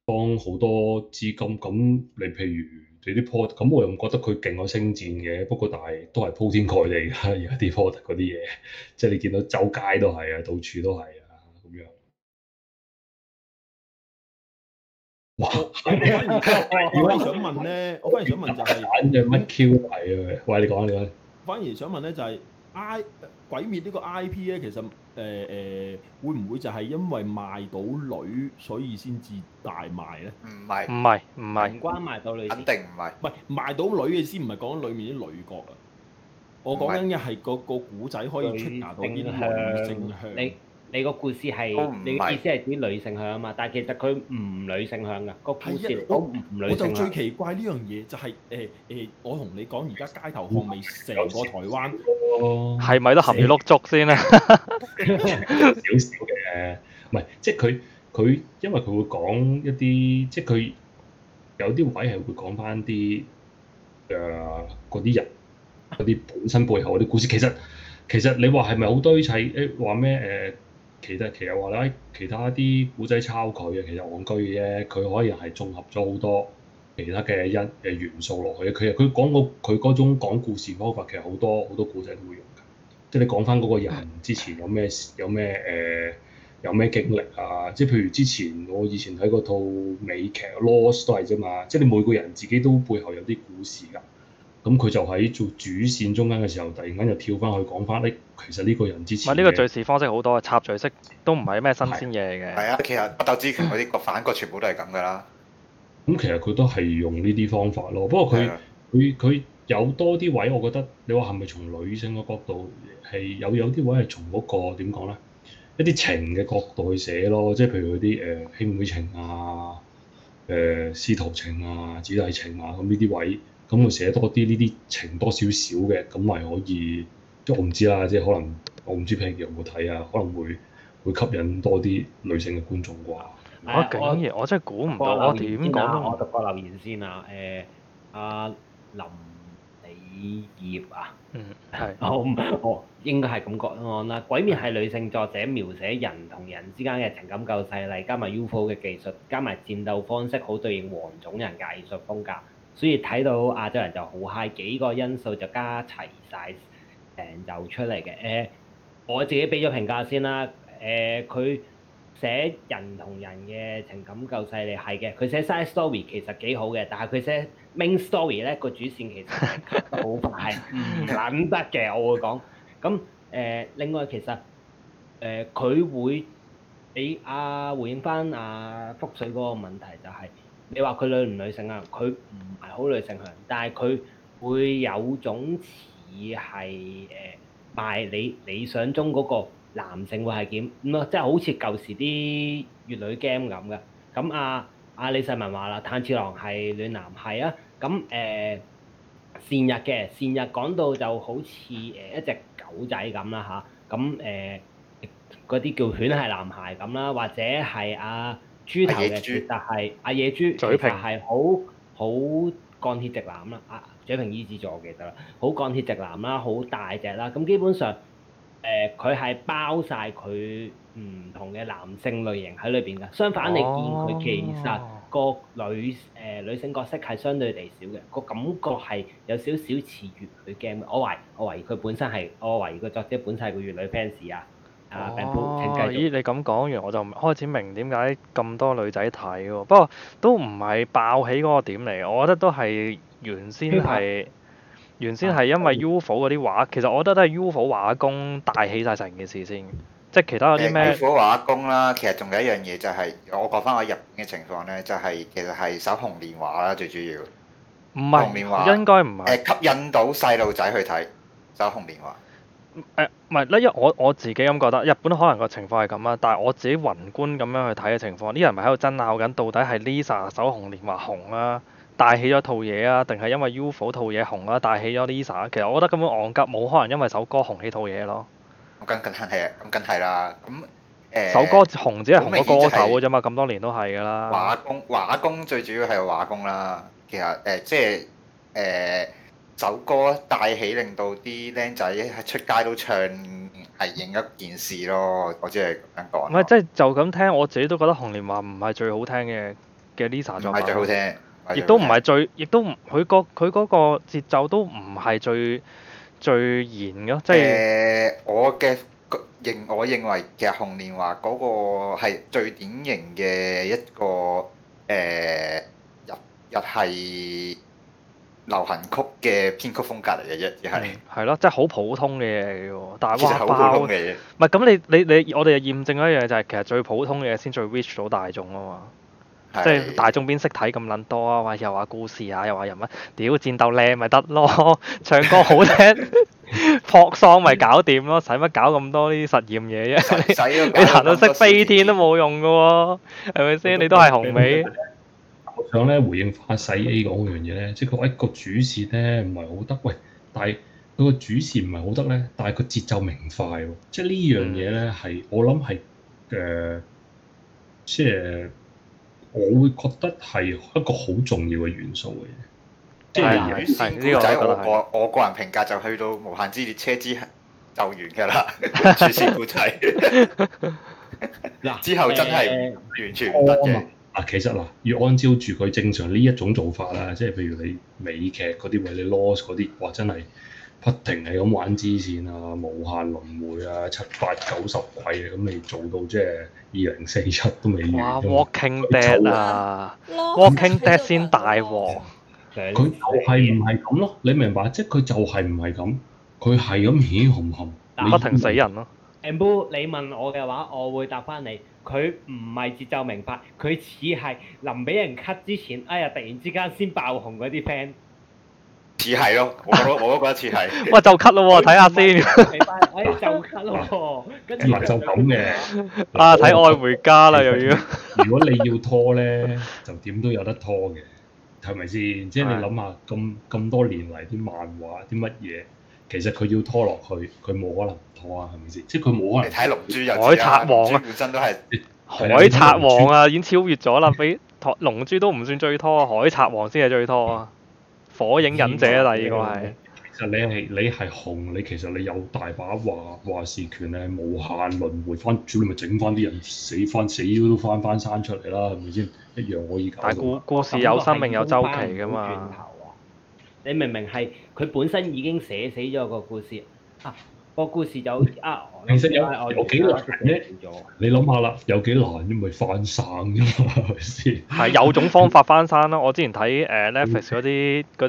當好多資金，咁你譬如你啲 po，咁我又唔覺得佢勁過升戰嘅，不過但係都係鋪天蓋地啦，而家啲 po 嗰啲嘢，即係你見到周街都係啊，到處都係啊，咁樣。我我我我，想問咧，我反而想問就係、是，玩著乜 Q 題啊？喂，你講你講。反而想問咧，就係、是、I 鬼滅呢個 IP 咧，其實誒誒、呃呃，會唔會就係因為賣到女，所以先至大賣咧？唔係唔係唔係，唔關賣到女事。肯定唔係。唔係賣到女嘅先，唔係講緊裏面啲女角啊。我講緊嘅係個個古仔可以出牙到邊項正向。你個故事係，你嘅意思係指女性向啊嘛？但係其實佢唔女性向嘅個故事，好唔女性向。就最奇怪呢樣嘢，就係誒誒，我同你講而家街頭巷尾成個台灣，係咪都含住碌竹先咧？少少嘅，唔係，即係佢佢，因為佢會講一啲，即係佢有啲位係會講翻啲誒嗰啲人嗰啲本身背後嗰啲故事。其實其實你話係咪好多一齊誒話咩誒？其，其實其實話咧，其他啲古仔抄佢嘅，其實憨居嘅啫。佢可以係綜合咗好多其他嘅一誒元素落去。佢又佢講個佢嗰種講故事方法，其實好多好多古仔都會用㗎。即係你講翻嗰個人之前有咩有咩誒、呃、有咩經歷啊？即係譬如之前我以前睇嗰套美劇《Lost》都係啫嘛。即係你每個人自己都背後有啲故事㗎。咁佢、嗯、就喺做主線中間嘅時候，突然間又跳翻去講翻，呢其實呢個人之前，呢、呢個敍事方式好多，插敍式都唔係咩新鮮嘢嘅。係啊，其實北斗之拳嗰啲個反角全部都係咁噶啦。咁、嗯嗯嗯嗯、其實佢都係用呢啲方法咯，不過佢佢佢有多啲位，我覺得你話係咪從女性嘅角度係有有啲位係從嗰、嗰個點講咧？一啲情嘅角度去寫咯，即係譬如嗰啲誒兄妹情啊、誒、呃、師徒情啊、子弟情啊，咁呢啲位。咁會寫多啲呢啲情多少少嘅，咁咪可以，即我唔知啦，即係可能我唔知平時有冇睇啊，可能會會吸引多啲女性嘅觀眾啩。我我我真係估唔到，我點講都唔～我發個留言先、欸、啊，誒阿林李業啊，嗯的，係、 哦，我我應該係咁講啦。鬼滅係女性作者描寫人同人之間嘅情感夠細膩，加埋 UFO 嘅技術，加埋戰鬥方式好對應黃種人嘅藝術風格。所以睇到亞洲人就好 high，幾個因素就加齊晒，誒、嗯、又出嚟嘅誒，我自己俾咗評價先啦。誒、呃、佢寫人同人嘅情感夠細膩，係嘅。佢寫 side story 其實幾好嘅，但係佢寫 main story 咧個主線其實好快，唔撚 得嘅，我會講。咁誒、呃，另外其實誒佢、呃、會俾阿、啊、回應翻阿、啊、福水嗰個問題、就是，就係你話佢女唔女性啊？佢唔係好女性向，但係佢會有種似係誒賣你理想中嗰個男性會係點咁啊？即係好似舊時啲乙女 game 咁嘅。咁阿阿李世民話啦，炭治郎係女男係啊。咁誒、呃、善逸嘅善逸講到就好似誒一隻狗仔咁啦吓？咁誒嗰啲叫犬係男孩咁啦、啊，或者係阿、啊。豬頭嘅，其實係阿、啊、野豬，就係好好鋼鐵直男啦，阿、啊、嘴平依字咗我記得啦，好鋼鐵直男啦，好大隻啦，咁基本上誒佢係包晒佢唔同嘅男性類型喺裏邊嘅，相反你見佢其實個女誒、呃、女性角色係相對地少嘅，個感覺係有少少似乙女 game，的我懷疑我懷疑佢本身係我懷疑個作者本身係個乙女 fans 啊。哦，咦！你咁講完，我就開始明點解咁多女仔睇喎。不過都唔係爆起嗰個點嚟，我覺得都係原先係原先係因為 UFO 嗰啲畫，其實我覺得都係 UFO 畫工大起曬成件事先，即係其他嗰啲咩 UFO 畫工啦。其實仲有一樣嘢就係，我講翻我入邊嘅情況咧，就係其實係《守紅年畫》啦，最主要。唔係應該唔係誒，吸引到細路仔去睇《守紅年畫》。誒唔係啦，因為我我自己咁覺得，日本可能個情況係咁啊，但係我自己宏觀咁樣去睇嘅情況，啲人咪喺度爭拗緊，到底係 Lisa 首紅年華紅啊，帶起咗套嘢啊，定係因為 UFO 套嘢紅啊，帶起咗 Lisa？其實我覺得根本戇吉冇可能因為首歌紅起套嘢咯。我梗係係啊，咁梗係啦。咁誒首歌紅只係紅咗歌手嘅啫嘛，咁、就是、多年都係㗎啦。畫工，畫工最主要係畫工啦，其實誒、呃、即係誒。呃呃首歌帶起，令到啲僆仔喺出街都唱，係另一件事咯。我只係咁樣講。唔係，即係就咁、是、聽，我自己都覺得《紅蓮華》唔係最好聽嘅嘅 Lisa 作。唔係最好聽，亦都唔係最，亦都唔，佢個佢嗰個節奏都唔係最最嚴咯。即係、呃，我嘅認，我認為其實《紅蓮華》嗰個係最典型嘅一個誒、呃、日日系。流行曲嘅編曲風格嚟嘅一又係係咯，即係好普通嘅嘢喎。但係哇，包唔係咁，你你你，我哋驗證咗一樣就係其實最普通嘅嘢先最 reach 到大眾啊嘛。的即係大眾邊識睇咁撚多啊？又話故事啊，又話人物，屌戰鬥靚咪得咯，唱歌好聽，撲喪咪搞掂咯，使乜搞咁多呢啲實驗嘢啫？ 你你彈到識飛天都冇用㗎喎，係咪先？你都係紅尾。我想咧回應翻細 A 講嗰樣嘢咧，即係佢一個主線咧唔係好得，喂，但係佢個主線唔係好得咧，但係個節奏明快喎，即係呢樣嘢咧係我諗係誒，即、呃、係我會覺得係一個好重要嘅元素嘅嘢。即係，係呢、啊，這個我，我這個我，我個人評價就去到無限之列車之後就完㗎啦，主線故仔。嗱， 之後真係完全唔得嘅。呃呃啊，其實嗱，要按照住佢正常呢一種做法啊，即係譬如你美劇嗰啲餵你 loss 嗰啲，哇真係不停係咁玩支線啊，無限輪迴啊，七八九十季啊，咁你做到即係二零四七都未完。哇，Walking Dead 啊，Walking Dead 先大鑊。佢就係唔係咁咯？你明白即係佢就係唔係咁？佢係咁起哄。杏，不停死人咯。Ambo，你問我嘅話，我會答翻你。佢唔係節奏明白，佢似係臨俾人 cut 之前，哎呀突然之間先爆紅嗰啲 fan，似係咯，我我覺得似係，我 哇就 cut 咯喎，睇下先，就 cut 咯喎、 哎，就咁嘅，啊睇愛回家啦又要， 如果你要拖咧，就點都有得拖嘅，係咪先？即係 你諗下咁咁多年嚟啲漫畫啲乜嘢，其實佢要拖落去，佢冇可能。啊，係咪先？即係佢冇可能睇《龍珠有有》又《海賊王》啊，真都係《海賊王》啊，已經超越咗啦！比《龍珠》都唔算最拖，《海賊王》先係最拖。《火影忍者》第二是個係。其實你係你係紅，你其實你有大把話話事權咧，無限輪回翻，主要咪整翻啲人死翻，死都翻翻生出嚟啦，係咪先？一樣可以搞。但故故事有生命有周期噶嘛？嘛你明明係佢本身已經寫死咗個故事啊。個故事有呃我有，其實有你有幾難咧？你諗下啦，有幾難，唔係翻生嘅嘛？係咪先？係有種方法翻生啦。我之前睇誒 Netflix 嗰啲